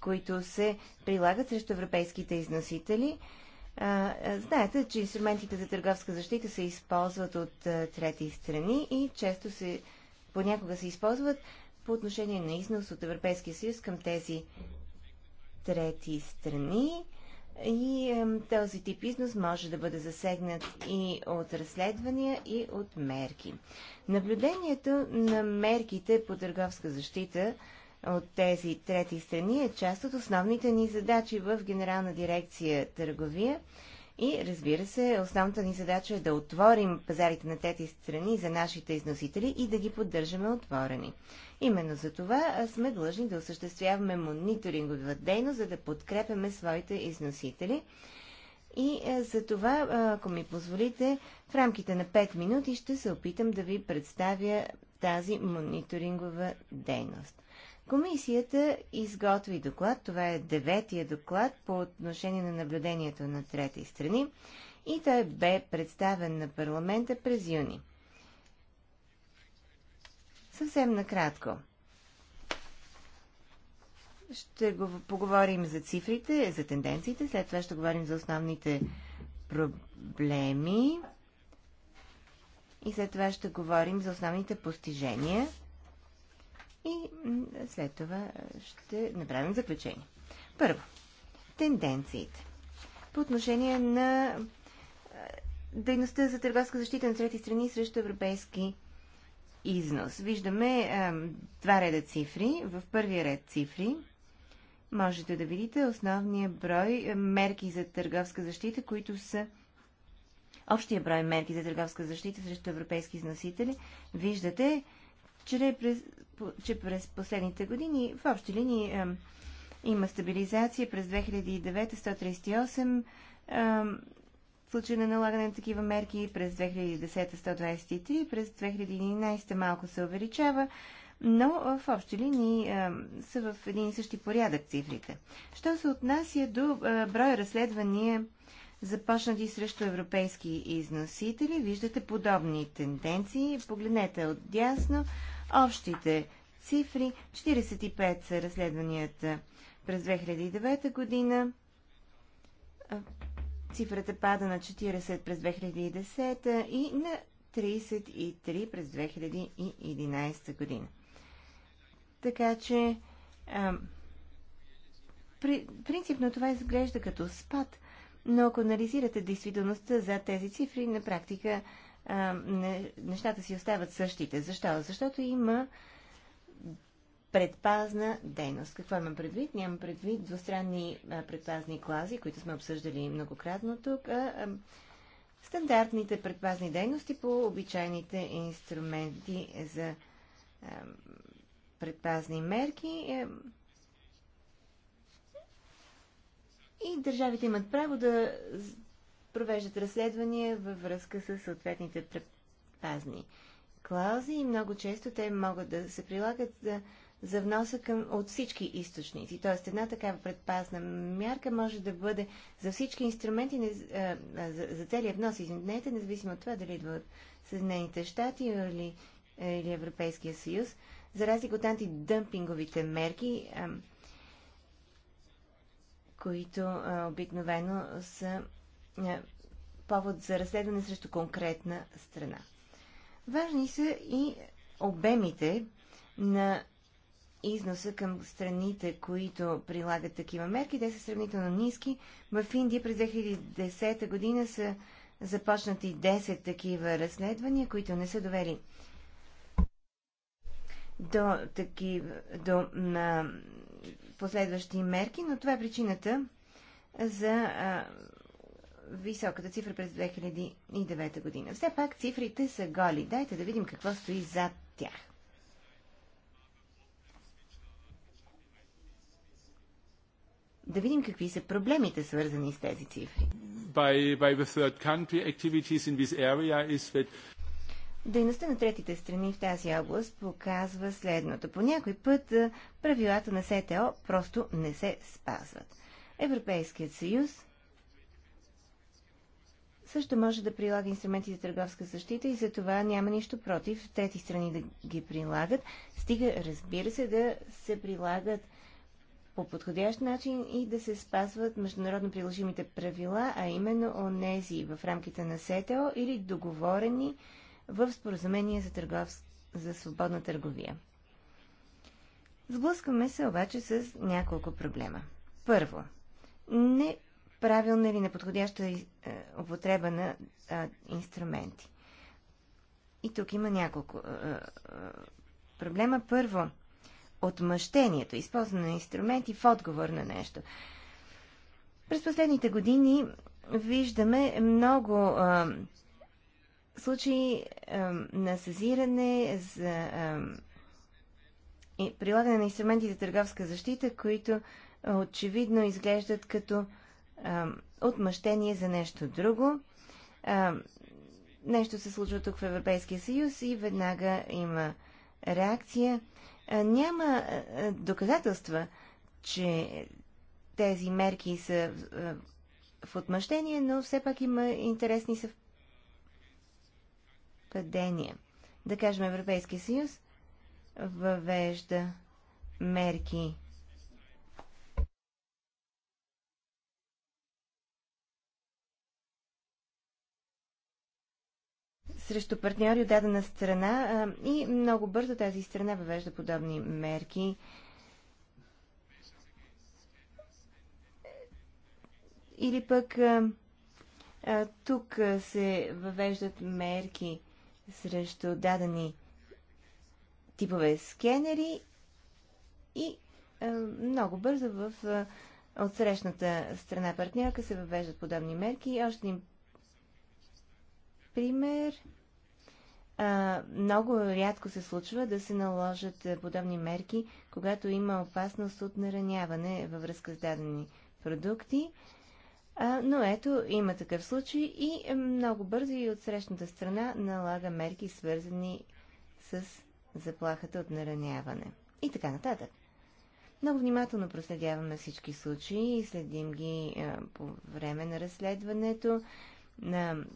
които се прилагат срещу европейските износители Знаете, че инструментите за търговска защита се използват от трети страни и често се, понякога се използват по отношение на износ от Европейския съюз към тези трети страни. И е, този тип износ може да бъде засегнат и от разследвания, и от мерки. Наблюдението на мерките по търговска защита от тези трети страни е част от основните ни задачи в Генерална дирекция търговия. И разбира се, основната ни задача е да отворим пазарите на тези страни за нашите износители и да ги поддържаме отворени. Именно за това сме длъжни да осъществяваме мониторингова дейност, за да подкрепяме своите износители. И за това, ако ми позволите, в рамките на 5 минути ще се опитам да ви представя тази мониторингова дейност. Комисията изготви доклад, това е деветия доклад по отношение на наблюдението на трети страни и той бе представен на парламента през юни. Съвсем накратко. Ще го поговорим за цифрите, за тенденциите, след това ще говорим за основните проблеми и след това ще говорим за основните постижения – и след това ще направим заключение. Първо, тенденциите. По отношение на дейността за търговска защита на трети страни срещу европейски износ. Виждаме а, два реда цифри. В първия ред цифри можете да видите основния брой мерки за търговска защита, които са общия брой мерки за търговска защита срещу европейски износители. Виждате че е през, че през последните години в общи линии е, има стабилизация. През 2009 138 е, случай на налагане на такива мерки, през 2010 123, през 2011 малко се увеличава, но в общи линии е, са в един и същи порядък цифрите. Що се отнася до броя разследвания започнати срещу европейски износители. Виждате подобни тенденции. Погледнете отдясно общите цифри. 45 са разследванията през 2009 година. Цифрата пада на 40 през 2010 и на 33 през 2011 година. Така че, а, при, принципно това изглежда като спад – но ако анализирате действителността за тези цифри, на практика а, не, нещата си остават същите. Защо? Защото има предпазна дейност. Какво имам предвид? Нямам предвид двустранни а, предпазни клази, които сме обсъждали многократно тук, а, а стандартните предпазни дейности по обичайните инструменти за а, предпазни мерки. А, е, И държавите имат право да провеждат разследвания във връзка с съответните предпазни клаузи и много често те могат да се прилагат за, за вноса към, от всички източници. Тоест една такава предпазна мярка може да бъде за всички инструменти, не, а, за, за целият внос, извинете, независимо от това дали идва от Съединените щати или, или Европейския съюз. За разлика от антидъмпинговите мерки, а, които обикновено са повод за разследване срещу конкретна страна. Важни са и обемите на износа към страните, които прилагат такива мерки. Те са сравнително ниски. В Индия през 2010 година са започнати 10 такива разследвания, които не са довели до, такива, до на, последващи мерки, но това е причината за а, високата цифра през 2009 година. Все пак цифрите са голи. Дайте да видим какво стои зад тях. Да видим какви са проблемите, свързани с тези цифри. By, by the third country activities in this area is that Дейността на третите страни в тази област показва следното. По някой път правилата на СТО просто не се спазват. Европейският съюз също може да прилага инструменти за търговска защита и за това няма нищо против трети страни да ги прилагат. Стига, разбира се, да се прилагат по подходящ начин и да се спазват международно приложимите правила, а именно онези в рамките на СТО или договорени в споразумение за, търгов... за свободна търговия. Сблъскваме се обаче с няколко проблема. Първо, неправилна или неподходяща е, употреба на а, инструменти. И тук има няколко а, проблема. Първо, отмъщението, използване на инструменти в отговор на нещо. През последните години виждаме много случаи на съзиране за прилагане на инструменти за търговска защита, които очевидно изглеждат като отмъщение за нещо друго. Нещо се случва тук в Европейския съюз и веднага има реакция. Няма доказателства, че тези мерки са в отмъщение, но все пак има интересни съвпадения падения. Да кажем, Европейския съюз въвежда мерки срещу партньори от дадена страна а, и много бързо тази страна въвежда подобни мерки. Или пък а, а, тук се въвеждат мерки срещу дадени типове скенери и е, много бързо в е, отсрещната страна партньорка се въвеждат подобни мерки. Още един пример. А, е, много рядко се случва да се наложат е, подобни мерки, когато има опасност от нараняване във връзка с дадени продукти. А, но ето, има такъв случай и е, много бързо и от срещната страна налага мерки, свързани с заплахата от нараняване. И така нататък. Много внимателно проследяваме всички случаи и следим ги а, е, по време на разследването.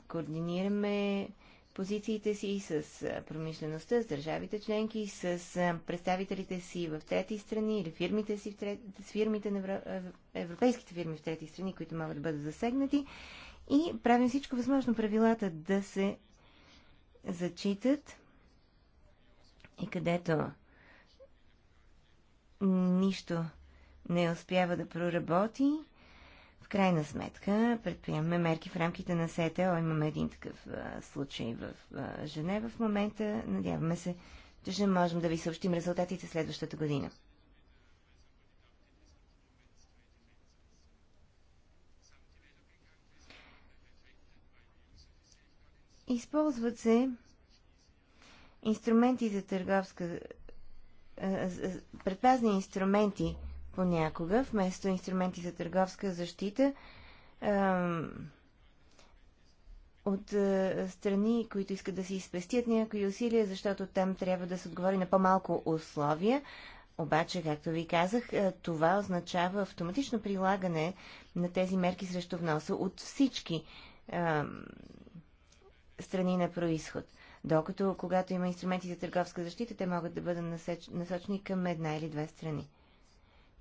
координираме позициите си с промишлеността, с държавите членки, с представителите си в трети страни или фирмите си в трети, с фирмите на европейските фирми в трети страни, които могат да бъдат засегнати. И правим всичко възможно правилата да се зачитат и където нищо не успява да проработи, в крайна сметка предприемаме мерки в рамките на СЕТЕО. Имаме един такъв а, случай в а, Женева в момента. Надяваме се, че ще можем да ви съобщим резултатите следващата година. Използват се инструменти за търговска, предпазни инструменти понякога, вместо инструменти за търговска защита, от страни, които искат да си изпестят някои усилия, защото там трябва да се отговори на по-малко условия. Обаче, както ви казах, това означава автоматично прилагане на тези мерки срещу вноса от всички а, страни на происход. Докато, когато има инструменти за търговска защита, те могат да бъдат насочени към една или две страни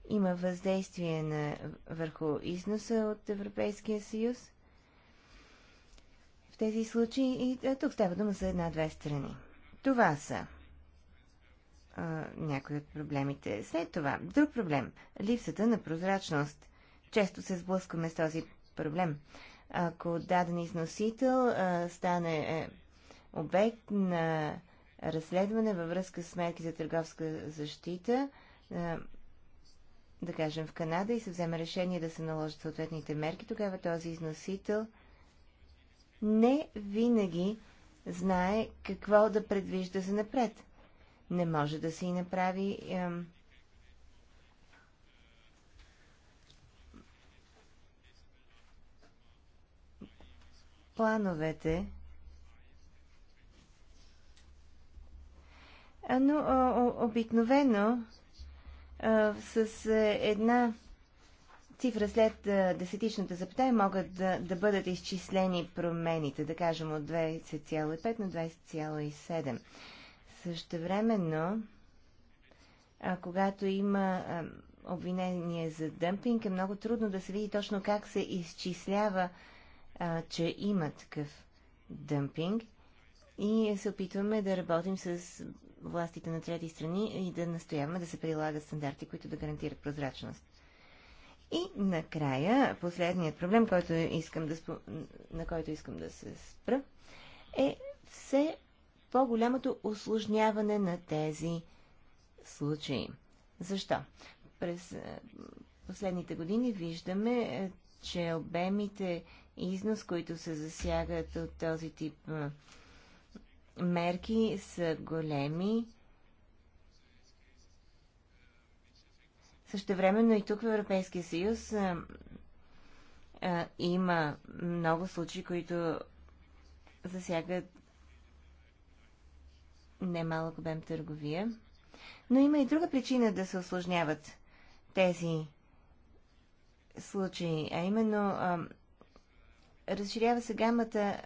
има въздействие на, върху износа от Европейския съюз в тези случаи. И тук става дума за една-две страни. Това са а, някои от проблемите. След това, друг проблем липсата на прозрачност. Често се сблъскваме с този проблем. Ако даден износител а, стане е, обект на разследване във връзка с мерки за търговска защита, а, да кажем, в Канада и се вземе решение да се наложат съответните мерки, тогава този износител не винаги знае какво да предвижда за напред. Не може да си направи ем, плановете. Но обикновено с е, една цифра след е, десетичната запетая могат да, да бъдат изчислени промените, да кажем от 20,5 на 20,7. Същевременно, а когато има а, обвинение за дъмпинг, е много трудно да се види точно как се изчислява, а, че има такъв дъмпинг. И се опитваме да работим с властите на трети страни и да настояваме да се прилагат стандарти, които да гарантират прозрачност. И накрая, последният проблем, който искам да, на който искам да се спра, е все по-голямото осложняване на тези случаи. Защо? През е, последните години виждаме, е, че обемите износ, които се засягат от този тип е, мерки са големи. Същевременно и тук в Европейския съюз а, а, има много случаи, които засягат немалък обем търговия. Но има и друга причина да се осложняват тези случаи, а именно а, разширява се гамата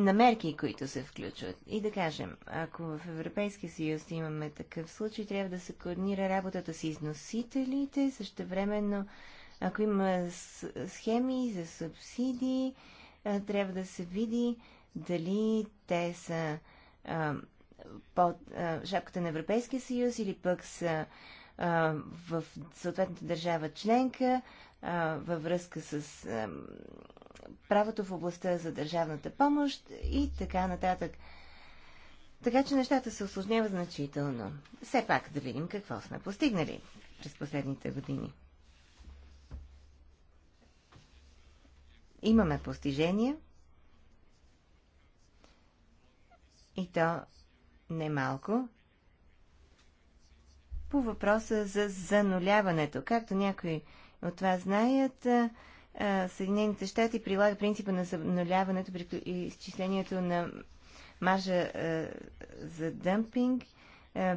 на мерки, които се включват. И да кажем, ако в Европейския съюз имаме такъв случай, трябва да се координира работата с износителите, също времено, ако има схеми за субсидии, трябва да се види дали те са а, под а, шапката на Европейския съюз или пък са а, в съответната държава членка във връзка с правото в областта за държавната помощ и така нататък. Така че нещата се осложняват значително. Все пак да видим какво сме постигнали през последните години. Имаме постижения и то немалко по въпроса за зануляването. Както някои от вас знаят, Съединените щати прилага принципа на замаляването при изчислението на маржа за дъмпинг.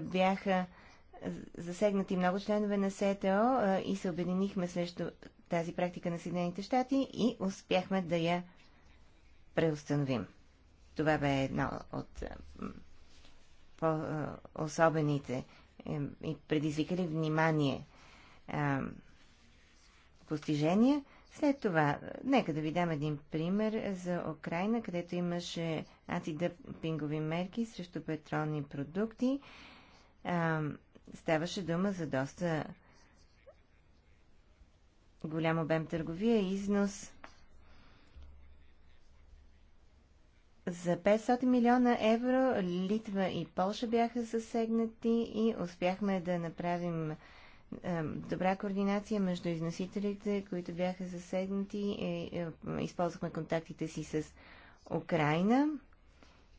Бяха засегнати много членове на СТО и се обединихме срещу тази практика на Съединените щати и успяхме да я преустановим. Това бе едно от по-особените е, и предизвикали внимание постижения. След това, нека да ви дам един пример за Украина, където имаше антидъпингови мерки срещу петролни продукти. А, ставаше дума за доста голям обем търговия, износ За 500 милиона евро Литва и Полша бяха засегнати и успяхме да направим добра координация между износителите, които бяха засегнати. Е, е, използвахме контактите си с Украина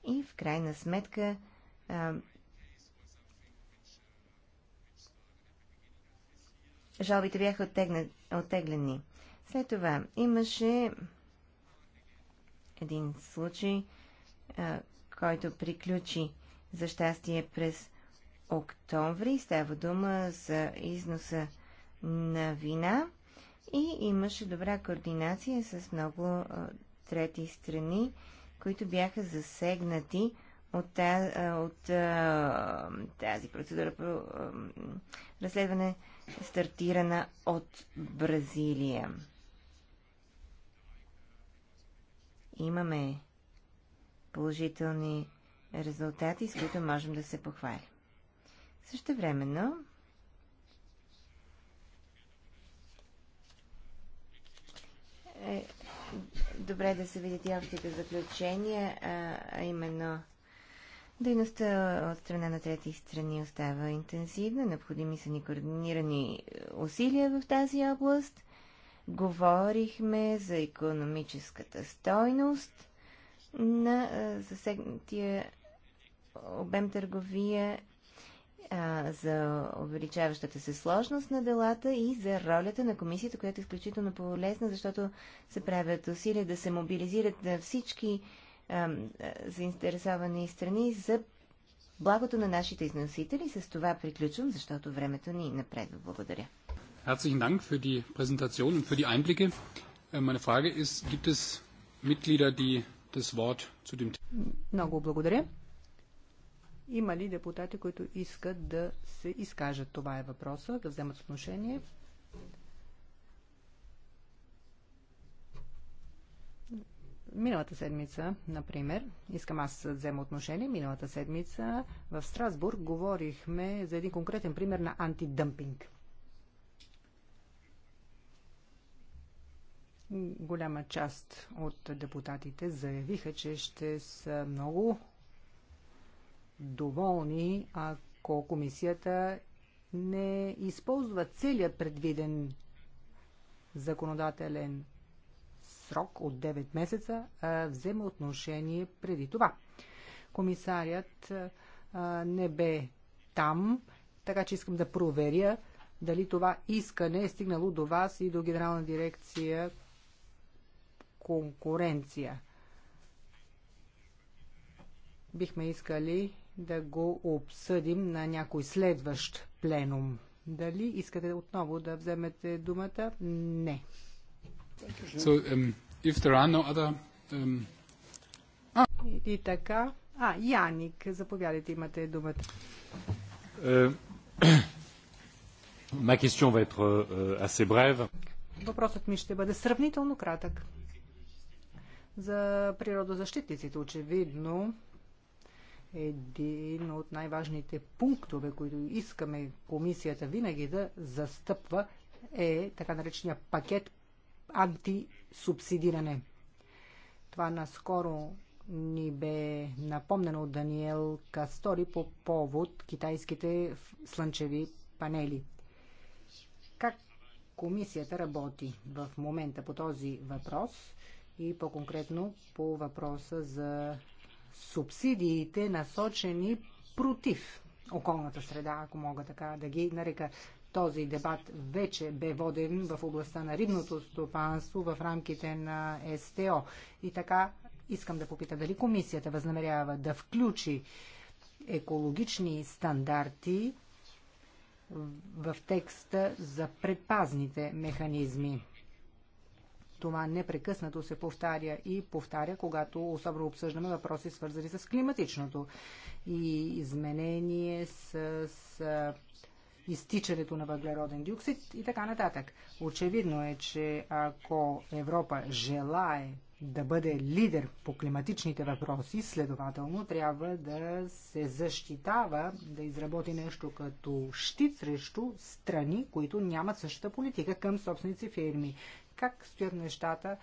и в крайна сметка жалбите бяха оттеглени. След това имаше един случай, е, който приключи за щастие през октомври. Става дума за износа на вина и имаше добра координация с много трети страни, които бяха засегнати от, тази, от тази процедура по разследване, стартирана от Бразилия. Имаме положителни резултати, с които можем да се похвалим. Също времено е добре да се видят и общите заключения, а, а именно дейността от страна на трети страни остава интензивна, необходими са ни координирани е, усилия в тази област. Говорихме за економическата стойност на е, засегнатия обем търговия а, за увеличаващата се сложност на делата и за ролята на комисията, която е изключително полезна, защото се правят усилия да се мобилизират на всички а, заинтересовани страни за благото на нашите износители. С това приключвам, защото времето ни напредва. Благодаря. Herzlichen Dank für die Präsentation und für die Einblicke. Äh, meine Frage ist, gibt es Mitglieder, die das Wort zu dem Thema? Има ли депутати, които искат да се изкажат? Това е въпроса, да вземат отношение. Миналата седмица, например, искам аз да взема отношение, миналата седмица в Страсбург говорихме за един конкретен пример на антидъмпинг. Голяма част от депутатите заявиха, че ще са много доволни, ако комисията не използва целият предвиден законодателен срок от 9 месеца, а взема отношение преди това. комисарият а, не бе там, така че искам да проверя дали това искане е стигнало до вас и до Генерална дирекция конкуренция. Бихме искали да го обсъдим на някой следващ пленум. Дали искате отново да вземете думата? Не. So, um, if there are no other, um... ah. и, и така. А, Яник, заповядайте, имате думата. Е, ма question va être assez brève. Въпросът ми ще бъде сравнително кратък. За природозащитниците, очевидно, един от най-важните пунктове, които искаме комисията винаги да застъпва, е така наречения пакет антисубсидиране. Това наскоро ни бе напомнено от Даниел Кастори по повод китайските слънчеви панели. Как комисията работи в момента по този въпрос и по-конкретно по въпроса за субсидиите насочени против околната среда, ако мога така да ги нарека. Този дебат вече бе воден в областта на рибното стопанство в рамките на СТО. И така искам да попита дали комисията възнамерява да включи екологични стандарти в текста за предпазните механизми. Това непрекъснато се повтаря и повтаря, когато особено обсъждаме въпроси, свързани с климатичното и изменение с, с изтичането на въглероден диоксид и така нататък. Очевидно е, че ако Европа желае да бъде лидер по климатичните въпроси, следователно трябва да се защитава, да изработи нещо като щит срещу страни, които нямат същата политика към собственици фирми как стоят нещата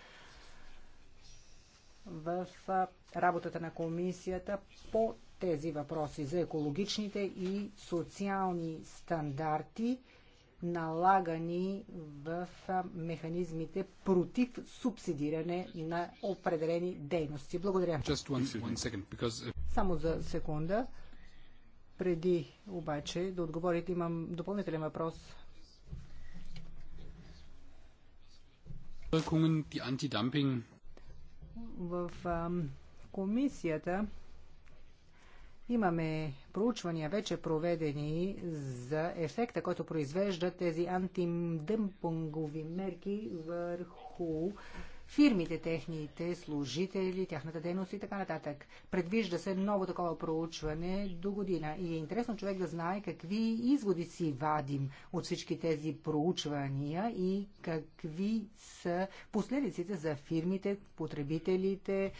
в работата на комисията по тези въпроси за екологичните и социални стандарти, налагани в механизмите против субсидиране на определени дейности. Благодаря. One, one second, because... Uh, Само за секунда. Преди обаче да отговорите, имам допълнителен въпрос В комисията имаме проучвания вече проведени за ефекта, който произвеждат тези антидъмпунгови мерки върху фирмите, техните служители, тяхната дейност и така нататък. Предвижда се ново такова проучване до година и е интересно човек да знае какви изводи си вадим от всички тези проучвания и какви са последиците за фирмите, потребителите,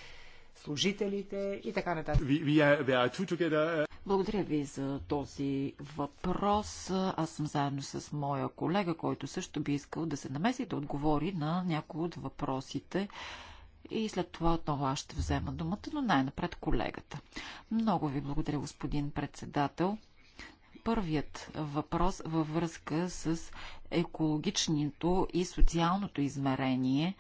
служителите и така нататък. We, we are, we are Благодаря ви за този въпрос. Аз съм заедно с моя колега, който също би искал да се намеси да отговори на някои от въпросите. И след това отново аз ще взема думата, но най-напред колегата. Много ви благодаря, господин председател първият въпрос във връзка с екологичното и социалното измерение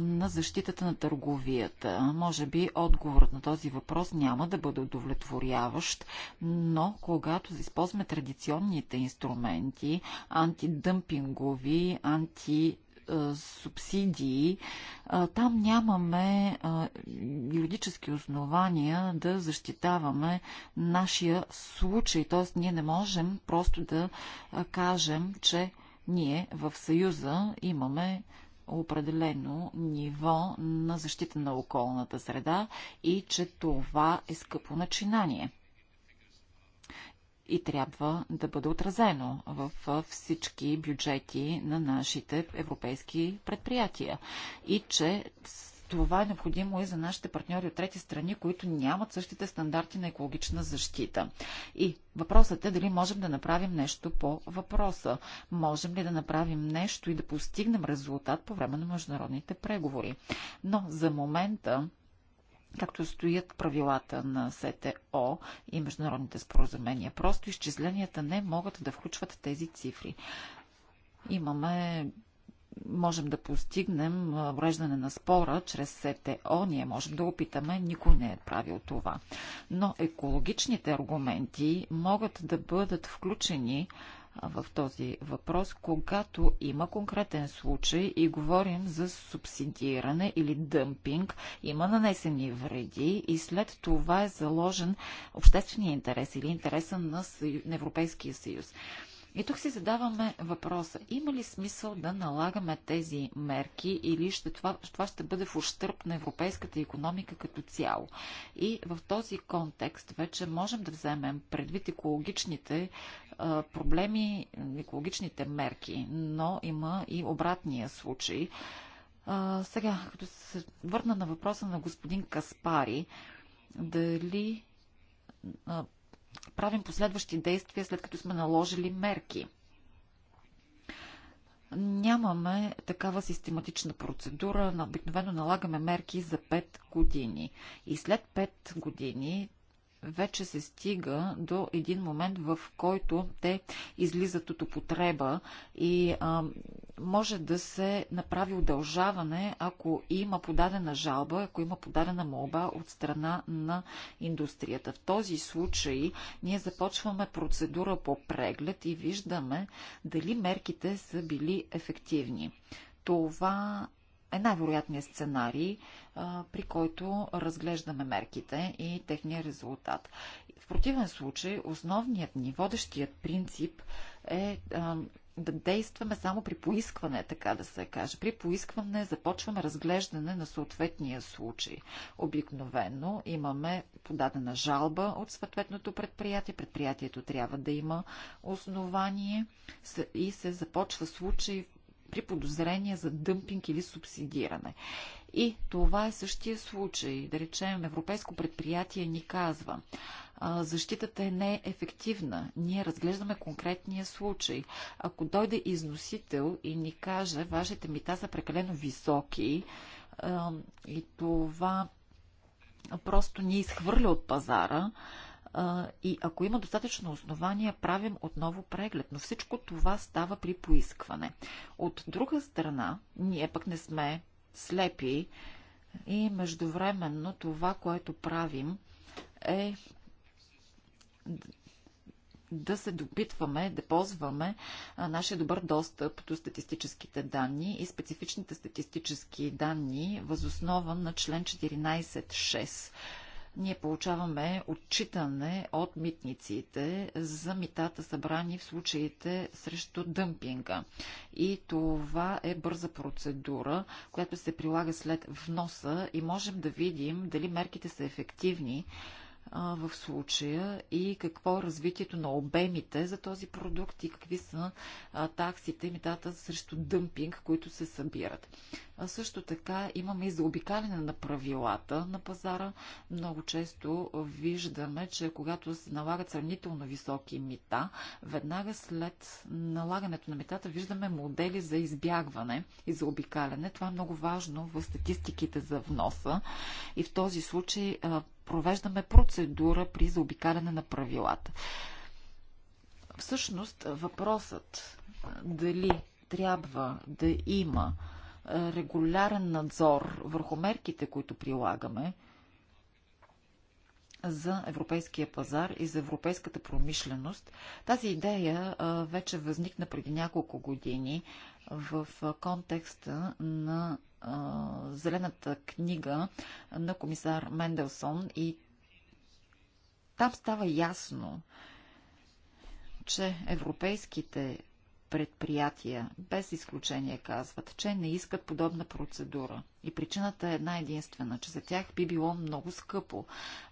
на защитата на търговията. Може би отговорът на този въпрос няма да бъде удовлетворяващ, но когато използваме традиционните инструменти, антидъмпингови, анти субсидии, там нямаме юридически основания да защитаваме нашия случай. Т.е. ние не можем просто да кажем, че ние в Съюза имаме определено ниво на защита на околната среда и че това е скъпо начинание. И трябва да бъде отразено в всички бюджети на нашите европейски предприятия. И че това е необходимо и за нашите партньори от трети страни, които нямат същите стандарти на екологична защита. И въпросът е дали можем да направим нещо по въпроса. Можем ли да направим нещо и да постигнем резултат по време на международните преговори. Но за момента както стоят правилата на СТО и международните споразумения. Просто изчисленията не могат да включват тези цифри. Имаме можем да постигнем уреждане на спора чрез СТО, ние можем да опитаме, никой не е правил това. Но екологичните аргументи могат да бъдат включени в този въпрос, когато има конкретен случай и говорим за субсидиране или дъмпинг, има нанесени вреди и след това е заложен обществения интерес или интереса на Европейския съюз. И тук си задаваме въпроса, има ли смисъл да налагаме тези мерки или ще това, това ще бъде в ущърп на европейската економика като цяло? И в този контекст вече можем да вземем предвид екологичните а, проблеми, екологичните мерки, но има и обратния случай. А, сега, като се върна на въпроса на господин Каспари, дали правим последващи действия, след като сме наложили мерки. Нямаме такава систематична процедура. Обикновено налагаме мерки за 5 години. И след 5 години вече се стига до един момент, в който те излизат от употреба и а, може да се направи удължаване, ако има подадена жалба, ако има подадена молба от страна на индустрията. В този случай ние започваме процедура по преглед и виждаме дали мерките са били ефективни. Това е най-вероятният сценарий, при който разглеждаме мерките и техния резултат. В противен случай, основният ни, водещият принцип е да действаме само при поискване, така да се каже. При поискване започваме разглеждане на съответния случай. Обикновено имаме подадена жалба от съответното предприятие. Предприятието трябва да има основание и се започва случай при подозрение за дъмпинг или субсидиране. И това е същия случай. Да речем, европейско предприятие ни казва, защитата е неефективна. Ние разглеждаме конкретния случай. Ако дойде износител и ни каже, вашите мита са прекалено високи и това просто ни изхвърля от пазара, а, и ако има достатъчно основания, правим отново преглед. Но всичко това става при поискване. От друга страна, ние пък не сме слепи и междувременно това, което правим е да се допитваме, да ползваме нашия добър достъп до статистическите данни и специфичните статистически данни възоснова на член 14.6 ние получаваме отчитане от митниците за митата събрани в случаите срещу дъмпинга. И това е бърза процедура, която се прилага след вноса и можем да видим дали мерките са ефективни а, в случая и какво е развитието на обемите за този продукт и какви са а, таксите и метата срещу дъмпинг, които се събират. А също така имаме и заобикаляне на правилата на пазара. Много често виждаме, че когато се налагат сравнително високи мита, веднага след налагането на метата, виждаме модели за избягване и заобикаляне. Това е много важно в статистиките за вноса и в този случай провеждаме процедура при заобикаляне на правилата. Всъщност въпросът дали трябва да има регулярен надзор върху мерките, които прилагаме за европейския пазар и за европейската промишленост. Тази идея вече възникна преди няколко години в контекста на зелената книга на комисар Менделсон и там става ясно, че европейските предприятия, без изключение казват, че не искат подобна процедура. И причината е една единствена, че за тях би било много скъпо,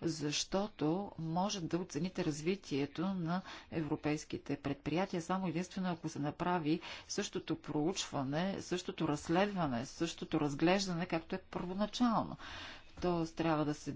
защото може да оцените развитието на европейските предприятия само единствено ако се направи същото проучване, същото разследване, същото разглеждане, както е първоначално. Тоест трябва да се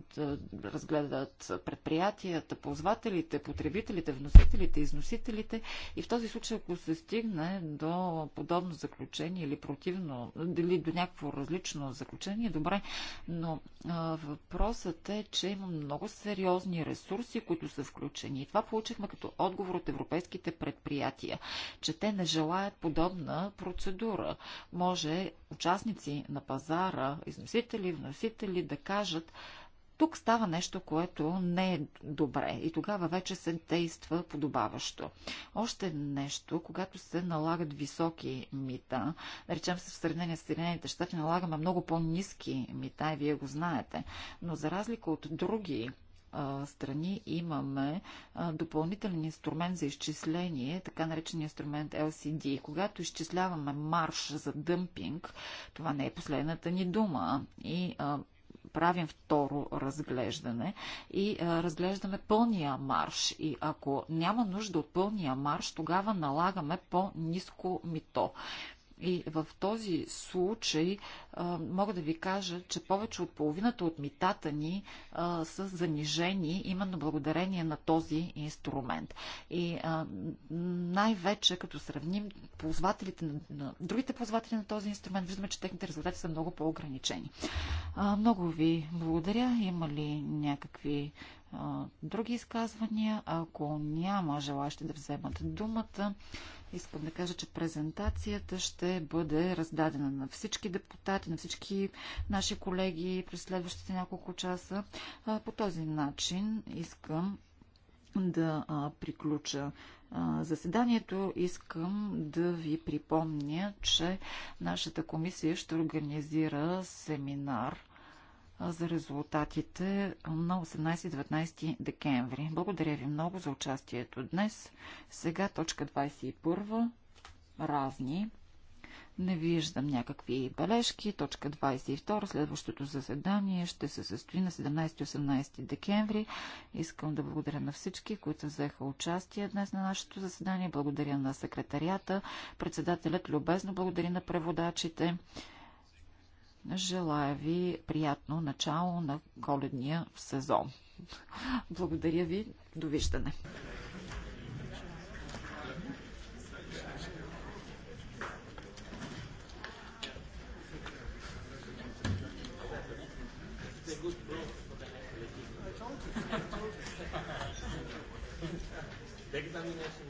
разгледат предприятията, ползвателите, потребителите, вносителите, износителите и в този случай, ако се стигне до подобно заключение или противно, или до някакво различно заключение, добре, но а, въпросът е, че има много сериозни ресурси, които са включени. И това получихме като отговор от европейските предприятия, че те не желаят подобна процедура. Може участници на пазара, износители, вносители да кажат, тук става нещо, което не е добре и тогава вече се действа подобаващо. Още нещо, когато се налагат високи мита, наричам се в сравнение с Съединените щати, налагаме много по-низки мита и вие го знаете, но за разлика от други страни имаме допълнителен инструмент за изчисление, така наречен инструмент LCD. Когато изчисляваме марш за дъмпинг, това не е последната ни дума. И правим второ разглеждане и а, разглеждаме пълния марш. И ако няма нужда от пълния марш, тогава налагаме по-низко мито. И в този случай а, мога да ви кажа, че повече от половината от митата ни а, са занижени именно благодарение на този инструмент. И най-вече, като сравним ползвателите на, на другите ползватели на този инструмент, виждаме, че техните резултати са много по-ограничени. много ви благодаря. Има ли някакви други изказвания? Ако няма желащи да вземат думата, Искам да кажа, че презентацията ще бъде раздадена на всички депутати, на всички наши колеги през следващите няколко часа. По този начин искам да приключа заседанието, искам да ви припомня, че нашата комисия ще организира семинар за резултатите на 18-19 декември. Благодаря ви много за участието днес. Сега точка 21. Разни. Не виждам някакви бележки. Точка 22. Следващото заседание ще се състои на 17-18 декември. Искам да благодаря на всички, които взеха участие днес на нашето заседание. Благодаря на секретарията. Председателят любезно благодари на преводачите. Желая ви приятно начало на коледния сезон. Благодаря ви. Довиждане. you.